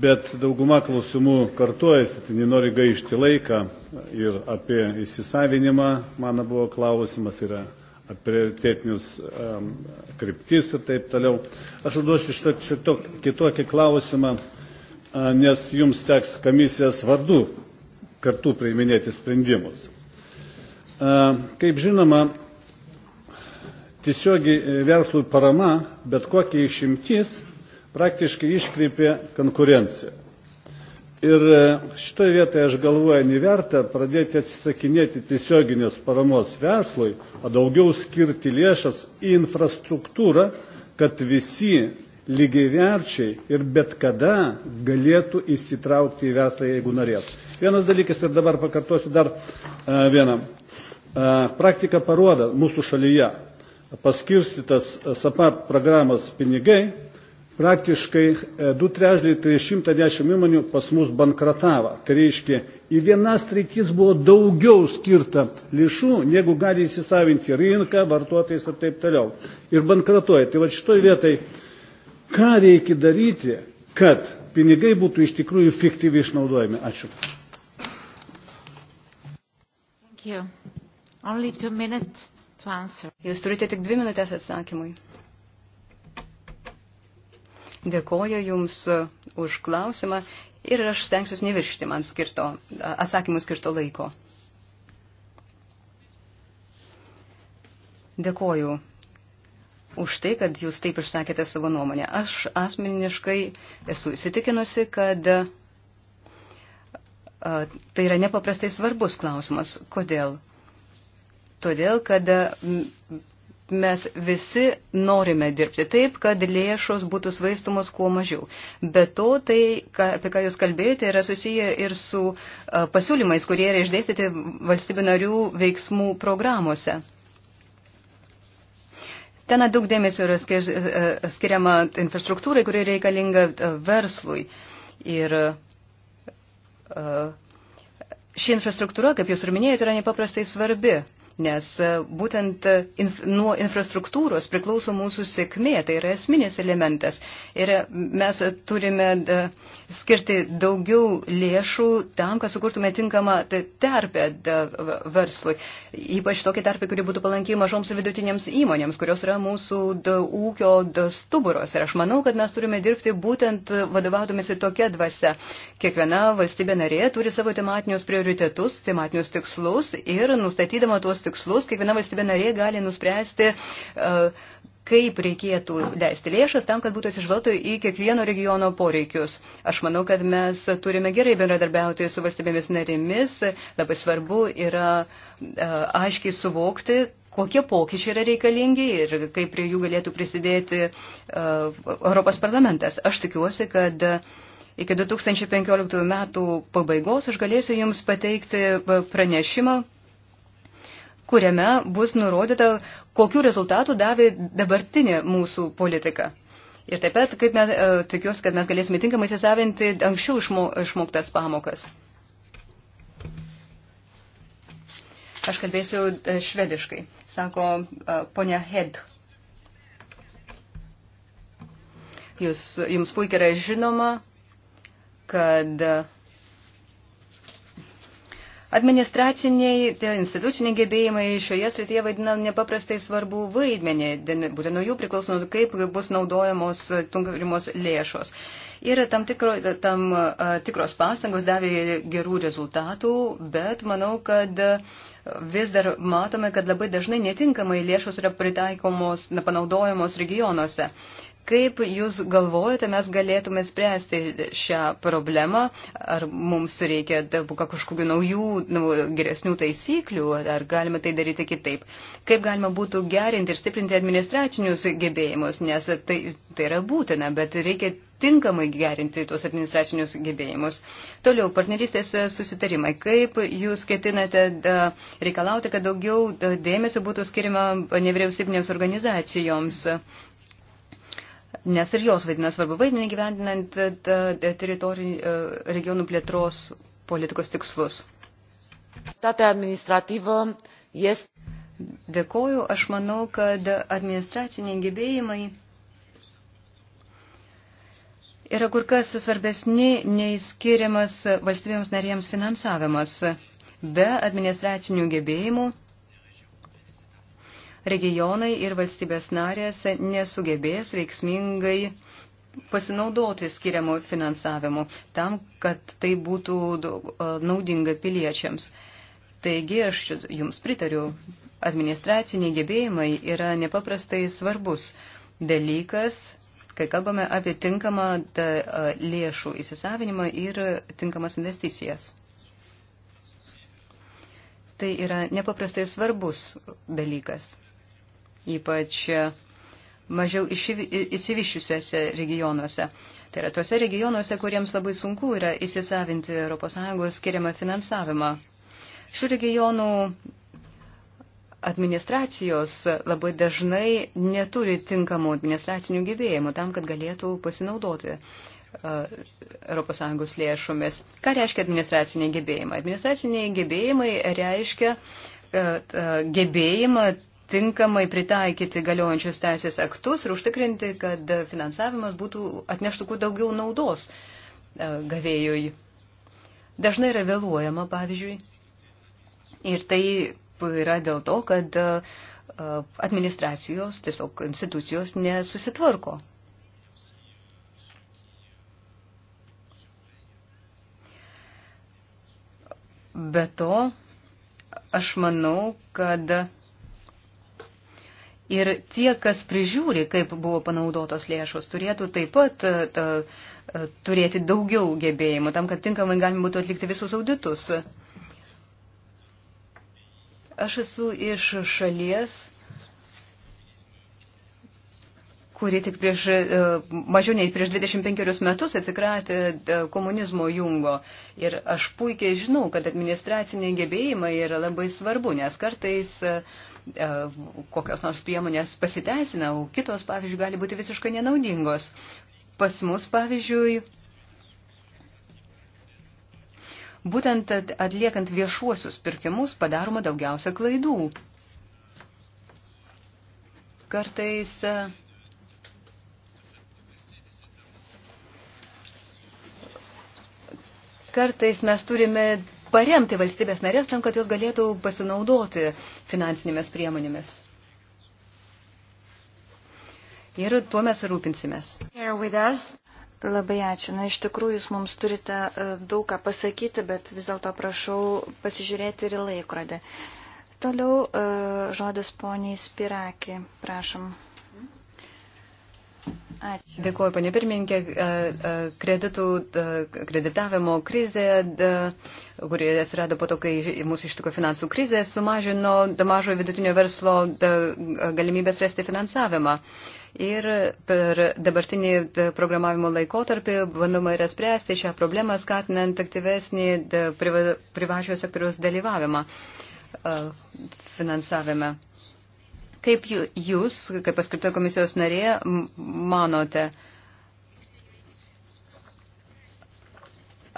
Bet dauguma klausimų kartuojasi, tai nenori gaišti laiką ir apie įsisavinimą, mano buvo klausimas, yra apie prioritetinius um, kryptis ir taip toliau. Aš užduosiu šiek tiek kitokį klausimą, e, nes jums teks komisijos vardu kartu priiminėti sprendimus. Kaip žinoma, tiesiogiai e, verslui parama, bet kokia išimtis praktiškai iškreipė konkurenciją. Ir e, šitoje vietoje aš galvoju, neverta pradėti atsisakinėti tiesioginės paramos verslui, o daugiau skirti lėšas į infrastruktūrą, kad visi lygiaiverčiai ir bet kada galėtų įsitraukti į verslą, jeigu norės. Vienas dalykas ir dabar pakartosiu dar e, vieną. E, praktika parodo mūsų šalyje paskirstytas SAPART programos pinigai, praktiškai 2 trešdėlį 310 įmonių pas mus bankratavo. Tai reiškia, į vienas rytis buvo daugiau skirta lėšų, negu gali įsisavinti rinka, vartotojas ir taip toliau. Ir bankratuoja. Tai va šitoj vietai, ką reikia daryti, kad pinigai būtų iš tikrųjų efektyviai išnaudojami. Ačiū. Thank you. Jūs turite tik dvi minutės atsakymui. Dėkoju Jums uh, už klausimą ir aš stengsiuosi neviršti man skirto, uh, atsakymų skirto laiko. Dėkoju už tai, kad jūs taip išsakėte savo nuomonę. Aš asmeniškai esu įsitikinusi, kad a, uh, tai yra nepaprastai svarbus klausimas. Kodėl? Todėl, kad mes visi norime dirbti taip, kad lėšos būtų svaistumos kuo mažiau. Be to, tai, ką, apie ką Jūs kalbėjote, yra susiję ir su pasiūlymais, kurie yra išdėstyti valstybių narių veiksmų programuose. Ten daug dėmesio yra skiriama infrastruktūrai, kuri reikalinga verslui. Ir ši infrastruktūra, kaip jūs ir minėjote, yra nepaprastai svarbi nes e, būtent e, inf nuo infrastruktūros priklauso mūsų sėkmė, tai yra esminis elementas. Ir e, mes turime skirti daugiau lėšų tam, kad sukurtume tinkamą terpę verslui, ypač tokią terpę, kuri būtų palankiai mažoms ir vidutinėms įmonėms, kurios yra mūsų ūkio stuburos. Ir aš manau, kad mes turime dirbti būtent vadovaudomėsi tokia dvasia. Kiekviena valstybė narė turi savo tematinius prioritetus, tematinius tikslus ir nustatydama tuos tikslus tikslus, kiekviena valstybė narė gali nuspręsti, e, kaip reikėtų leisti lėšas tam, kad būtų atsižvelgta į kiekvieno regiono poreikius. Aš manau, kad mes turime gerai bendradarbiauti su valstybėmis narėmis. Labai svarbu yra e, aiškiai suvokti, kokie pokyčiai yra reikalingi ir kaip prie jų galėtų prisidėti e, Europos parlamentas. Aš tikiuosi, kad iki 2015 metų pabaigos aš galėsiu Jums pateikti pranešimą kuriame bus nurodyta, kokiu rezultatu davė dabartinė mūsų politika. Ir taip pat, kaip mes, e, tikiuosi, kad mes galėsime tinkamai įsisavinti anksčiau išmoktas pamokas. Aš kalbėsiu e, švediškai, sako e, ponia Hed. Jūs, jums puikiai yra žinoma, kad Administraciniai, instituciniai gebėjimai šioje srityje vaidina nepaprastai svarbu vaidmenį, būtent nuo jų priklauso, kaip bus naudojamos tungarimos lėšos. Ir tam, tikro, tam tikros pastangos davė gerų rezultatų, bet manau, kad vis dar matome, kad labai dažnai netinkamai lėšos yra pritaikomos, panaudojamos regionuose. Kaip Jūs galvojate, mes galėtume spręsti šią problemą? Ar mums reikia kažkokių naujų, nu, geresnių taisyklių, ar galima tai daryti kitaip? Kaip galima būtų gerinti ir stiprinti administracinius gebėjimus, nes tai, tai yra būtina, bet reikia tinkamai gerinti tuos administracinius gebėjimus. Toliau, partnerystės susitarimai. Kaip jūs ketinate reikalauti, kad daugiau dėmesio būtų skirima nevyriausybinėms organizacijoms? nes ir jos vaidina svarbu vaidmenį gyvendinant e, e, teritorijų e, regionų plėtros politikos tikslus. Dėkoju, aš manau, kad administraciniai gebėjimai yra kur kas svarbesni nei skiriamas valstybėms narėms finansavimas. Be administracinių gebėjimų regionai ir valstybės narės nesugebės veiksmingai pasinaudoti skiriamo finansavimu tam, kad tai būtų e, naudinga piliečiams. Taigi aš jums pritariu, administraciniai gebėjimai yra nepaprastai svarbus dalykas, kai kalbame apie tinkamą e, lėšų įsisavinimą ir tinkamas investicijas. Tai yra nepaprastai svarbus dalykas ypač mažiau įsivyščiusiuose regionuose. Tai yra tuose regionuose, kuriems labai sunku yra įsisavinti ES skiriamą finansavimą. Šių regionų administracijos labai dažnai neturi tinkamų administracinių gyvėjimų tam, kad galėtų pasinaudoti ES lėšomis. Ką reiškia administraciniai gebėjimai? Administraciniai gebėjimai reiškia gebėjimą tinkamai pritaikyti galiojančius teisės aktus ir užtikrinti, kad finansavimas būtų atneštų kuo daugiau naudos e, gavėjui. Dažnai yra vėluojama, pavyzdžiui. Ir tai yra dėl to, kad e, administracijos, tiesiog institucijos nesusitvarko. Be to, aš manau, kad Ir tie, kas prižiūri, kaip buvo panaudotos lėšos, turėtų taip pat e, ta, e, turėti daugiau gebėjimų tam, kad tinkamai galima būtų atlikti visus auditus. Aš esu iš šalies, kuri tik prieš, e, mažiau nei prieš 25 metus atsikratė komunizmo jungo. Ir aš puikiai žinau, kad administraciniai gebėjimai yra labai svarbu, nes kartais uh, E, kokios nors priemonės pasiteisina, o kitos, pavyzdžiui, gali būti visiškai nenaudingos. Pas mus, pavyzdžiui, būtent atliekant viešuosius pirkimus padaroma daugiausia klaidų. Kartais e, kartais mes turime paremti valstybės narės tam, kad jos galėtų pasinaudoti finansinėmis priemonėmis. Ir tuo mes rūpinsimės. Labai ačiū. Na, iš tikrųjų, jūs mums turite e, daug ką pasakyti, bet vis dėlto prašau pasižiūrėti ir į laikrodį. Toliau e, žodis poniai Spiraki. Prašom. Ačiū. Dėkuoju, panė pirmininkė. Kreditų, kreditavimo krizė, kuri atsirado po to, kai mūsų ištiko finansų krizė, sumažino mažo vidutinio verslo galimybės rasti finansavimą. Ir per dabartinį programavimo laikotarpį bandoma yra spręsti šią problemą, skatinant aktyvesnį privačio sektoriaus dalyvavimą finansavime. Kaip jūs, kaip paskirta komisijos narė, manote,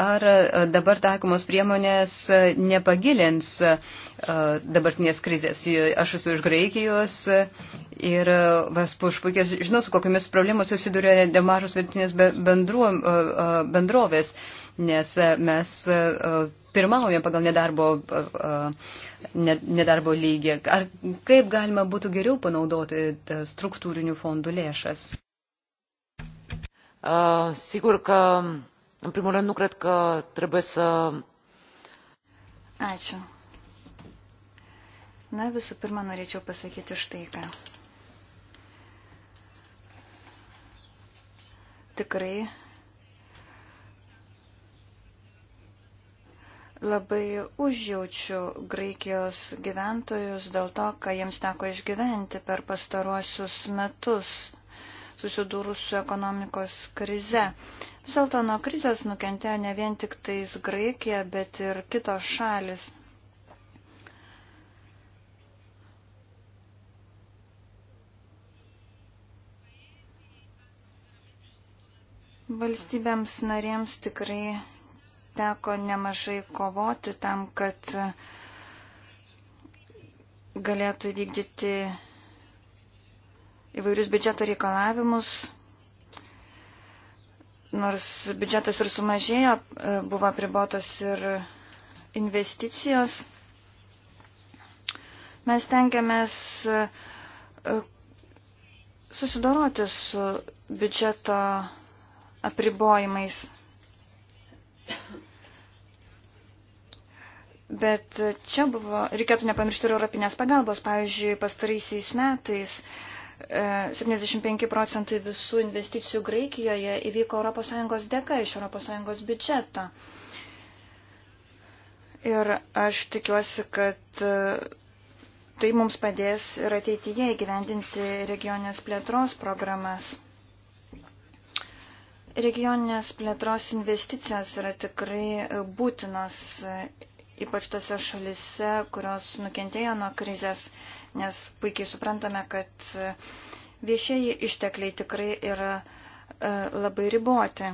ar dabar taikomos priemonės nepagilins dabartinės krizės. Aš esu iš Graikijos ir aš puikiai žinau, su kokiamis problemus susiduria nemažos vidutinės bendrovės, nes mes pirmaujame pagal nedarbo nedarbo lygį. Ar kaip galima būtų geriau panaudoti struktūrinių fondų lėšas? Uh, sigur că, în primul rând, nu cred că trebuie să... Ačiū. Na, visų pirma, norėčiau pasakyti štai ką. Tikrai Labai užjaučiu Graikijos gyventojus dėl to, ką jiems teko išgyventi per pastaruosius metus susidūrus su ekonomikos krize. Vis dėlto nuo krizės nukentėjo ne vien tik tais Graikija, bet ir kitos šalis. Valstybėms narėms tikrai teko nemažai kovoti tam, kad galėtų vykdyti įvairius biudžeto reikalavimus. Nors biudžetas ir sumažėjo, buvo pribotas ir investicijos. Mes tenkiamės e, susidoroti su biudžeto apribojimais. Bet čia buvo, reikėtų nepamiršti ir europinės pagalbos. Pavyzdžiui, pastaraisiais metais 75 e, procentai visų investicijų Graikijoje įvyko ES dėka iš ES biudžeto. Ir aš tikiuosi, kad e, tai mums padės ir ateityje įgyvendinti regionės plėtros programas. Regioninės plėtros investicijos yra tikrai e, būtinos, e, ypač tose šalise, kurios nukentėjo nuo krizės, nes puikiai suprantame, kad e, viešieji ištekliai tikrai yra labai riboti.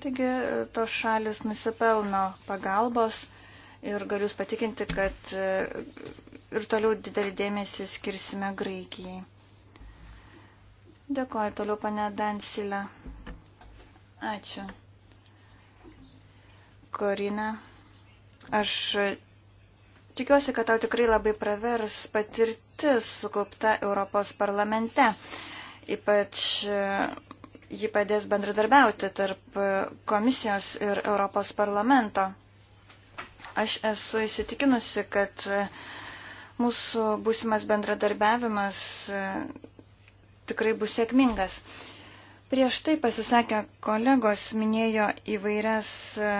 Taigi tos šalis nusipelno pagalbos ir galiu patikinti, kad ir toliau didelį dėmesį skirsime Graikijai. Dėkoju toliau, pane Dansilė. Ačiū. Korina, aš Tikiuosi, kad tau tikrai labai pravers patirtis sukaupta Europos parlamente. Ypač e, ji padės bendradarbiauti tarp komisijos ir Europos parlamento. Aš esu įsitikinusi, kad e, mūsų būsimas bendradarbiavimas e, tikrai bus sėkmingas. Prieš tai pasisakę kolegos minėjo įvairias e,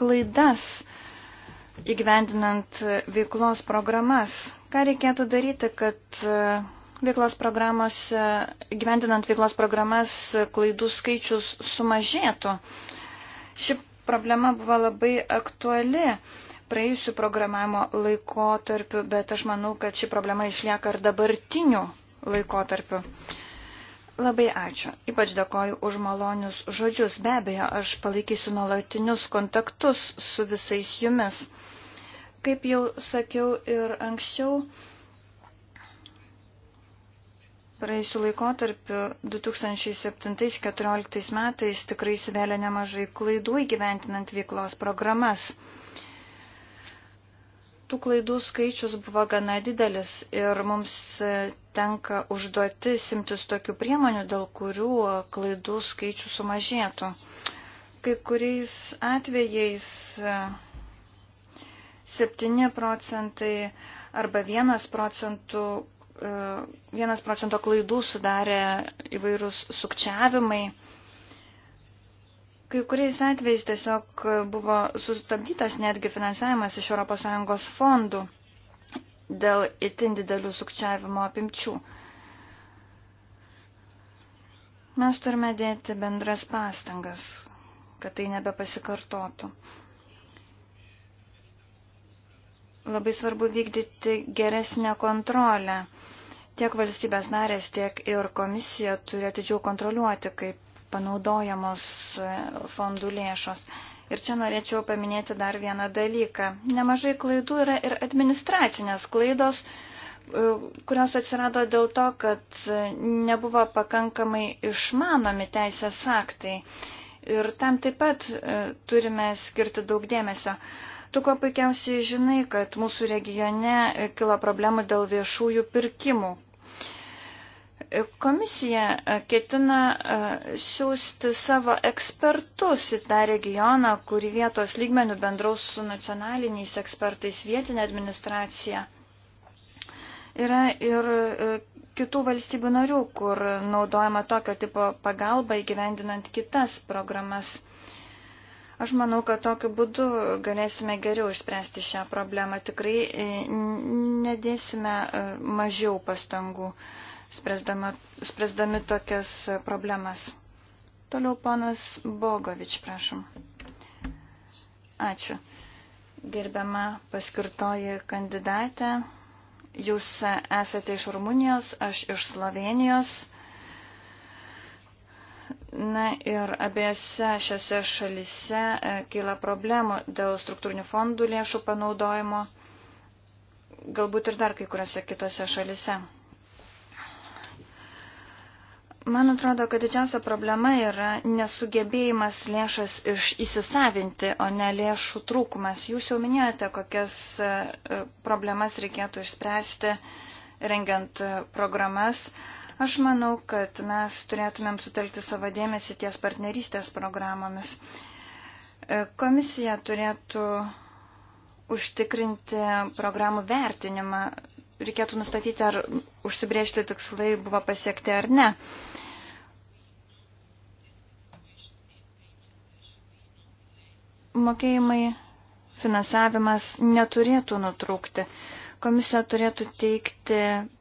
klaidas įgyvendinant veiklos programas. Ką reikėtų daryti, kad e, veiklos programos, e, įgyvendinant veiklos programas klaidų skaičius sumažėtų? Ši problema buvo labai aktuali praėjusių programavimo laikotarpiu, bet aš manau, kad ši problema išlieka ir dabartiniu laikotarpiu. Labai ačiū. Ypač dėkoju už malonius žodžius. Be abejo, aš palaikysiu nuolatinius kontaktus su visais jumis. Kaip jau sakiau ir anksčiau, praėjusiu laikotarpiu 2007-2014 metais tikrai įsivėlė nemažai klaidų įgyventinant veiklos programas tų klaidų skaičius buvo gana didelis ir mums e, tenka užduotis imtis tokių priemonių, dėl kurių e, klaidų skaičius sumažėtų. Kai kuriais atvejais 7 e, procentai arba 1 procentų 1 procento klaidų sudarė įvairūs sukčiavimai. Kai kuriais atvejais tiesiog buvo sustabdytas netgi finansavimas iš ES fondų dėl itin didelių sukčiavimo apimčių. Mes turime dėti bendras pastangas, kad tai nebepasikartotų. Labai svarbu vykdyti geresnę kontrolę. Tiek valstybės narės, tiek ir komisija turi atidžiau kontroliuoti, kaip panaudojamos e, fondų lėšos. Ir čia norėčiau paminėti dar vieną dalyką. Nemažai klaidų yra ir administracinės klaidos, e, kurios atsirado dėl to, kad e, nebuvo pakankamai išmanomi teisės aktai. Ir tam taip pat turime skirti daug dėmesio. Tu ko puikiausiai žinai, kad mūsų regione kilo problemų dėl viešųjų pirkimų, Komisija e, ketina e, siūsti savo ekspertus į tą regioną, kurį vietos lygmenių bendraus su nacionaliniais ekspertais vietinė administracija. Yra ir e, kitų valstybių narių, kur naudojama tokio tipo pagalba įgyvendinant kitas programas. Aš manau, kad tokiu būdu galėsime geriau išspręsti šią problemą. Tikrai nedėsime mažiau pastangų spręsdami tokias problemas. Toliau ponas Bogovič, prašom. Ačiū. Gerbiama paskirtoji kandidatė, jūs esate iš Rumunijos, aš iš Slovenijos. Na ir abiejose šiose šalise e, kyla problemų dėl struktūrinių fondų lėšų panaudojimo, galbūt ir dar kai kuriuose kitose šalise. Man atrodo, kad didžiausia problema yra nesugebėjimas lėšas iš įsisavinti, o ne lėšų trūkumas. Jūs jau minėjote, kokias e, problemas reikėtų išspręsti rengiant e, programas. Aš manau, kad mes turėtumėm sutelkti savo dėmesį ties partnerystės programomis. E, komisija turėtų užtikrinti programų vertinimą reikėtų nustatyti, ar užsibriežti tikslai buvo pasiekti ar ne. Mokėjimai, finansavimas neturėtų nutrūkti. Komisija turėtų teikti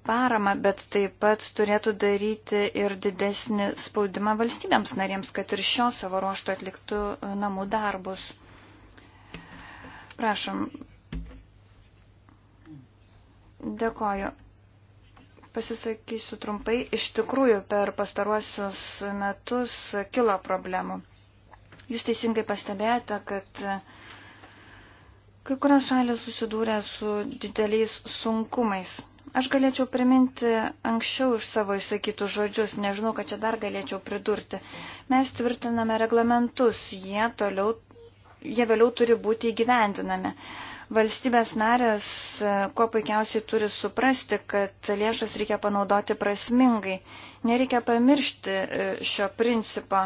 paramą, bet taip pat turėtų daryti ir didesnį spaudimą valstybėms narėms, kad ir šio savo ruoštų atliktų namų darbus. Prašom, Dėkoju. Pasisakysiu trumpai. Iš tikrųjų, per pastaruosius metus kilo problemų. Jūs teisingai pastebėjote, kad kai kurios šalis susidūrė su dideliais sunkumais. Aš galėčiau priminti anksčiau iš savo išsakytų žodžius, nežinau, kad čia dar galėčiau pridurti. Mes tvirtiname reglamentus, jie, toliau, jie vėliau turi būti įgyvendinami. Uh, Valstybės narės e, kuo puikiausiai turi suprasti, kad lėšas reikia panaudoti prasmingai. Nereikia pamiršti e, šio principo.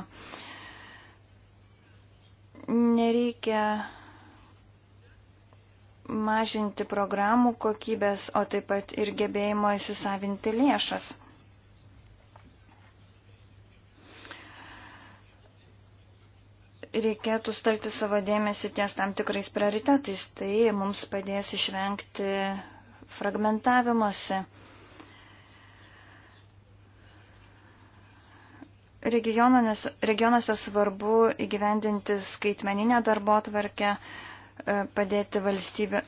Nereikia mažinti programų kokybės, o taip pat ir gebėjimo įsisavinti lėšas. reikėtų stalti savo dėmesį ties tam tikrais prioritetais. Tai mums padės išvengti fragmentavimuose. Regionuose svarbu įgyvendinti skaitmeninę darbo atvarkę, e, padėti valstybė,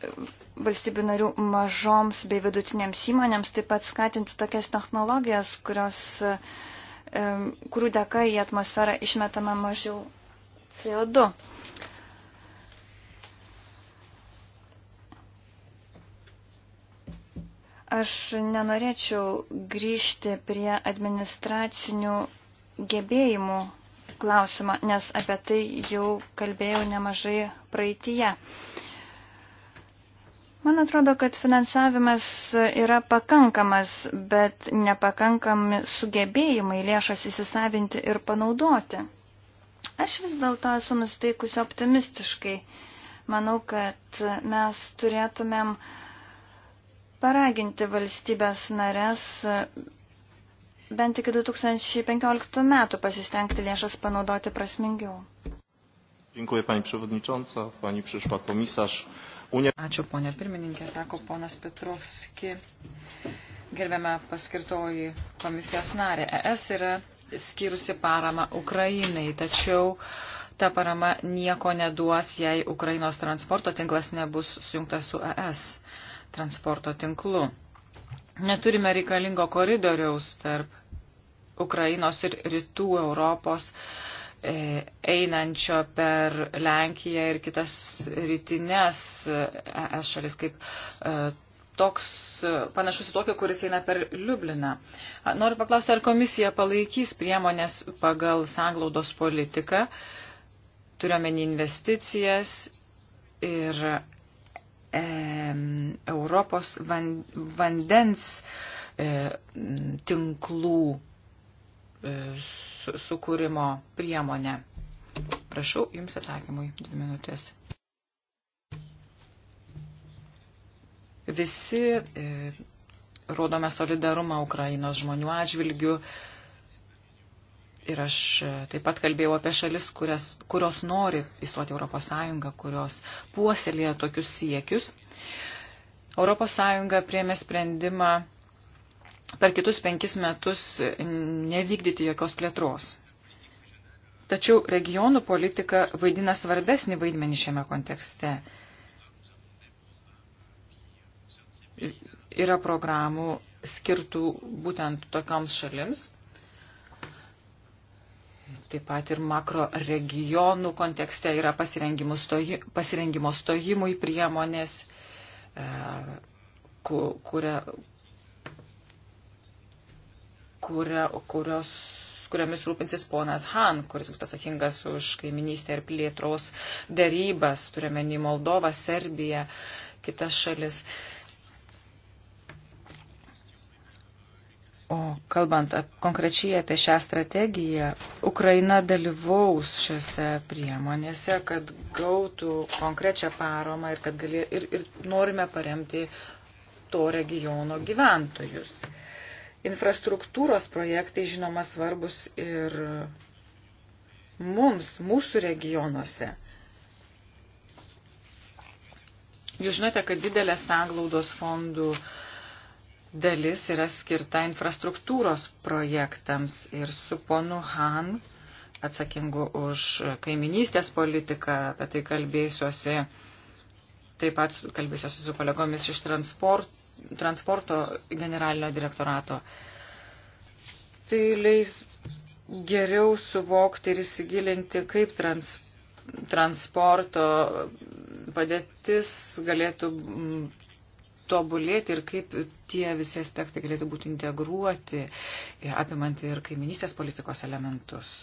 valstybių narių mažoms bei vidutinėms įmonėms, taip pat skatinti tokias technologijas, kurios, e, kurių dėka į atmosferą išmetama mažiau CO2. Aš nenorėčiau grįžti prie administracinių gebėjimų klausimą, nes apie tai jau kalbėjau nemažai praeitie. Man atrodo, kad finansavimas yra pakankamas, bet nepakankami sugebėjimai lėšas įsisavinti ir panaudoti. Aš vis dėlto esu nusteikusi optimistiškai. Manau, kad mes turėtumėm paraginti valstybės narės bent iki 2015 metų pasistengti lėšas panaudoti prasmingiau. Dziękuję Pani Przewodnicząca, Pani przyszła komisarz. Unia... Ačiū ponia pirmininkė, sako ponas Petrovski. Gerbiame paskirtoji komisijos narė. ES yra skyrusi paramą Ukrainai, tačiau ta parama nieko neduos, jei Ukrainos transporto tinklas nebus sujungtas su ES transporto tinklu. Neturime reikalingo koridoriaus tarp Ukrainos ir rytų Europos e, einančio per Lenkiją ir kitas rytinės ES e šalis kaip e, toks e, panašus į tokį, kuris eina per Liubliną. Noriu paklausti, ar komisija palaikys priemonės pagal sanglaudos politiką, turiuomenį investicijas ir e, Europos van, vandens e, tinklų e, sukūrimo priemonę. Prašau, jums atsakymui dvi minutės. Visi e, rodome solidarumą Ukrainos žmonių atžvilgių. Ir aš e, taip pat kalbėjau apie šalis, kurias, kurios nori įstoti Europos Sąjungą, kurios puoselėja tokius siekius. Europos Sąjunga priemė sprendimą per kitus penkis metus e, nevykdyti jokios plėtros. Tačiau regionų politika vaidina svarbesnį vaidmenį šiame kontekste. yra programų skirtų būtent tokioms šalims. Taip pat ir makro regionų kontekste yra stoji, pasirengimo stojimui priemonės, e, kuria, kuria, kurios, kuriamis rūpinsis ponas Han, kuris bus atsakingas už kaiminystę ir plėtros darybas, turiuomenį Moldovą, Serbiją, kitas šalis. Uh, O kalbant konkrečiai apie šią strategiją, Ukraina dalyvaus šiuose priemonėse, kad gautų konkrečią paramą ir kad galė, ir, ir norime paremti to regiono gyventojus. Infrastruktūros projektai, žinoma, svarbus ir mums, mūsų regionuose. Jūs žinote, kad didelė sanglaudos fondų uh, dalis yra skirta infrastruktūros projektams ir su ponu Han atsakingu už kaiminystės politiką, apie tai kalbėsiuosi, taip pat kalbėsiuosi su kolegomis iš transport, transporto generalinio direktorato. Tai leis geriau suvokti ir įsigilinti, kaip trans, transporto padėtis galėtų tobulėti ir kaip tie visi aspektai galėtų būti integruoti, e, apimant ir kaiminystės politikos elementus.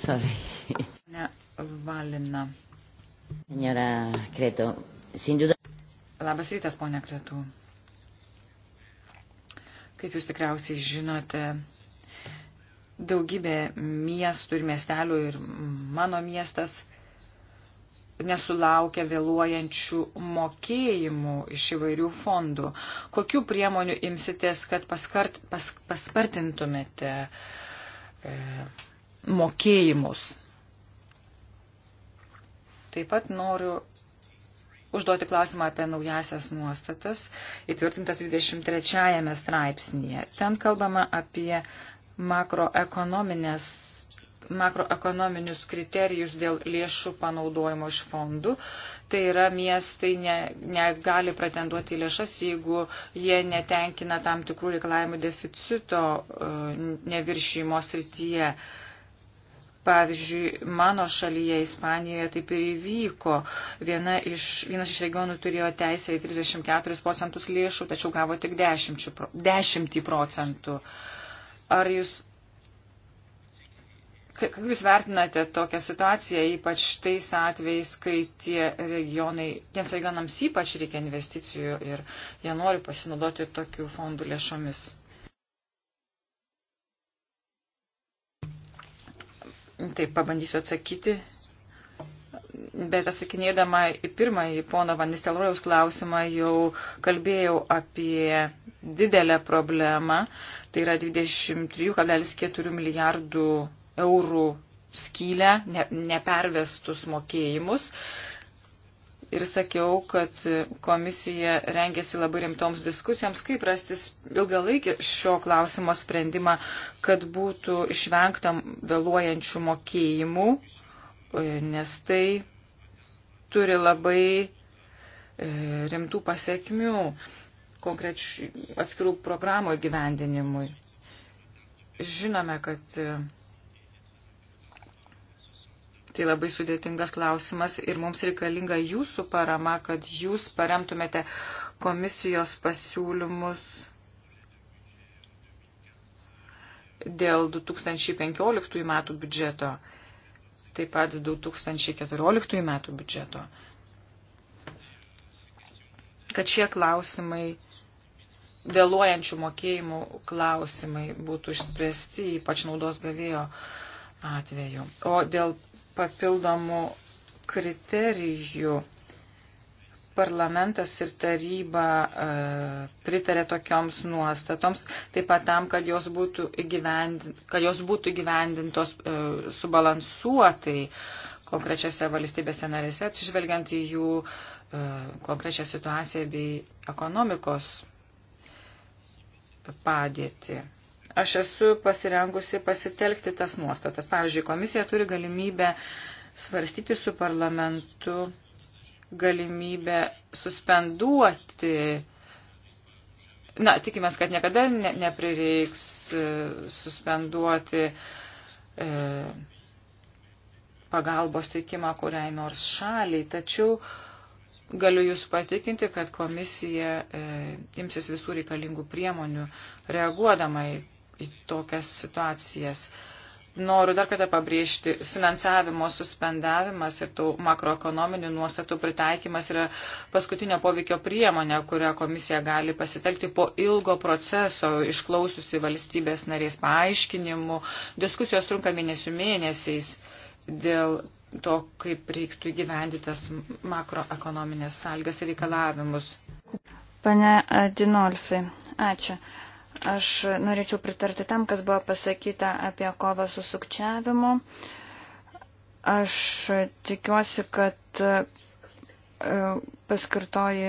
Sorry. Ne, Valina. Senora Kreto, sinduda. Labas rytas, ponia Kretų. Kaip jūs tikriausiai žinote, daugybė miestų ir miestelių ir mano miestas nesulaukia vėluojančių mokėjimų iš įvairių fondų. Kokių priemonių imsitės, kad paskart, pas, paspartintumėte e, mokėjimus? Taip pat noriu užduoti klausimą apie naujasias nuostatas, įtvirtintas 23 straipsnėje. Ten kalbama apie makroekonominės makroekonominius kriterijus dėl lėšų panaudojimo iš fondų. Tai yra, miestai ne, negali pretenduoti į lėšas, jeigu jie netenkina tam tikrų reikalavimų deficito e, neviršymo srityje. Pavyzdžiui, mano šalyje, Ispanijoje, taip ir įvyko. Viena iš, vienas iš regionų turėjo teisę į 34 procentus lėšų, tačiau gavo tik 10, 10 procentų. Ar jūs Kaip Jūs vertinate tokią situaciją, ypač tais atvejais, kai tie regionai, tiems regionams ypač reikia investicijų ir jie nori pasinaudoti tokių fondų lėšomis? Taip, pabandysiu atsakyti. Bet atsakinėdama į pirmąjį pono Vanistelrojaus klausimą jau kalbėjau apie didelę problemą. Tai yra 23,4 milijardų eurų skylę, ne, nepervestus mokėjimus. Ir sakiau, kad komisija rengėsi labai rimtoms diskusijoms, kaip rastis ilgalaikį šio klausimo sprendimą, kad būtų išvengta vėluojančių mokėjimų, e, nes tai turi labai e, rimtų pasiekmių konkrečių atskirų programų įgyvendinimui. Žinome, kad e, Tai labai sudėtingas klausimas ir mums reikalinga jūsų parama, kad jūs paremtumėte komisijos pasiūlymus dėl 2015 metų biudžeto, taip pat 2014 metų biudžeto. Kad šie klausimai, vėluojančių mokėjimų klausimai būtų išspręsti, ypač naudos gavėjo atveju. O dėl papildomų kriterijų. Parlamentas ir taryba e, pritarė tokioms nuostatoms, taip pat tam, kad jos būtų, įgyvendin, kad jos būtų įgyvendintos e, subalansuotai konkrečiose valstybėse narėse, atsižvelgiant į jų e, konkrečią situaciją bei ekonomikos padėtį. Aš esu pasirengusi pasitelkti tas nuostatas. Pavyzdžiui, komisija turi galimybę svarstyti su parlamentu galimybę suspenduoti na, tikimės, kad niekada ne, neprireiks e, suspenduoti e, pagalbos teikimą kuriai nors šaliai, tačiau galiu Jūs patikinti, kad komisija e, imsis visų reikalingų priemonių reaguodama į į tokias situacijas. Noriu dar kartą pabrėžti, finansavimo suspendavimas ir tų makroekonominių nuostatų pritaikymas yra paskutinio poveikio priemonė, kurią komisija gali pasitelkti po ilgo proceso, išklausiusi valstybės narės paaiškinimų. Diskusijos trunka mėnesių mėnesiais dėl to, kaip reiktų įgyvendytas makroekonominės salgas ir reikalavimus. Pane Dinolfi, ačiū. Aš norėčiau pritarti tam, kas buvo pasakyta apie kovą su sukčiavimu. Aš tikiuosi, kad e, paskirtoji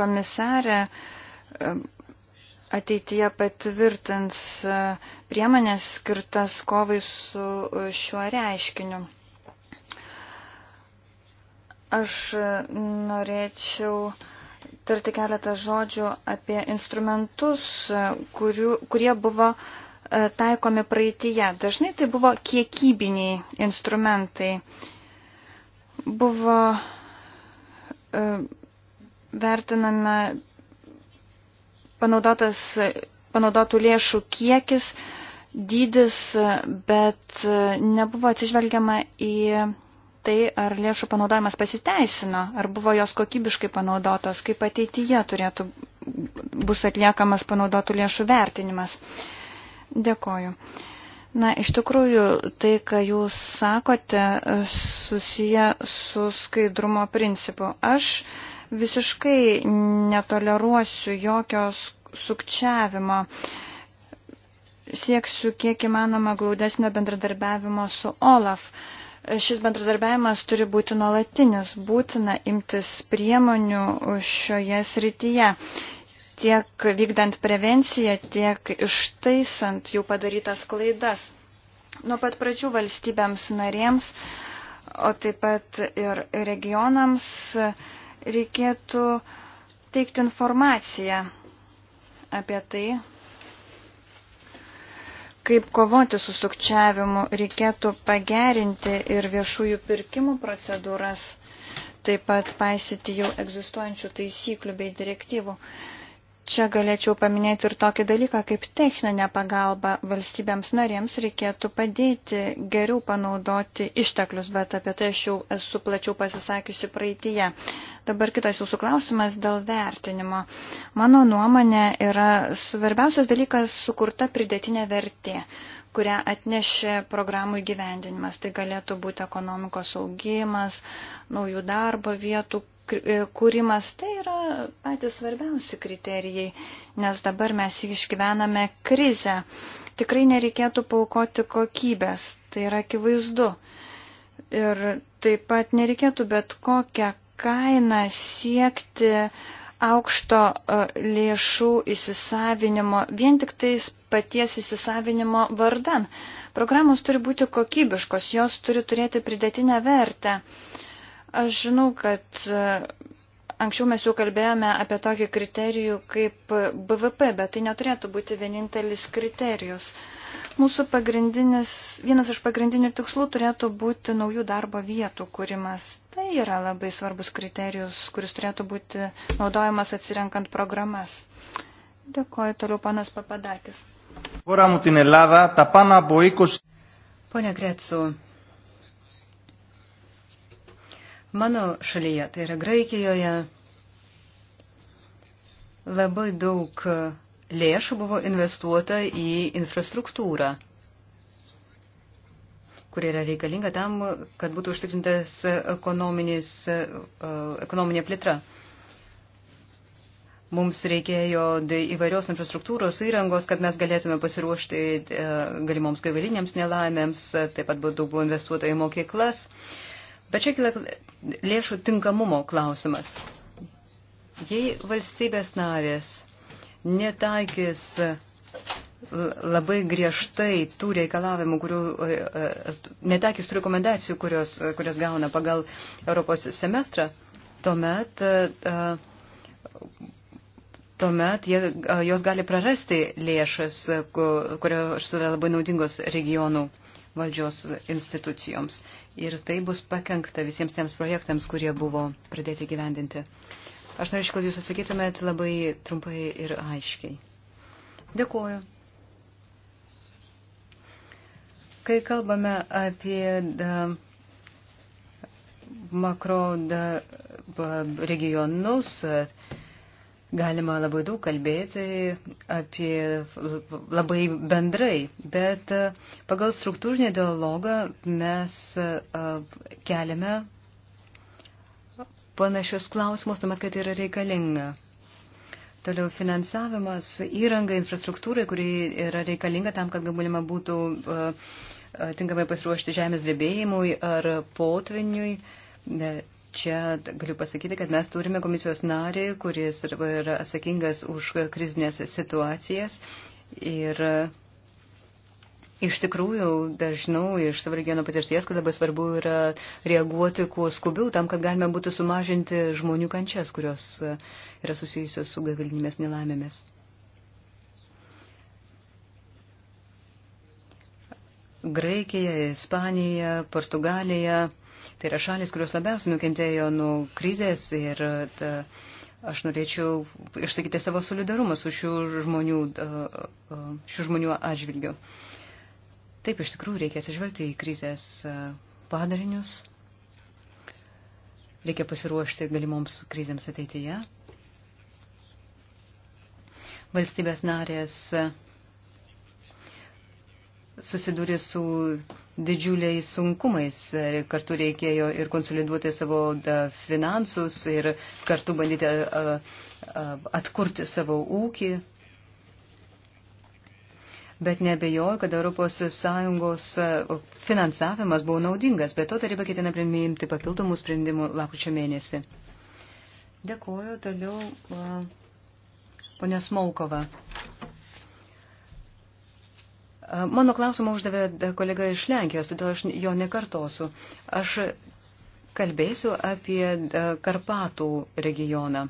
komisarė e, ateityje patvirtins e, priemonės skirtas kovai su šiuo reiškiniu. Aš norėčiau uh, tarti keletą žodžių apie instrumentus, e, kurių, kurie buvo e, taikomi praeitie. Dažnai tai buvo kiekybiniai instrumentai. Buvo e, vertiname panaudotas, panaudotų lėšų kiekis, dydis, bet nebuvo atsižvelgiama į tai, ar lėšų panaudojimas pasiteisino, ar buvo jos kokybiškai panaudotos, kaip ateityje turėtų bus atliekamas panaudotų lėšų vertinimas. Dėkoju. Na, iš tikrųjų, tai, ką jūs sakote, susiję su skaidrumo principu. Aš visiškai netoleruosiu jokios sukčiavimo sieksiu kiek įmanoma glaudesnio bendradarbiavimo su OLAF. Šis bendradarbiavimas turi būti nuolatinis, būtina imtis priemonių šioje srityje, tiek vykdant prevenciją, tiek ištaisant jų padarytas klaidas. Nuo pat pradžių valstybėms narėms, o taip pat ir regionams reikėtų teikti informaciją apie tai, kaip kovoti su sukčiavimu, reikėtų pagerinti ir viešųjų pirkimų procedūras, taip pat paisyti jau egzistuojančių taisyklių bei direktyvų. Uh, Čia galėčiau paminėti ir tokį dalyką kaip techninė pagalba. Valstybėms narėms reikėtų padėti geriau panaudoti išteklius, bet apie tai aš jau esu plačiau pasisakiusi praeitįje. Dabar kitas jūsų klausimas dėl vertinimo. Mano nuomonė yra svarbiausias dalykas sukurta pridėtinė vertė kurią atnešė programų įgyvendinimas. Tai galėtų būti ekonomikos augimas, naujų darbo vietų e, kūrimas. Tai yra patys svarbiausi kriterijai, nes dabar mes išgyvename krizę. Tikrai nereikėtų paukoti kokybės, tai yra akivaizdu. Ir taip pat nereikėtų bet kokią kainą siekti aukšto e, lėšų įsisavinimo vien tik tais paties įsisavinimo vardan. Programos turi būti kokybiškos, jos turi turėti pridėtinę vertę. Aš žinau, kad Anksčiau mes jau kalbėjome apie tokį kriterijų kaip BVP, bet tai neturėtų būti vienintelis kriterijus. Mūsų pagrindinis, vienas iš pagrindinių tikslų turėtų būti naujų darbo vietų kūrimas. Tai yra labai svarbus kriterijus, kuris turėtų būti naudojamas atsirenkant programas. Dėkoju toliau, panas Papadakis. Pone Gretsu, Mano šalyje, tai yra Graikijoje, labai daug lėšų buvo investuota į infrastruktūrą, kuri yra reikalinga tam, kad būtų užtikrintas e, ekonominė plėtra. Mums reikėjo įvairios infrastruktūros įrangos, kad mes galėtume pasiruošti e, galimoms gaivaliniams nelaimėms, taip pat buvo daug buvo investuota į mokyklas. Bet čia kila lėšų tinkamumo klausimas. Jei valstybės narės netaikys labai griežtai tų reikalavimų, kurių, netekis tų rekomendacijų, kurios, kurias gauna pagal Europos semestrą, tuomet, tuomet jie, jos gali prarasti lėšas, kurios yra labai naudingos regionų valdžios institucijoms. Ir tai bus pakengta visiems tiems projektams, kurie buvo pradėti gyvendinti. Aš norėčiau, kad jūs atsakytumėt labai trumpai ir aiškiai. Dėkuoju. Kai kalbame apie da, makro da, regionus, da, Galima labai daug kalbėti apie labai bendrai, bet e, pagal struktūrinį dialogą mes e, keliame panašius klausimus, tuomet, kad yra reikalinga. Toliau finansavimas, įranga, infrastruktūra, kuri yra reikalinga tam, kad galima būtų e, tinkamai pasiruošti žemės drebėjimui ar potviniui čia galiu pasakyti, kad mes turime komisijos narį, kuris yra atsakingas už krizinės situacijas. Ir iš tikrųjų, dar žinau iš savo regiono patirties, kad labai svarbu yra reaguoti kuo skubiau, tam, kad galime būtų sumažinti žmonių kančias, kurios yra susijusios su gavilinėmis nelaimėmis. Graikija, Ispanija, Portugalija Tai yra šalis, kurios labiausiai nukentėjo nuo krizės ir ta, aš norėčiau išsakyti savo solidarumą su šių žmonių, šių žmonių atžvilgiu. Taip, iš tikrųjų, reikia atsižvelgti į krizės padarinius, reikia pasiruošti galimoms krizėms ateityje. Valstybės narės susidūrė su didžiuliais sunkumais. Kartu reikėjo ir konsoliduoti savo finansus ir kartu bandyti atkurti savo ūkį. Bet nebejoju, kad ES finansavimas buvo naudingas, bet to taryba ketina priimti papildomų sprendimų lapkričio mėnesį. Dėkuoju toliau ponia Smolkova. Mano klausimą uždavė kolega iš Lenkijos, todėl aš jo nekartosiu. Aš kalbėsiu apie e, Karpatų regioną.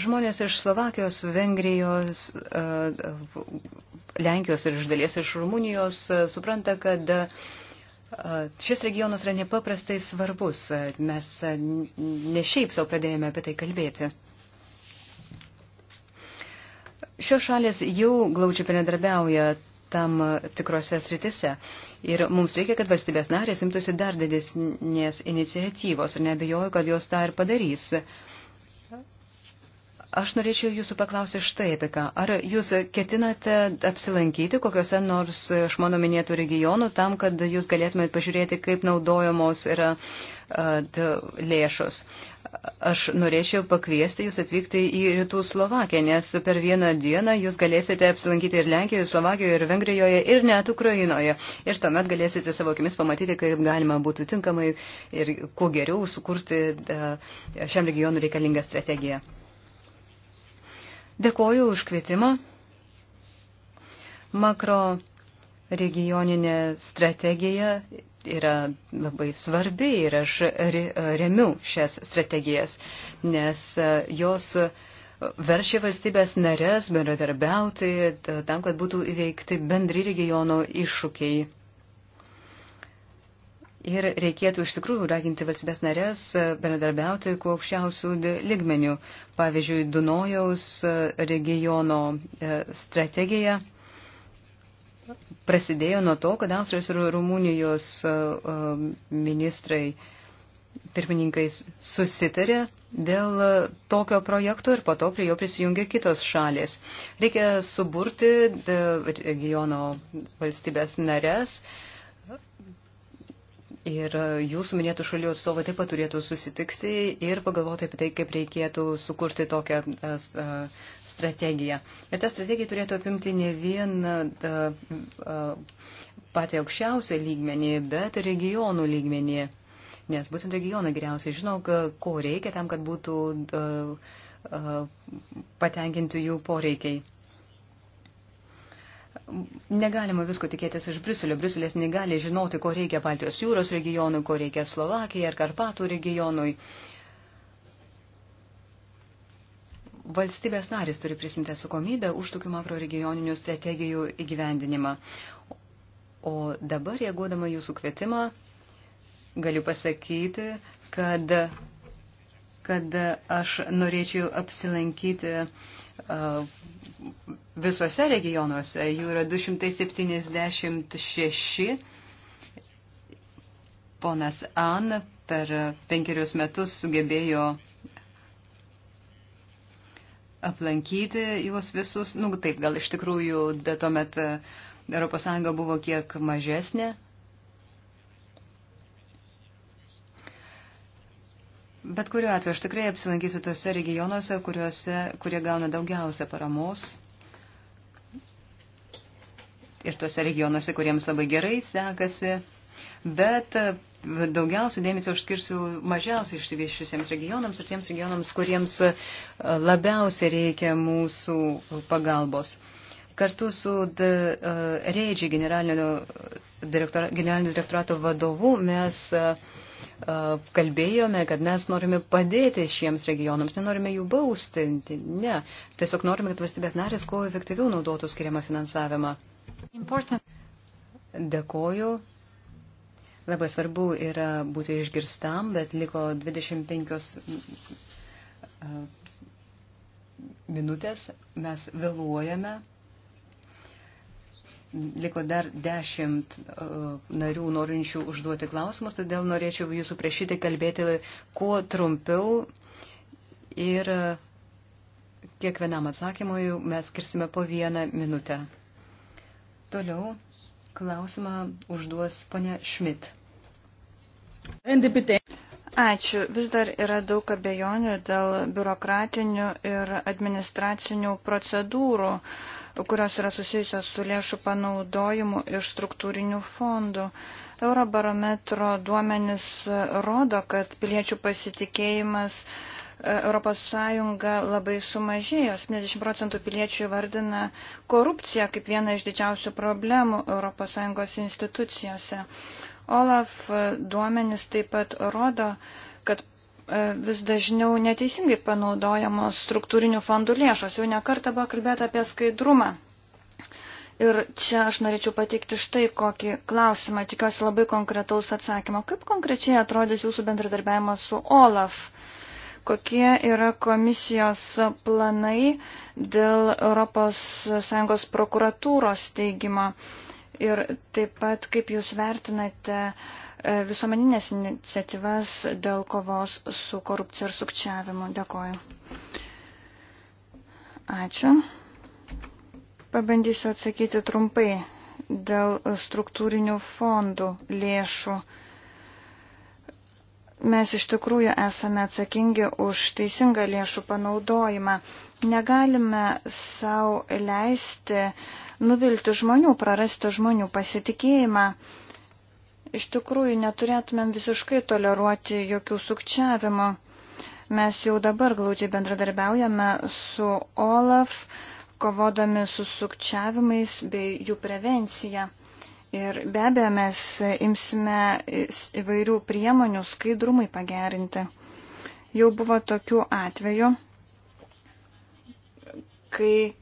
Žmonės iš Slovakijos, Vengrijos, e, Lenkijos ir iš dalies iš Rumunijos e, supranta, kad šis regionas yra nepaprastai svarbus. Mes ne šiaip savo pradėjome apie tai kalbėti. Šios šalės jau glaučiai bendradarbiauja tam tikrose sritise. Ir mums reikia, kad valstybės narės imtųsi dar didesnės iniciatyvos ir nebejoju, kad jos tą ir padarys. Uh, Aš norėčiau jūsų paklausyti štai apie ką. Ar jūs ketinate apsilankyti kokiuose nors iš mano minėtų regionų tam, kad jūs galėtumėte pažiūrėti, kaip naudojamos yra lėšos? Aš norėčiau pakviesti jūs atvykti į Rytų Slovakiją, nes per vieną dieną jūs galėsite apsilankyti ir Lenkijoje, ir Slovakijoje, ir Vengrijoje, ir net Ukrainoje. Ir tuomet galėsite savo akimis pamatyti, kaip galima būtų tinkamai ir kuo geriau sukurti šiam regionui reikalingą strategiją. Dėkoju už kvietimą. Makro regioninė strategija yra labai svarbi ir aš remiu šias strategijas, nes e, jos veršia valstybės narės bendradarbiauti tam, kad būtų įveikti bendri regiono iššūkiai. Ir reikėtų iš tikrųjų raginti valstybės narės e, bendradarbiauti kuo aukščiausių lygmenių. Pavyzdžiui, Dunojaus e, regiono e, strategija prasidėjo nuo to, kad Austrijos ir Rumunijos ministrai pirmininkais susitarė dėl tokio projekto ir po to prie jo prisijungė kitos šalės. Reikia suburti regiono valstybės narės, uh, Ir e, jūsų minėtų šalių atstovai taip pat turėtų susitikti ir pagalvoti apie tai, kaip reikėtų sukurti tokią e, e, strategiją. Ir ta strategija turėtų apimti ne vien patį aukščiausią lygmenį, bet regionų lygmenį. Nes būtent regionai geriausiai žino, ko reikia tam, kad būtų patenkinti jų poreikiai. Negalima visko tikėtis iš Briuselio. Briuselis negali žinoti, ko reikia Baltijos jūros regionui, ko reikia Slovakijai ar Karpatų regionui. Valstybės narys turi prisimti atsakomybę už tokių makro regioninių strategijų įgyvendinimą. O dabar, reaguodama jūsų kvietimą, galiu pasakyti, kad, kad aš norėčiau apsilankyti uh, visose regionuose, jų yra 276. Ponas An per penkerius metus sugebėjo aplankyti juos visus. Nu, taip, gal iš tikrųjų, bet tuomet ES buvo kiek mažesnė. Bet kuriuo atveju aš tikrai apsilankysiu tose regionuose, kuriuose, kurie gauna daugiausia paramos ir tuose regionuose, kuriems labai gerai sekasi. Bet e, daugiausia dėmesio aš skirsiu mažiausiai išsivyščiusiems regionams ir tiems regionams, kuriems e, labiausiai reikia mūsų pagalbos. Kartu su e, Reidži generalinio, direktor, generalinio direktorato vadovu mes kalbėjome, kad mes norime padėti šiems regionams, nenorime jų baustinti, ne. Tiesiog norime, kad valstybės narės kuo efektyviau naudotų skiriamą finansavimą. Important. Dėkoju. Labai svarbu yra būti išgirstam, bet liko 25 e, minutės. Mes vėluojame. Liko dar dešimt e, narių norinčių užduoti klausimus, todėl norėčiau jūsų prašyti kalbėti kuo trumpiau ir e, kiekvienam atsakymui mes skirsime po vieną minutę. Toliau klausimą užduos ponia Šmit. Ačiū. Vis dar yra daug abejonių dėl biurokratinių ir administracinių procedūrų, kurios yra susijusios su lėšų panaudojimu iš struktūrinių fondų. Eurobarometro duomenis rodo, kad piliečių pasitikėjimas uh, Europos Sąjunga labai sumažėjo. 70 procentų piliečių vardina korupciją kaip vieną iš didžiausių problemų Europos Sąjungos institucijose. Olaf e, duomenis taip pat rodo, kad e, vis dažniau neteisingai panaudojamos struktūrinių fondų lėšos. Jau nekarta buvo kalbėta apie skaidrumą. Ir čia aš norėčiau pateikti štai kokį klausimą, tikiuosi labai konkretaus atsakymo. Kaip konkrečiai atrodys jūsų bendradarbiavimas su OLAF? kokie yra komisijos planai dėl ES prokuratūros teigimo ir taip pat kaip jūs vertinate e, visuomeninės iniciatyvas dėl kovos su korupcija ir sukčiavimu. Dėkoju. Ačiū. Pabandysiu atsakyti trumpai dėl struktūrinių fondų lėšų mes iš tikrųjų esame atsakingi už teisingą lėšų panaudojimą. Negalime savo leisti nuvilti žmonių, prarasti žmonių pasitikėjimą. Iš tikrųjų, neturėtumėm visiškai toleruoti jokių sukčiavimo. Mes jau dabar glaudžiai bendradarbiaujame su OLAF, kovodami su sukčiavimais bei jų prevencija. Ir be abejo, mes imsime įvairių priemonių skaidrumui pagerinti. Jau buvo tokių atvejų, kai e,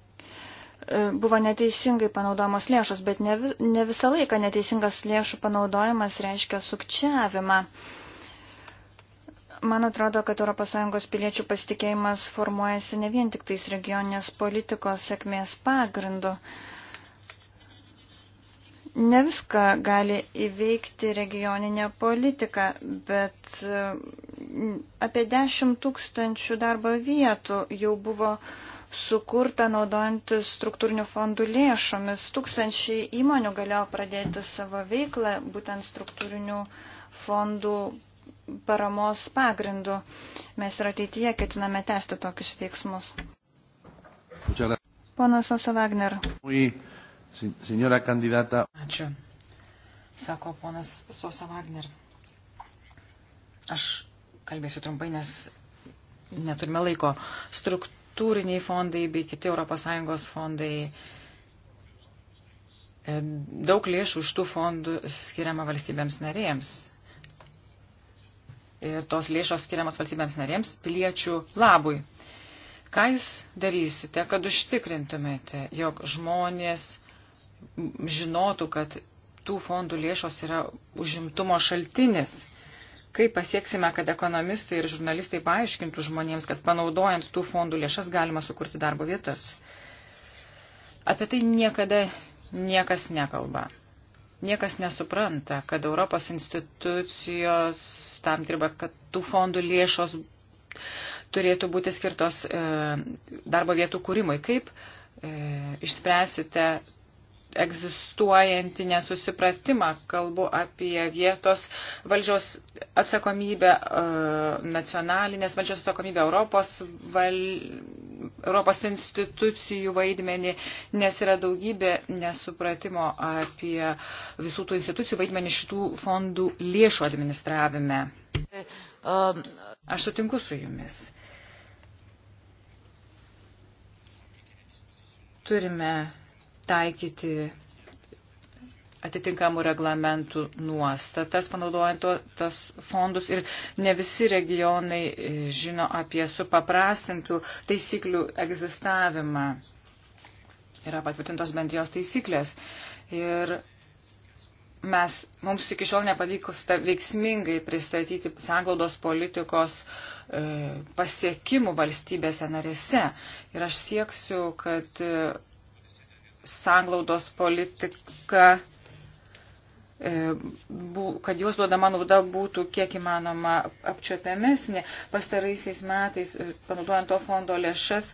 buvo neteisingai panaudojamos lėšos, bet ne, ne visą laiką neteisingas lėšų panaudojimas reiškia sukčiavimą. Man atrodo, kad ES piliečių pasitikėjimas formuojasi ne vien tik tais regioninės politikos sėkmės pagrindu. Uh, ne viską gali įveikti regioninė politika, bet mm, apie 10 tūkstančių darbo vietų jau buvo sukurta naudojantis struktūrinių fondų lėšomis. Tūkstančiai įmonių galėjo pradėti savo veiklą būtent struktūrinių fondų paramos pagrindu. Mes ir ateityje ketiname tęsti tokius veiksmus. Ponas Osa Wagner. Oui. Senjora kandidata. Ačiū. Sako ponas Sosa Wagner. Aš kalbėsiu trumpai, nes neturime laiko. Struktūriniai fondai bei kiti ES fondai. E, daug lėšų iš tų fondų skiriama valstybėms narėms. Ir tos lėšos skiriamas valstybėms narėms piliečių labui. Ką jūs darysite, kad užtikrintumėte, jog žmonės žinotų, kad tų fondų lėšos yra užimtumo šaltinis. Kaip pasieksime, kad ekonomistai ir žurnalistai paaiškintų žmonėms, kad panaudojant tų fondų lėšas galima sukurti darbo vietas? Apie tai niekada niekas nekalba. Niekas nesupranta, kad Europos institucijos tam dirba, kad tų fondų lėšos turėtų būti skirtos e, darbo vietų kūrimui. Kaip e, išspręsite egzistuojantį nesusipratimą. Kalbu apie vietos valdžios atsakomybę, e, nacionalinės valdžios atsakomybę, Europos, val... Europos institucijų vaidmenį, nes yra daugybė nesupratimo apie visų tų institucijų vaidmenį šitų fondų lėšų administravime. Um, Aš sutinku su jumis. Turime taikyti atitinkamų reglamentų nuostatas, panaudojant to, tas fondus ir ne visi regionai e, žino apie supaprastintų taisyklių egzistavimą. Yra patvirtintos bendrijos taisyklės ir mes, mums iki šiol nepavyko veiksmingai pristatyti sanglaudos politikos e, pasiekimų valstybėse narėse. Ir aš sieksiu, kad e, sanglaudos politika, e, kad jos duodama nauda būtų kiek įmanoma apčiopiamesnė. Pastaraisiais metais, e, panaudojant to fondo lėšas,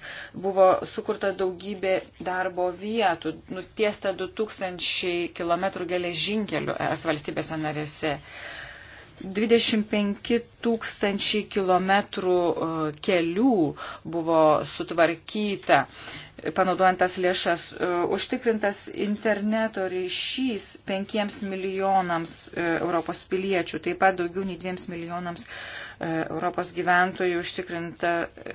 buvo sukurta daugybė darbo vietų, nutiesta 2000 km geležinkelių es valstybėse narėse. 25 tūkstančiai kilometrų e, kelių buvo sutvarkyta, panaudojant tas lėšas, e, užtikrintas interneto ryšys 5 milijonams e, Europos piliečių, taip pat daugiau nei 2 milijonams Europos gyventojų užtikrinta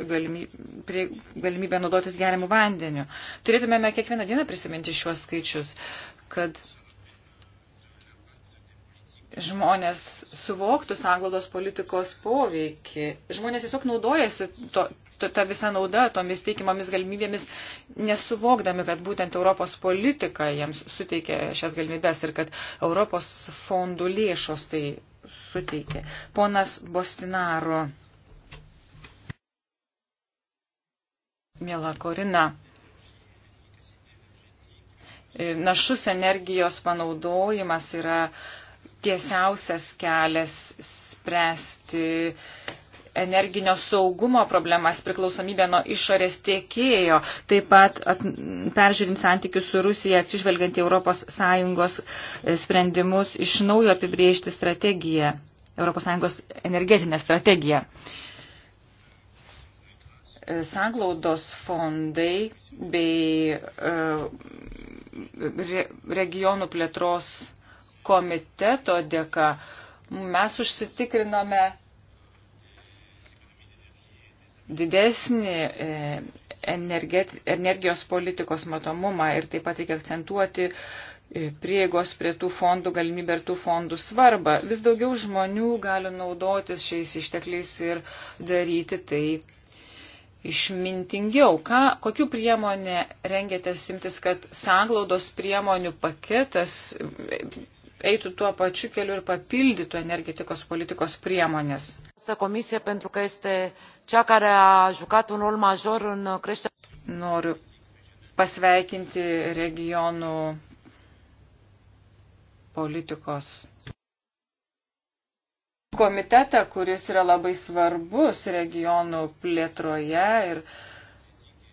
galimybė, galimybė naudotis geriamų vandeniu. Turėtumėme kiekvieną dieną prisiminti šiuos skaičius, kad žmonės suvoktų sanglaudos politikos poveikį. Žmonės tiesiog naudojasi to, to, tą visą naudą, tomis teikimomis galimybėmis, nesuvokdami, kad būtent Europos politika jiems suteikia šias galimybės ir kad Europos fondų lėšos tai suteikia. Ponas Bostinaro. Mėla Korina našus energijos panaudojimas yra tiesiausias kelias spręsti energinio saugumo problemas, priklausomybę nuo išorės tiekėjo, taip pat at, peržiūrint santykius su Rusija, atsižvelgiant į ES e, sprendimus, iš naujo apibriežti strategiją, ES energetinę strategiją. E, sanglaudos fondai bei e, regionų plėtros komiteto dėka mes užsitikrinome didesnį e, energijos politikos matomumą ir taip pat reikia akcentuoti e, prieigos prie tų fondų galimybę ir tų fondų svarbą. Vis daugiau žmonių gali naudotis šiais ištekliais ir daryti tai išmintingiau. Ką, kokiu priemonė rengėtės simtis, kad sanglaudos priemonių paketas eitų tuo pačiu keliu ir papildytų energetikos politikos priemonės. Noriu pasveikinti regionų politikos komitetą, kuris yra labai svarbus regionų plėtroje ir uh,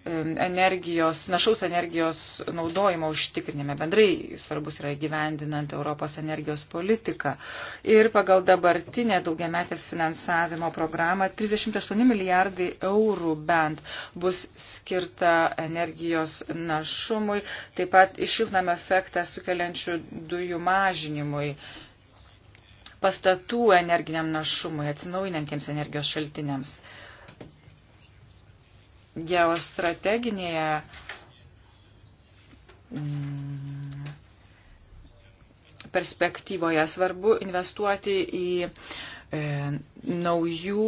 energijos, našaus energijos naudojimo užtikrinime. Bendrai svarbus yra gyvendinant Europos energijos politiką. Ir pagal dabartinę daugiametę finansavimo programą 38 milijardai eurų bent bus skirta energijos našumui, taip pat išiltnam efektą sukeliančių dujų mažinimui pastatų energiniam našumui, atsinaujinantiems energijos šaltiniams geostrateginėje mm, perspektyvoje svarbu investuoti į e, naujų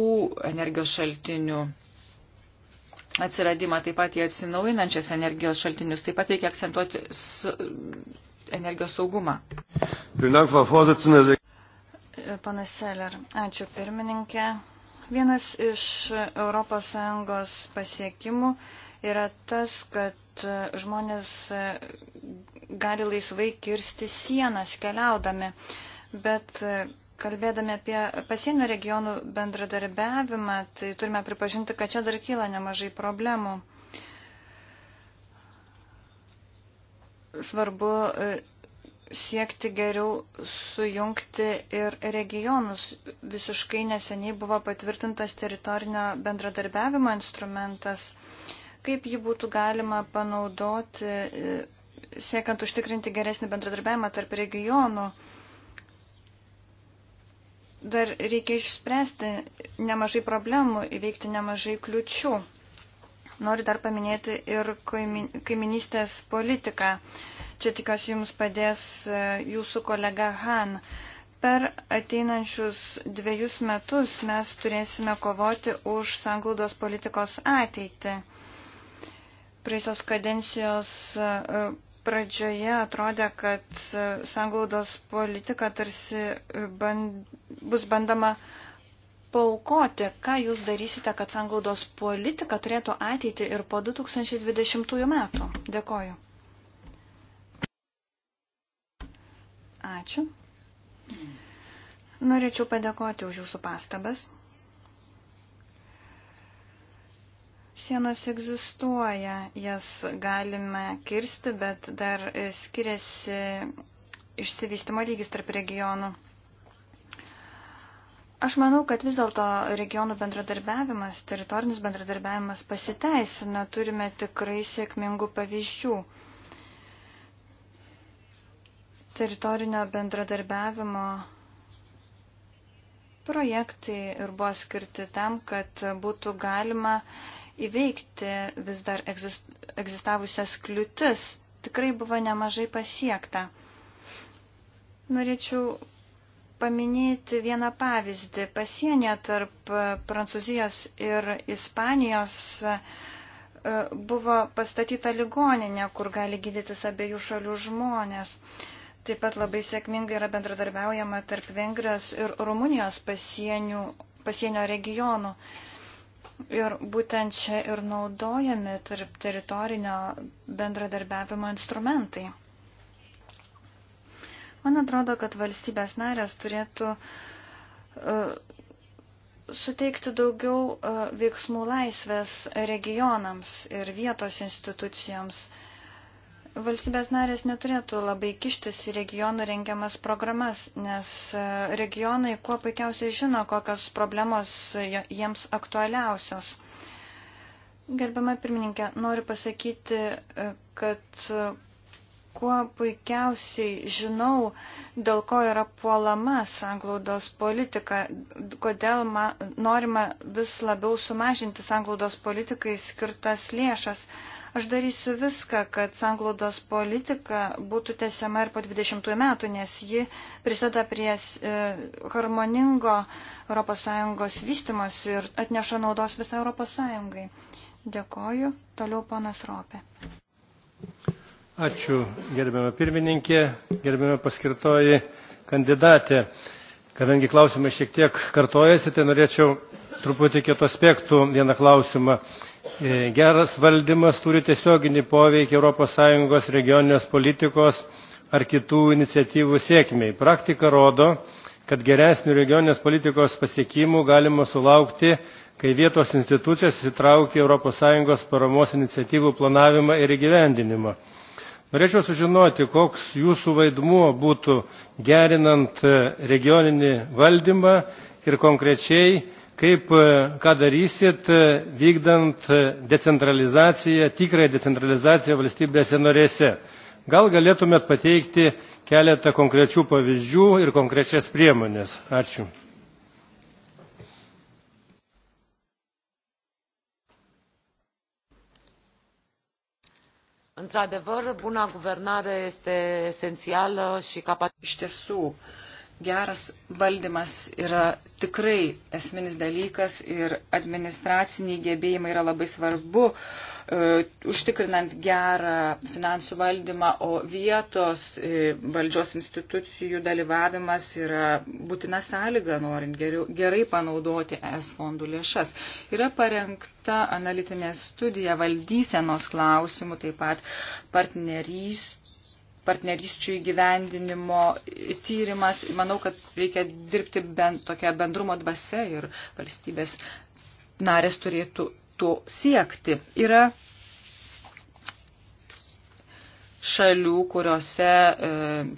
energijos šaltinių atsiradimą, taip pat į atsinaujinančias energijos šaltinius. Taip pat reikia akcentuoti energijos saugumą. Panas Seller, ačiū pirmininkė. Vienas iš ES pasiekimų yra tas, kad žmonės gali laisvai kirsti sienas keliaudami, bet kalbėdami apie pasienio regionų bendradarbiavimą, tai turime pripažinti, kad čia dar kyla nemažai problemų. Svarbu siekti geriau sujungti ir regionus. Visiškai neseniai buvo patvirtintas teritorinio bendradarbiavimo instrumentas. Kaip jį būtų galima panaudoti, e, siekiant užtikrinti geresnį bendradarbiavimą tarp regionų? Dar reikia išspręsti nemažai problemų, įveikti nemažai kliučių. Noriu dar paminėti ir kaiminystės politiką. Čia tikiuosi jums padės e, jūsų kolega Han. Per ateinančius dviejus metus mes turėsime kovoti už sanglaudos politikos ateitį. Praėjusios kadencijos e, pradžioje atrodė, kad e, sanglaudos politika tarsi band, bus bandama uh, paukoti, ką jūs darysite, kad sanglaudos politika turėtų ateitį ir po 2020 metų. Dėkoju. Ačiū. Norėčiau padėkoti už jūsų pastabas. Sienos egzistuoja, jas galime kirsti, bet dar skiriasi išsivystimo lygis tarp regionų. Aš manau, kad vis dėlto regionų bendradarbiavimas, teritorinis bendradarbiavimas pasiteisina, turime tikrai sėkmingų pavyzdžių. Teritorinio bendradarbiavimo projektai ir buvo skirti tam, kad būtų galima įveikti vis dar egzistavusias kliūtis. Tikrai buvo nemažai pasiekta. Norėčiau paminėti vieną pavyzdį. Pasienė tarp Prancūzijos ir Ispanijos e, buvo pastatyta ligoninė, kur gali gydytis abiejų šalių žmonės. Taip pat labai sėkmingai yra bendradarbiaujama tarp Vengrijos ir Rumunijos pasienių, pasienio regionų. Ir būtent čia ir naudojami tarp teritorinio bendradarbiavimo instrumentai. Man atrodo, kad valstybės narės turėtų e, suteikti daugiau e, veiksmų laisvės regionams ir vietos institucijoms. Valstybės narės neturėtų labai kištis į regionų rengiamas programas, nes e, regionai kuo puikiausiai žino, kokios problemos jiems aktualiausios. Gerbama pirmininkė, noriu pasakyti, kad kuo puikiausiai žinau, dėl ko yra puolama sanglaudos politika, kodėl ma, norima vis labiau sumažinti sanglaudos politikai skirtas lėšas. Aš darysiu viską, kad sanglaudos politika būtų tęsiama ir po 20 metų, nes ji prisada prie e, harmoningo ES vystimos ir atneša naudos visą ES. Dėkoju. Toliau ponas Ropė. Ačiū gerbiamą pirmininkę, gerbiamą paskirtoji kandidatė. Kadangi klausimai šiek tiek kartojasi, tai norėčiau truputį kitų aspektų vieną klausimą. E, geras valdymas turi tiesioginį poveikį ES regioninės politikos ar kitų iniciatyvų sėkmiai. Praktika rodo, kad geresnių regioninės politikos pasiekimų galima sulaukti, kai vietos institucijos įsitraukia ES paramos iniciatyvų planavimą ir įgyvendinimą. Norėčiau sužinoti, koks jūsų vaidmuo būtų gerinant e, regioninį valdymą ir konkrečiai, kaip, e, ką darysit e, vykdant decentralizaciją, tikrąją decentralizaciją valstybėse norėse. Gal galėtumėt pateikti keletą konkrečių pavyzdžių ir konkrečias priemonės. Ačiū. într adevăr buna guvernare este esențială și capacitatea valdymas yra tikrai esminis dalykas ir administraciniai gebėjimai yra labai svarbu E, užtikrinant gerą finansų valdymą, o vietos e, valdžios institucijų dalyvavimas yra būtina sąlyga, norint geriau, gerai panaudoti ES fondų lėšas. Yra parengta analitinė studija valdysenos klausimų, taip pat partnerystų partnerysčių įgyvendinimo tyrimas. Manau, kad reikia dirbti bent tokią bendrumo dvasę ir valstybės narės turėtų to siekti. Yra šalių, kuriuose e,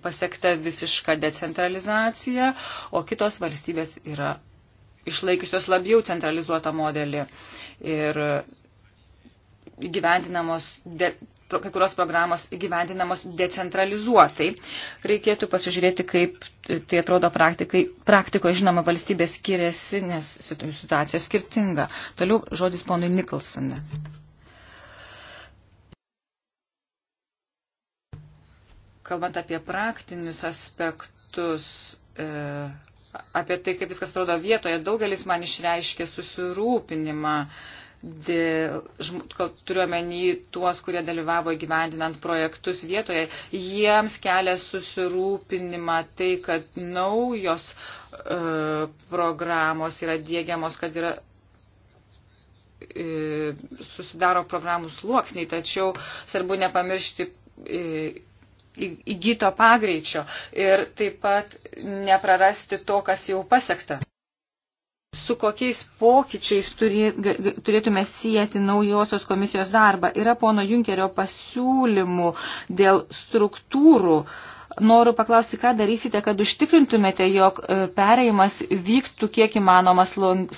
pasiekta visiška decentralizacija, o kitos valstybės yra išlaikiusios labiau centralizuotą modelį ir įgyventinamos de, kai kurios programos gyvendinamos decentralizuotai. Reikėtų pasižiūrėti, kaip tai atrodo praktikai. Praktikoje, žinoma, valstybė skiriasi, nes situacija skirtinga. Toliau žodis ponui Nikolson. Kalbant apie praktinius aspektus, e, apie tai, kaip viskas atrodo vietoje, daugelis man išreiškė susirūpinimą turiuomenį tuos, kurie dalyvavo įgyvendinant projektus vietoje, jiems kelia susirūpinimą tai, kad naujos e, programos yra dėgiamos, kad yra e, susidaro programų sluoksniai, tačiau svarbu nepamiršti e, įgyto pagreičio ir taip pat neprarasti to, kas jau pasiekta su kokiais pokyčiais turėtume sieti naujosios komisijos darbą. Yra pono Junkerio pasiūlymų dėl struktūrų. Noriu paklausti, ką darysite, kad užtikrintumėte, jog e, pereimas vyktų kiek įmanomas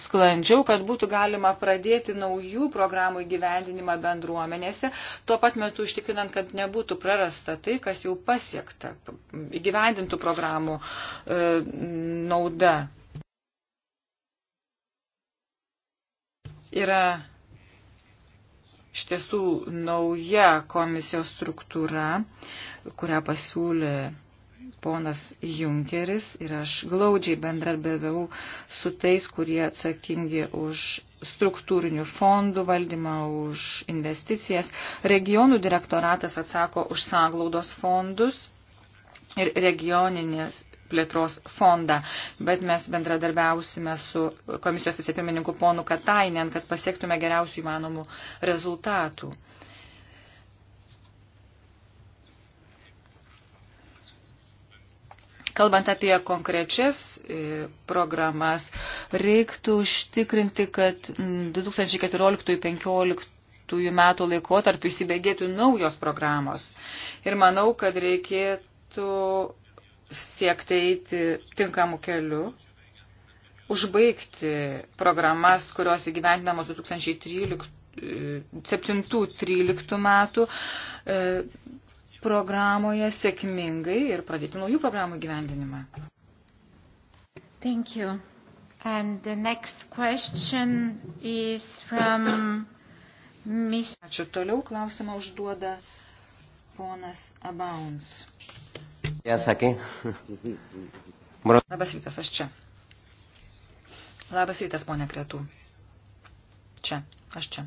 sklandžiau, kad būtų galima pradėti naujų programų įgyvendinimą bendruomenėse, tuo pat metu užtikrinant, kad nebūtų prarasta tai, kas jau pasiekta, įgyvendintų programų e, nauda. yra iš tiesų nauja komisijos struktūra, kurią pasiūlė ponas Junkeris ir aš glaudžiai bendradarbiavau su tais, kurie atsakingi už struktūrinių fondų valdymą, už investicijas. Regionų direktoratas atsako už sąglaudos fondus ir regioninės plėtros fondą. Bet mes bendradarbiausime su komisijos vicepirmininku ponu Katainen, kad pasiektume geriausių įmanomų rezultatų. Kalbant apie konkrečias e, programas, reiktų užtikrinti, kad 2014-2015 metų laikotarp įsibėgėtų naujos programos. Ir manau, kad reikėtų siekti eiti tinkamų kelių, užbaigti programas, kurios įgyvendinamos 2007-2013 e, metų e, programoje sėkmingai ir pradėti naujų programų gyvendinimą. Thank you. And the next question is from Miss. Ačiū toliau, klausimą užduoda ponas Abauns. Nesakė. Labas rytas, aš čia. Labas rytas, ponė Kretų. Čia, aš čia.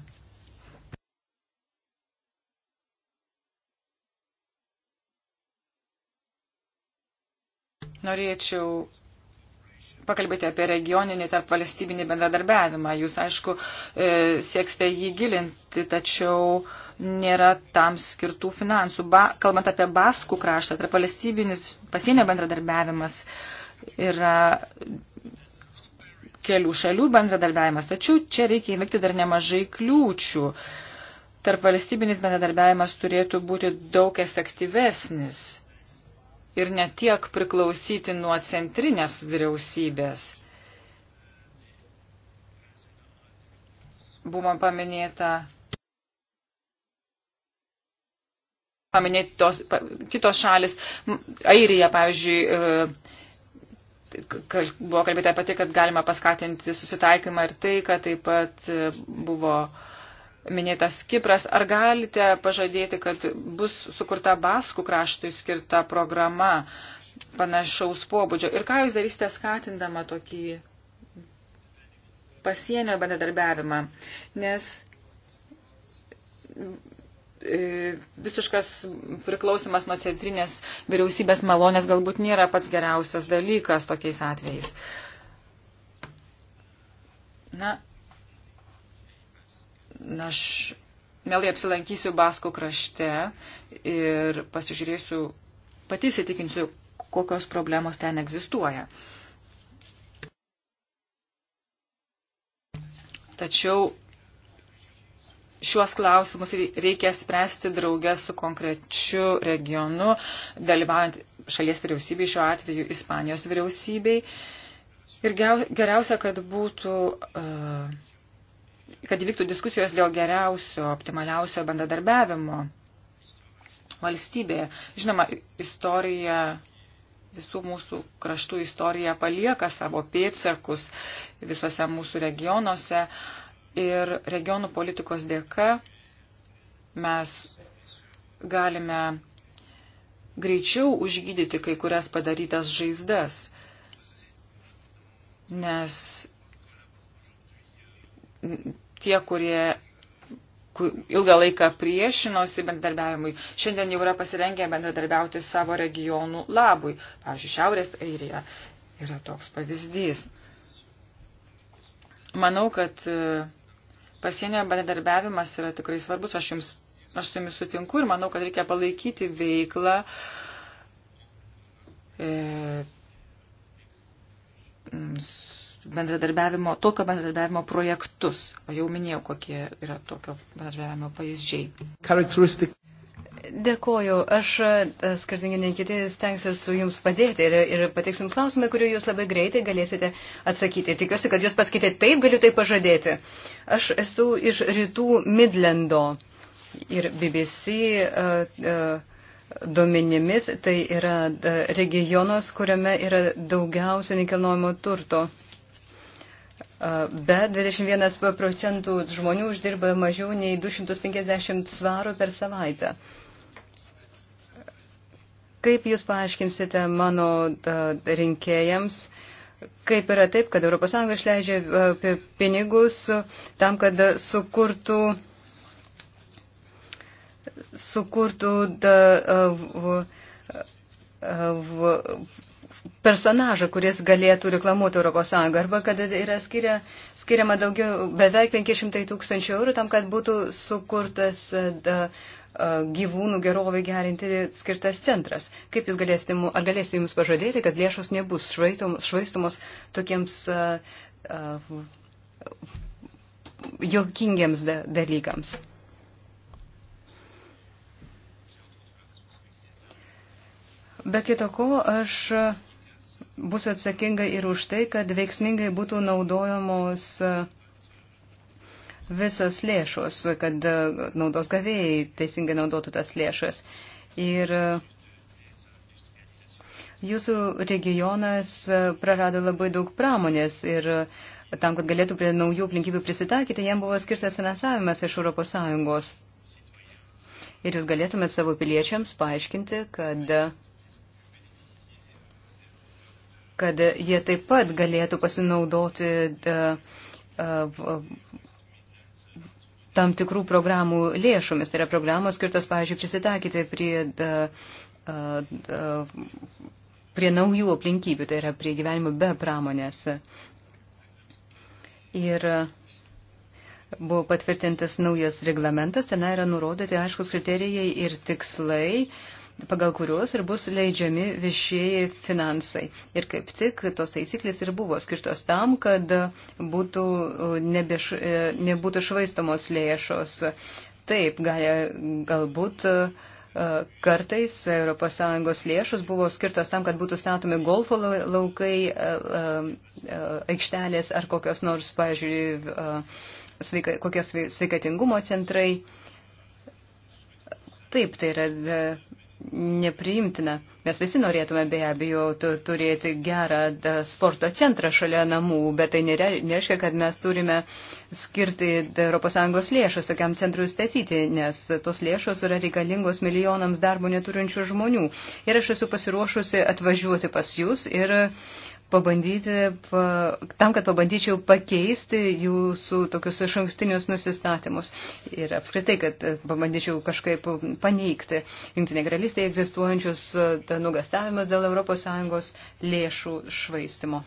Norėčiau pakalbėti apie regioninį tarp valstybinį bendradarbiavimą. Jūs, aišku, e, sieksite jį gilinti, tačiau uh, nėra tam skirtų finansų. Ba, kalbant apie Baskų kraštą, tarp valstybinis pasienio bendradarbiavimas yra kelių šalių bendradarbiavimas, tačiau čia reikia įveikti dar nemažai kliūčių. Tarp valstybinis bendradarbiavimas turėtų būti daug efektyvesnis ir ne tiek priklausyti nuo centrinės vyriausybės. Buvo paminėta paminėti tos, pa, kitos šalis. Airija, pavyzdžiui, e, buvo kalbėta apie tai, kad galima paskatinti susitaikymą ir tai, kad taip pat e, buvo minėtas Kipras. Ar galite pažadėti, kad bus sukurta Baskų kraštui skirta programa panašaus pobūdžio? Ir ką jūs darysite skatindama tokį pasienio bendradarbiavimą? Nes E, visiškas priklausimas nuo centrinės vyriausybės malonės galbūt nėra pats geriausias dalykas tokiais atvejais. Na, aš mielai apsilankysiu Basko krašte ir pasižiūrėsiu, pati įsitikinsiu, kokios problemos ten egzistuoja. Tačiau šiuos klausimus reikia spręsti draugę su konkrečiu regionu, dalyvaujant šalies vyriausybei, šiuo atveju Ispanijos vyriausybei. Ir geriausia, kad būtų, e, kad įvyktų diskusijos dėl geriausio, optimaliausio bendradarbiavimo valstybėje. Žinoma, istorija, visų mūsų kraštų istorija palieka savo pėtsakus visuose mūsų regionuose. Uh, Ir regionų politikos dėka mes galime greičiau užgydyti kai kurias padarytas žaizdas, nes tie, kurie ilgą laiką priešinosi bendradarbiavimui, šiandien jau yra pasirengę bendradarbiauti savo regionų labui. Pavyzdžiui, Šiaurės Airija yra toks pavyzdys. Manau, kad uh, Pasienio bendradarbiavimas yra tikrai svarbus, aš, jums, aš su jumis sutinku ir manau, kad reikia palaikyti veiklą. E, bendradarbiavimo, tokio bendradarbiavimo projektus. O jau minėjau, kokie yra tokio bendradarbiavimo pavyzdžiai. Dėkoju. Aš, e, skirtingai nei kiti, stengsiuosi jums padėti ir, ir pateiksim klausimą, kuriuo jūs labai greitai galėsite atsakyti. Tikiuosi, kad jūs pasakėte taip, galiu tai pažadėti. Aš esu iš rytų Midlendo ir BBC uh, e, uh, e, duomenimis tai yra regionas, kuriame yra daugiausia nekilnojamo turto. Bet 21 procentų žmonių uždirba mažiau nei 250 svarų per savaitę. Uh, Kaip Jūs paaiškinsite mano rinkėjams, kaip yra taip, kad ES išleidžia pinigus tam, kad sukurtų, sukurtų da, v, v, personažą, kuris galėtų reklamuoti ES, arba kad yra skiria, skiriama daugiau, beveik 500 tūkstančių eurų tam, kad būtų sukurtas da, E, gyvūnų gerovai gerinti skirtas centras. Kaip jūs galėsite, ar galėsite jums pažadėti, kad lėšos nebus švaistomos tokiems uh, e, uh, e, jokingiems dalykams? Be kito ko, aš bus atsakinga ir už tai, kad veiksmingai būtų naudojamos uh, visas lėšos, kad e, naudos gavėjai teisingai naudotų tas lėšas. Ir e, jūsų regionas e, prarado labai daug pramonės ir tam, kad galėtų prie naujų aplinkybių prisitaikyti, jam buvo skirtas finansavimas iš ES. Ir jūs galėtumėte savo piliečiams paaiškinti, kad kad jie taip pat galėtų pasinaudoti tam tikrų programų lėšomis. Tai yra programos skirtos, pavyzdžiui, prisitakyti prie, da, da, prie naujų aplinkybių, tai yra prie gyvenimo be pramonės. Ir buvo patvirtintas naujas reglamentas, ten yra nurodyti aiškus kriterijai ir tikslai, uh, pagal kuriuos ir bus leidžiami viešieji finansai. Ir kaip tik tos taisyklės ir buvo skirtos tam, kad būtų e, nebeš, e, nebūtų švaistamos lėšos. Taip, gal, galbūt e, kartais ES lėšus buvo skirtos tam, kad būtų statomi golfo laukai, aikštelės ar kokios nors, pažiūrėjau, sveika, kokie sveikatingumo centrai. Taip, tai yra nepriimtina. Mes visi norėtume be abejo turėti gerą sporto centrą šalia namų, bet tai nereiškia, kad mes turime skirti ES lėšas tokiam centrui statyti, nes tos lėšos yra reikalingos milijonams darbo neturinčių žmonių. Ir aš esu pasiruošusi atvažiuoti pas jūs ir uh, pabandyti, tam, kad pabandyčiau pakeisti jūsų tokius iš ankstinius nusistatymus ir apskritai, kad e, pabandyčiau kažkaip paneigti Junktinė karalystėje egzistuojančius e, nugastavimus dėl ES lėšų švaistimo.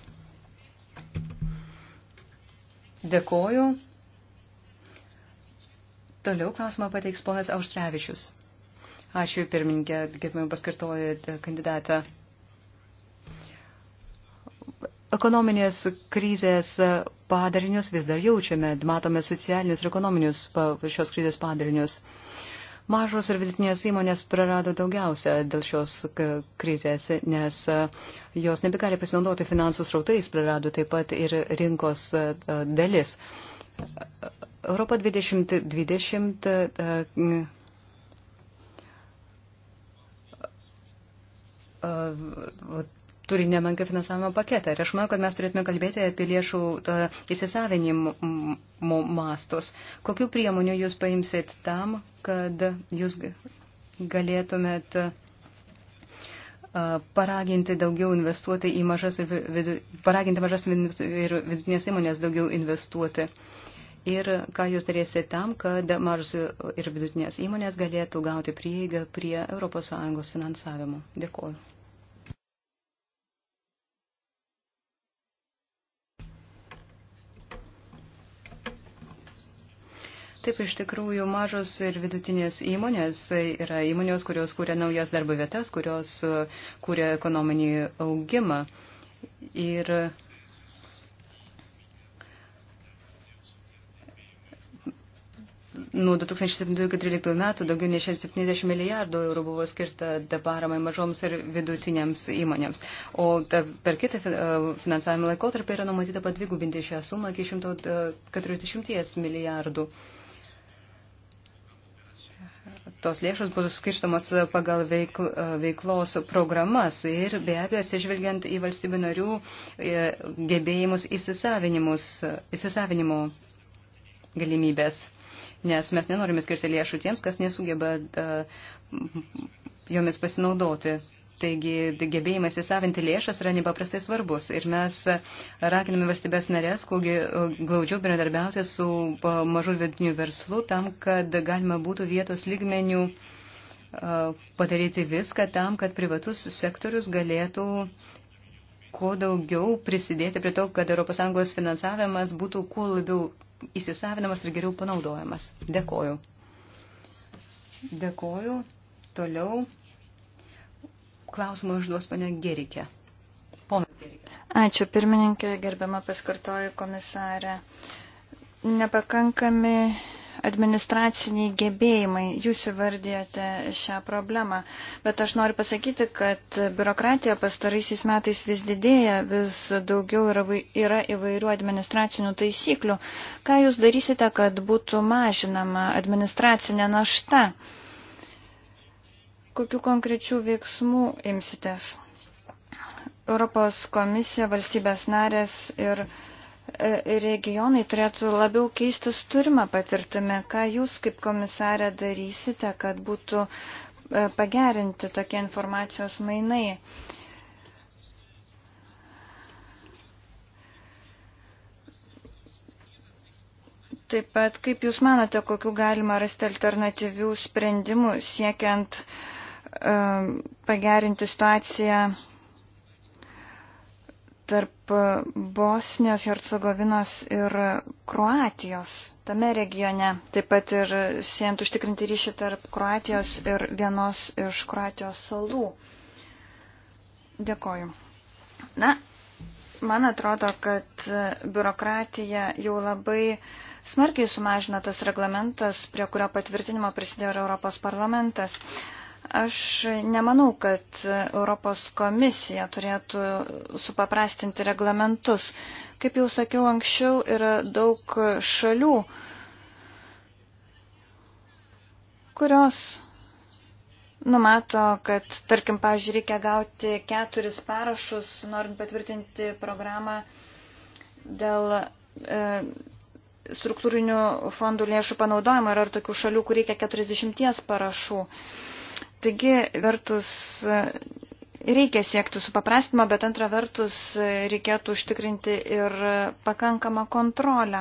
Dėkoju. Toliau klausimą pateiks ponas Auštrevičius. Ačiū pirmininkė, gerbėjau paskirtojo kandidatą ekonominės krizės padarinius vis dar jaučiame, matome socialinius ir ekonominius šios krizės padarinius. Mažos ir vidutinės įmonės prarado daugiausia dėl šios krizės, nes jos nebegali pasinaudoti finansų srautais, prarado taip pat ir rinkos dalis. Europa 2020 turi nemenką finansavimo paketą. Ir aš manau, kad mes turėtume kalbėti apie lėšų e, įsisavinimo mastus. Kokiu priemoniu jūs paimsit tam, kad jūs galėtumėt e, paraginti daugiau investuoti į mažas ir, vidu, paraginti mažas ir vidutinės įmonės daugiau investuoti. Ir ką jūs darėsite tam, kad mažas ir vidutinės įmonės galėtų gauti prieigą prie ES finansavimo. Dėkuoju. Taip, iš tikrųjų, mažos ir vidutinės įmonės yra įmonės, kurios kūrė naujas darbo vietas, kurios e, kūrė ekonominį augimą. Ir nuo 2017-2013 metų daugiau nei 70 milijardų eurų buvo skirta paramai mažoms ir vidutinėms įmonėms. O ta, per kitą e, finansavimo laikotarpį yra numatyta padvigubinti šią sumą iki 140 e, milijardų eurų tos lėšos būtų skirstamos pagal veikl, veiklos programas ir be abejo atsižvelgiant į valstybių narių e, gebėjimus įsisavinimo galimybės. Nes mes nenorime skirti lėšų tiems, kas nesugeba jomis pasinaudoti. Taigi tai gebėjimas įsavinti lėšas yra nepaprastai svarbus ir mes rakiname valstybės narės, kuogi e, glaudžiau bendradarbiausia su e, mažu vidiniu verslu tam, kad galima būtų vietos lygmenių e, padaryti viską tam, kad privatus sektorius galėtų kuo daugiau prisidėti prie to, kad ES finansavimas būtų kuo labiau įsisavinamas ir geriau panaudojamas. Dėkoju. Dėkoju. Toliau klausimą užduos pane Gerikė. Ponas Gerikė. Ačiū pirmininkė, gerbiama paskartoju komisarė. Nepakankami administraciniai gebėjimai. Jūs įvardėjote šią problemą. Bet aš noriu pasakyti, kad biurokratija pastaraisiais metais vis didėja, vis daugiau yra, yra įvairių administracinių taisyklių. Ką jūs darysite, kad būtų mažinama administracinė našta? kokiu konkrečiu veiksmu imsitės? Europos komisija, valstybės narės ir, e, ir regionai turėtų labiau keistis turimą patirtimį. Ką jūs kaip komisarė darysite, kad būtų e, pagerinti tokie informacijos mainai? Taip pat, kaip Jūs manote, kokiu galima rasti alternatyvių sprendimų siekiant uh, Um, pagerinti situaciją tarp Bosnijos, Hercegovinos ir Kroatijos tame regione. Taip pat ir siejant užtikrinti ryšį tarp Kroatijos ir vienos iš Kroatijos salų. Dėkoju. Na, man atrodo, kad biurokratija jau labai smarkiai sumažina tas reglamentas, prie kurio patvirtinimo prisidėjo ir Europos parlamentas. Uh, Aš nemanau, kad Europos komisija turėtų supaprastinti reglamentus. Kaip jau sakiau anksčiau, yra daug šalių, kurios numato, kad, tarkim, pažiūrėjau, reikia gauti keturis parašus, norint patvirtinti programą dėl e, struktūrinių fondų lėšų panaudojimo. Yra ir tokių šalių, kur reikia 40 parašų. E, Taigi, vertus, reikia siekti supaprastimo, bet antra vertus, reikėtų užtikrinti ir pakankamą kontrolę.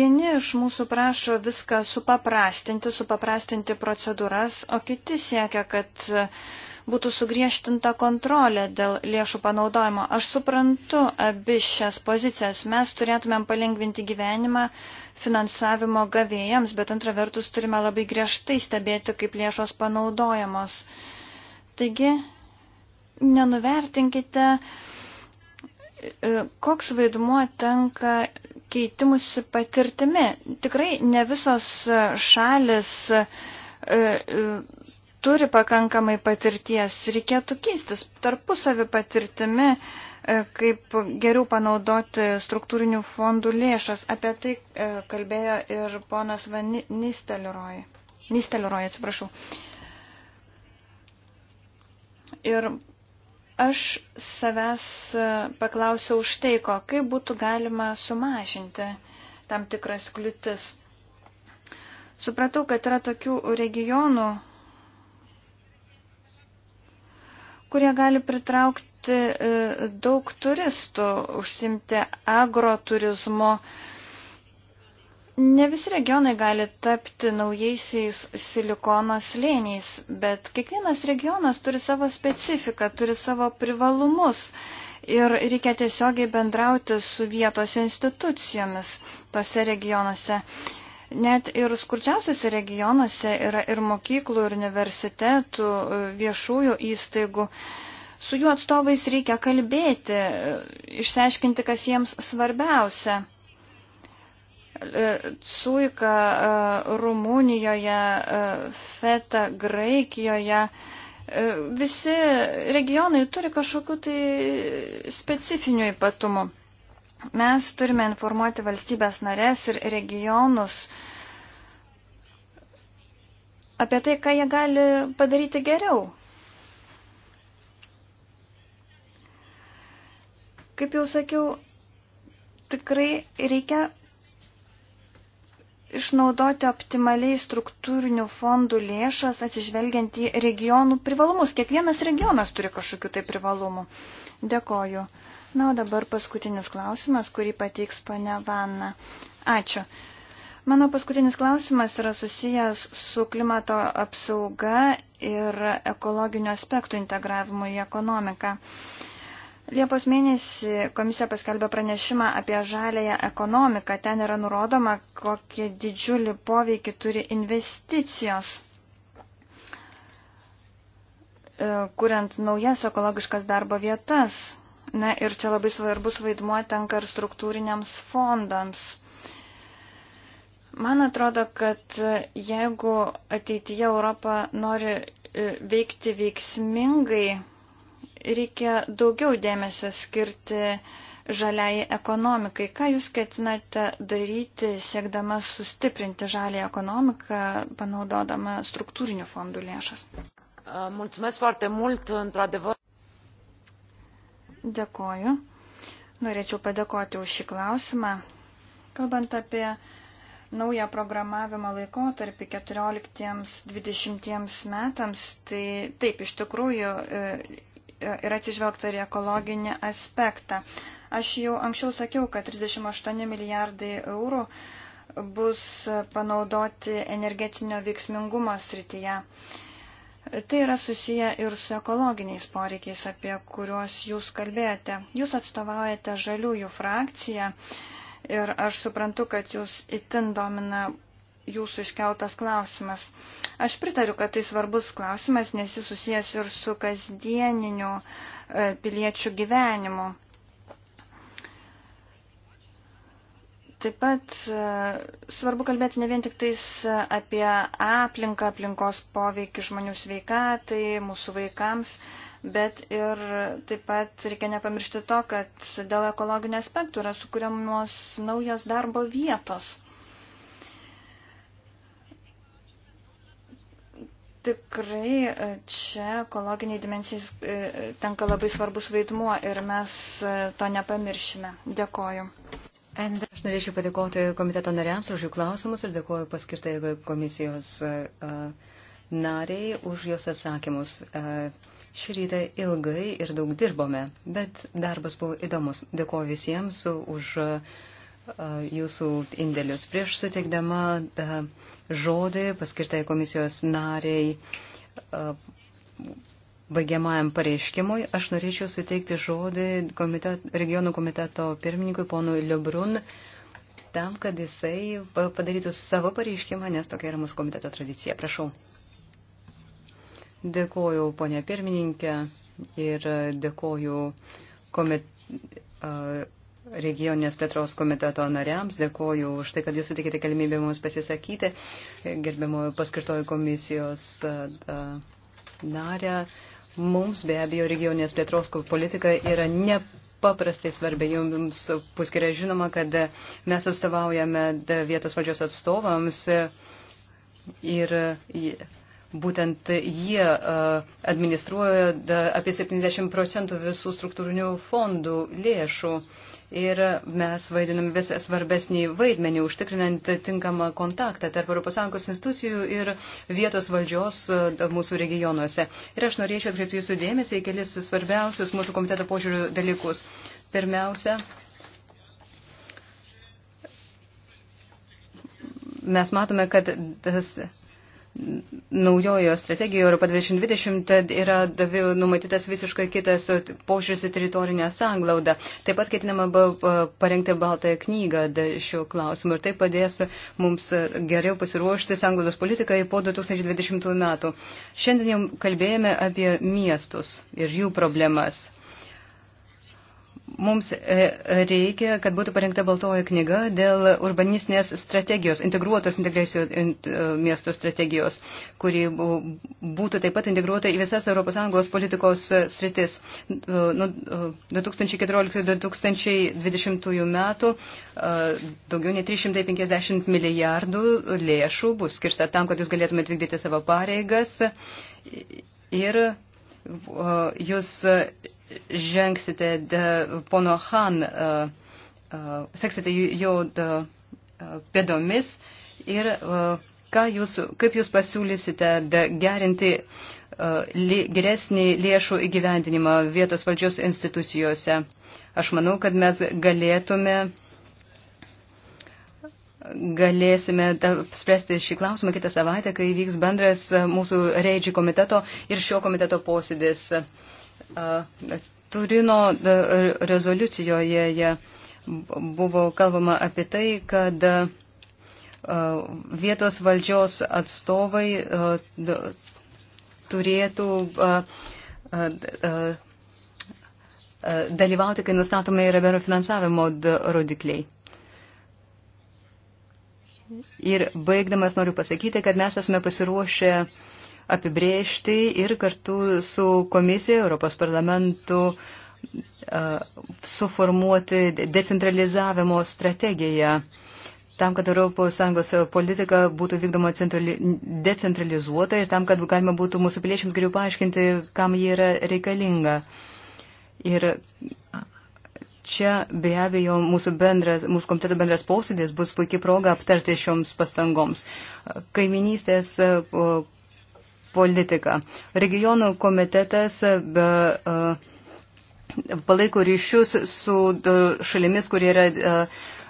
Vieni iš mūsų prašo viską supaprastinti, supaprastinti procedūras, o kiti siekia, kad uh, būtų sugriežtinta kontrolė dėl lėšų panaudojimo. Aš suprantu abi šias pozicijas. Mes turėtumėm palengvinti gyvenimą finansavimo gavėjams, bet antra vertus turime labai griežtai stebėti, kaip lėšos panaudojamos. Taigi, nenuvertinkite, e, koks vaidmuo tenka keitimusi patirtimi. Tikrai ne visos šalis e, e, turi pakankamai patirties, reikėtų keistis tarpusavį patirtimi, e, kaip geriau panaudoti struktūrinių fondų lėšas. Apie tai e, kalbėjo ir ponas Van Nisteliroj. Nisteliroj, atsiprašau. Ir aš savęs e, paklausiau už tai, ko, kaip būtų galima sumažinti tam tikras kliūtis. Supratau, kad yra tokių regionų, kurie gali pritraukti e, daug turistų, užsimti agroturizmo. Ne visi regionai gali tapti naujaisiais silikono slėniais, bet kiekvienas regionas turi savo specifiką, turi savo privalumus ir reikia tiesiogiai bendrauti su vietos institucijomis tose regionuose. Net ir skurdžiausiose regionuose yra ir mokyklų, ir universitetų, e, viešųjų įstaigų. Su jų atstovais reikia kalbėti, e, išsiaiškinti, kas jiems svarbiausia. Suika e, Rumunijoje, Feta Graikijoje. Visi regionai turi kažkokiu tai specifiniu ypatumu. Mes turime informuoti valstybės narės ir regionus apie tai, ką jie gali padaryti geriau. Kaip jau sakiau, tikrai reikia išnaudoti optimaliai struktūrinių fondų lėšas, atsižvelgiant į regionų privalumus. Kiekvienas regionas turi kažkokių tai privalumų. Dėkoju. Na, o dabar paskutinis klausimas, kurį pateiks ponia Vanna. Ačiū. Mano paskutinis klausimas yra susijęs su klimato apsauga ir ekologinių aspektų integravimu į ekonomiką. Liepos mėnesį komisija paskelbė pranešimą apie žalėją ekonomiką. Ten yra nurodoma, kokie didžiulį poveikį turi investicijos, e, kuriant naujas ekologiškas darbo vietas. Na ir čia labai svarbus vaidmuo tenka ir struktūriniams fondams. Man atrodo, kad jeigu ateityje Europa nori e, veikti veiksmingai, reikia daugiau dėmesio skirti žaliai ekonomikai. Ką jūs ketinate daryti, siekdama sustiprinti žaliai ekonomiką, panaudodama struktūrinių fondų lėšas? Mulțumesc foarte mult, într-adevăr. Dėkoju. Norėčiau padėkoti už šį klausimą. Kalbant apie naują programavimo laikotarpį 14-20 metams, tai taip iš tikrųjų e, e, yra atsižvelgta ir ekologinį aspektą. Aš jau anksčiau sakiau, kad 38 milijardai eurų bus panaudoti energetinio veiksmingumo srityje tai yra susiję ir su ekologiniais poreikiais, apie kuriuos jūs kalbėjote. Jūs atstovaujate žaliųjų frakciją ir aš suprantu, kad jūs itin domina jūsų iškeltas klausimas. Aš pritariu, kad tai svarbus klausimas, nes jis susijęs ir su kasdieniniu e, piliečių gyvenimu. Taip pat e, svarbu kalbėti ne vien tik tais apie aplinką, aplinkos poveikį žmonių sveikatai, mūsų vaikams, bet ir taip pat reikia nepamiršti to, kad dėl ekologinio aspektų yra sukūriamos naujos darbo vietos. Tikrai e, čia ekologiniai dimensijai e, tenka labai svarbus vaidmuo ir mes to nepamiršime. Dėkoju. And... Aš norėčiau padėkoti komiteto nariams už jų klausimus ir dėkoju paskirtai komisijos uh, nariai už jos atsakymus. Uh, šį rytą ilgai ir daug dirbome, bet darbas buvo įdomus. Dėkoju visiems už e, jūsų indėlius. Prieš suteikdama žodį paskirtai komisijos nariai baigiamajam pareiškimui aš norėčiau suteikti žodį komitet, regionų komiteto pirmininkui ponui Liubrun, tam, kad jisai padarytų savo pareiškimą, nes tokia yra mūsų komiteto tradicija. Prašau. Dėkoju, ponė pirmininkė, ir dėkoju komit, regioninės plėtros komiteto nariams. Dėkoju už tai, kad jūs sutikite galimybę mums pasisakyti, gerbiamojo paskirtojo komisijos narę. Da, Mums be abejo regioninės plėtros politika yra nepaprastai svarbi. Jums puskiria žinoma, kad mes atstovaujame vietos valdžios atstovams ir būtent jie administruoja apie 70 procentų visų struktūrinių fondų lėšų ir mes vaidinam vis svarbesnį vaidmenį, užtikrinant tinkamą kontaktą tarp ES institucijų ir vietos valdžios e, mūsų regionuose. Ir aš norėčiau atkreipti jūsų dėmesį į kelis svarbiausius mūsų komiteto požiūrių dalykus. Pirmiausia, mes matome, kad tas naujojo strategijoje Europa 2020 yra numatytas visiškai kitas požiūris į teritorinę sanglaudą. Taip pat ketinama parengti baltąją knygą šiuo klausimu ir tai padės mums geriau pasiruošti sanglaudos politikai po 2020 metų. Šiandien jau kalbėjome apie miestus ir jų problemas mums e, reikia, kad būtų parengta baltoja knyga dėl urbanistinės strategijos, integruotos integracijos e, miesto strategijos, kuri būtų taip pat integruota į visas ES politikos sritis. E, nuo 2014-2020 metų daugiau nei 350 milijardų lėšų bus skirsta tam, kad jūs galėtumėte vykdyti savo pareigas. Ir E, jūs e, žengsite pono Han, e, seksite jo pėdomis ir ką jūs, kaip jūs pasiūlysite gerinti geresnį lėšų įgyvendinimą vietos valdžios institucijose. Aš manau, kad mes galėtume galėsime spręsti šį klausimą kitą savaitę, kai vyks bendras e, mūsų reidžių komiteto ir šio komiteto posėdis. E, Turino e, rezoliucijoje buvo kalbama apie tai, kad vietos valdžios atstovai turėtų dalyvauti, kai nustatomi yra bendro finansavimo rodikliai. Ir baigdamas noriu pasakyti, kad mes esame pasiruošę apibriežti ir kartu su komisija, Europos parlamentu suformuoti decentralizavimo strategiją tam, kad ES politika būtų vykdoma centrali, decentralizuota ir tam, kad galima būtų mūsų piliečiams geriau paaiškinti, kam ji yra reikalinga. Ir čia be abejo mūsų, bendras, mūsų komiteto bendras posėdis bus puikiai proga aptarti šioms pastangoms. Kaiminystės politika. Regionų komitetas be, palaiko ryšius su šalimis, kurie yra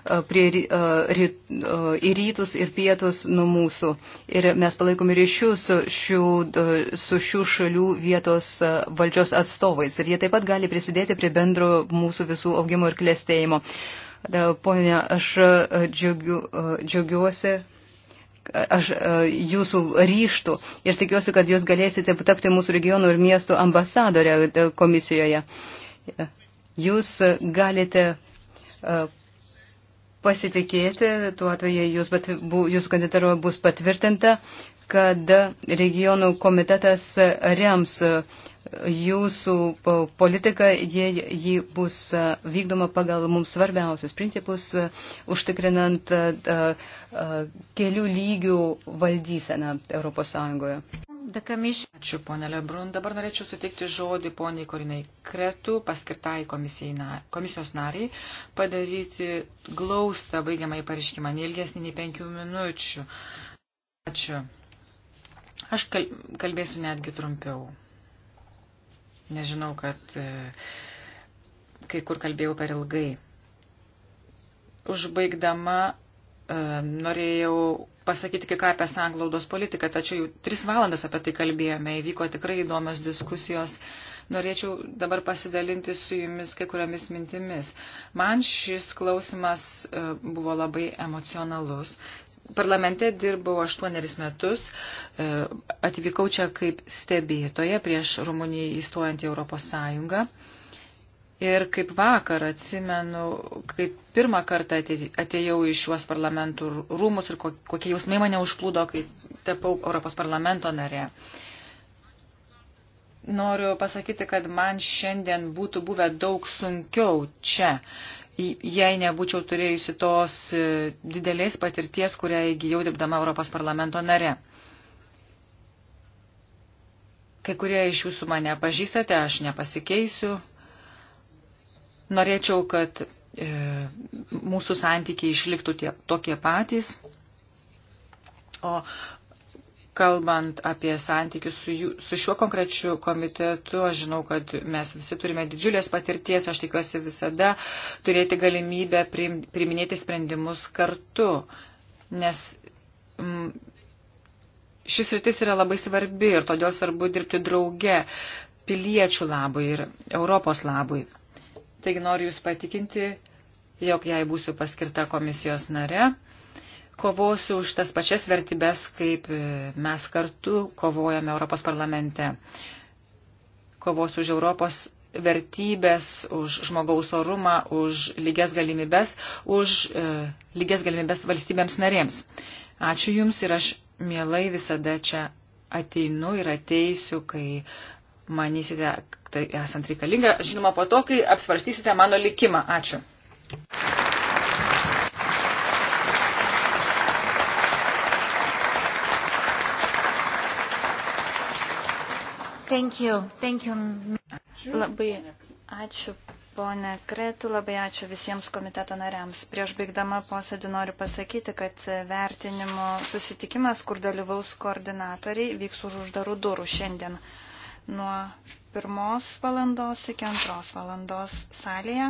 E, prie, ry, e, e, į rytus ir pietus nuo mūsų. Ir mes palaikome ryšius su šių, su šių šalių vietos valdžios atstovais. Ir jie taip pat gali prisidėti prie bendro mūsų visų augimo ir klėstėjimo. Pone, aš džiaugiu, džiaugiuosi aš, jūsų ryštų ir tikiuosi, kad jūs galėsite tapti mūsų regionų ir miestų ambasadorę komisijoje. Jūs galite pasitikėti, tuo atveju jūs, jūs kandidatūra bus patvirtinta, kad regionų komitetas rems e, jūsų politiką, jei ji bus e, vykdoma pagal mums svarbiausius principus, e, užtikrinant kelių lygių valdyseną Europos Sąjungoje. Ačiū, ponė Lebrun. Dabar norėčiau suteikti žodį poniai Korinai Kretų, paskirtai komisijos nariai, padaryti glaustą baigiamą įpareiškimą, neilgesnį nei penkių minučių. Ačiū. Aš kalbėsiu netgi trumpiau. Nežinau, kad e, kai kur kalbėjau per ilgai. Užbaigdama e, norėjau pasakyti kai ką apie sanglaudos politiką, tačiau jau tris valandas apie tai kalbėjome, įvyko tikrai įdomios diskusijos. Norėčiau dabar pasidalinti su jumis kai kuriamis mintimis. Man šis klausimas e, buvo labai emocionalus. Parlamente dirbau aštuoneris metus, e, atvykau čia kaip stebėtoja prieš Rumuniją įstojant į Europos Sąjungą. Ir kaip vakar atsimenu, kaip pirmą kartą atėjau į šiuos parlamentų rūmus ir kokie jausmai mane užplūdo, kai tapau Europos parlamento narė. Noriu pasakyti, kad man šiandien būtų buvę daug sunkiau čia, jei nebūčiau turėjusi tos e, didelės patirties, kurią įgyjau dirbdama Europos parlamento narė. Kai kurie iš jūsų mane pažįstate, aš nepasikeisiu, Norėčiau, kad e, mūsų santykiai išliktų tie, tokie patys. O kalbant apie santykius su, jų, su šiuo konkrečiu komitetu, aš žinau, kad mes visi turime didžiulės patirties, aš tikiuosi visada turėti galimybę priim, priminėti sprendimus kartu, nes m, mm, šis rytis yra labai svarbi ir todėl svarbu dirbti drauge piliečių labui ir Europos labui. Taigi noriu Jūs patikinti, jog jei būsiu paskirta komisijos nare, kovosiu už tas pačias vertybės, kaip e, mes kartu kovojame Europos parlamente. Kovosiu už Europos vertybės, už žmogaus orumą, už lygias galimybės, už e, lygias galimybės valstybėms narėms. Ačiū Jums ir aš mielai visada čia ateinu ir ateisiu, kai manysite, tai esant reikalinga, žinoma, po to, kai apsvarstysite mano likimą. Ačiū. Thank you. Thank you. Ačiū. Labai ačiū, ponė Kretu, labai ačiū visiems komiteto nariams. Prieš baigdama posėdį noriu pasakyti, kad vertinimo susitikimas, kur dalyvaus koordinatoriai, vyks už uždarų durų šiandien nuo pirmos valandos iki antros valandos salėje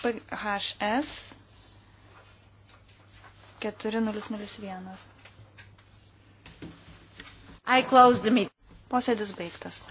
PHS 4001. I close the meeting. Posėdis baigtas.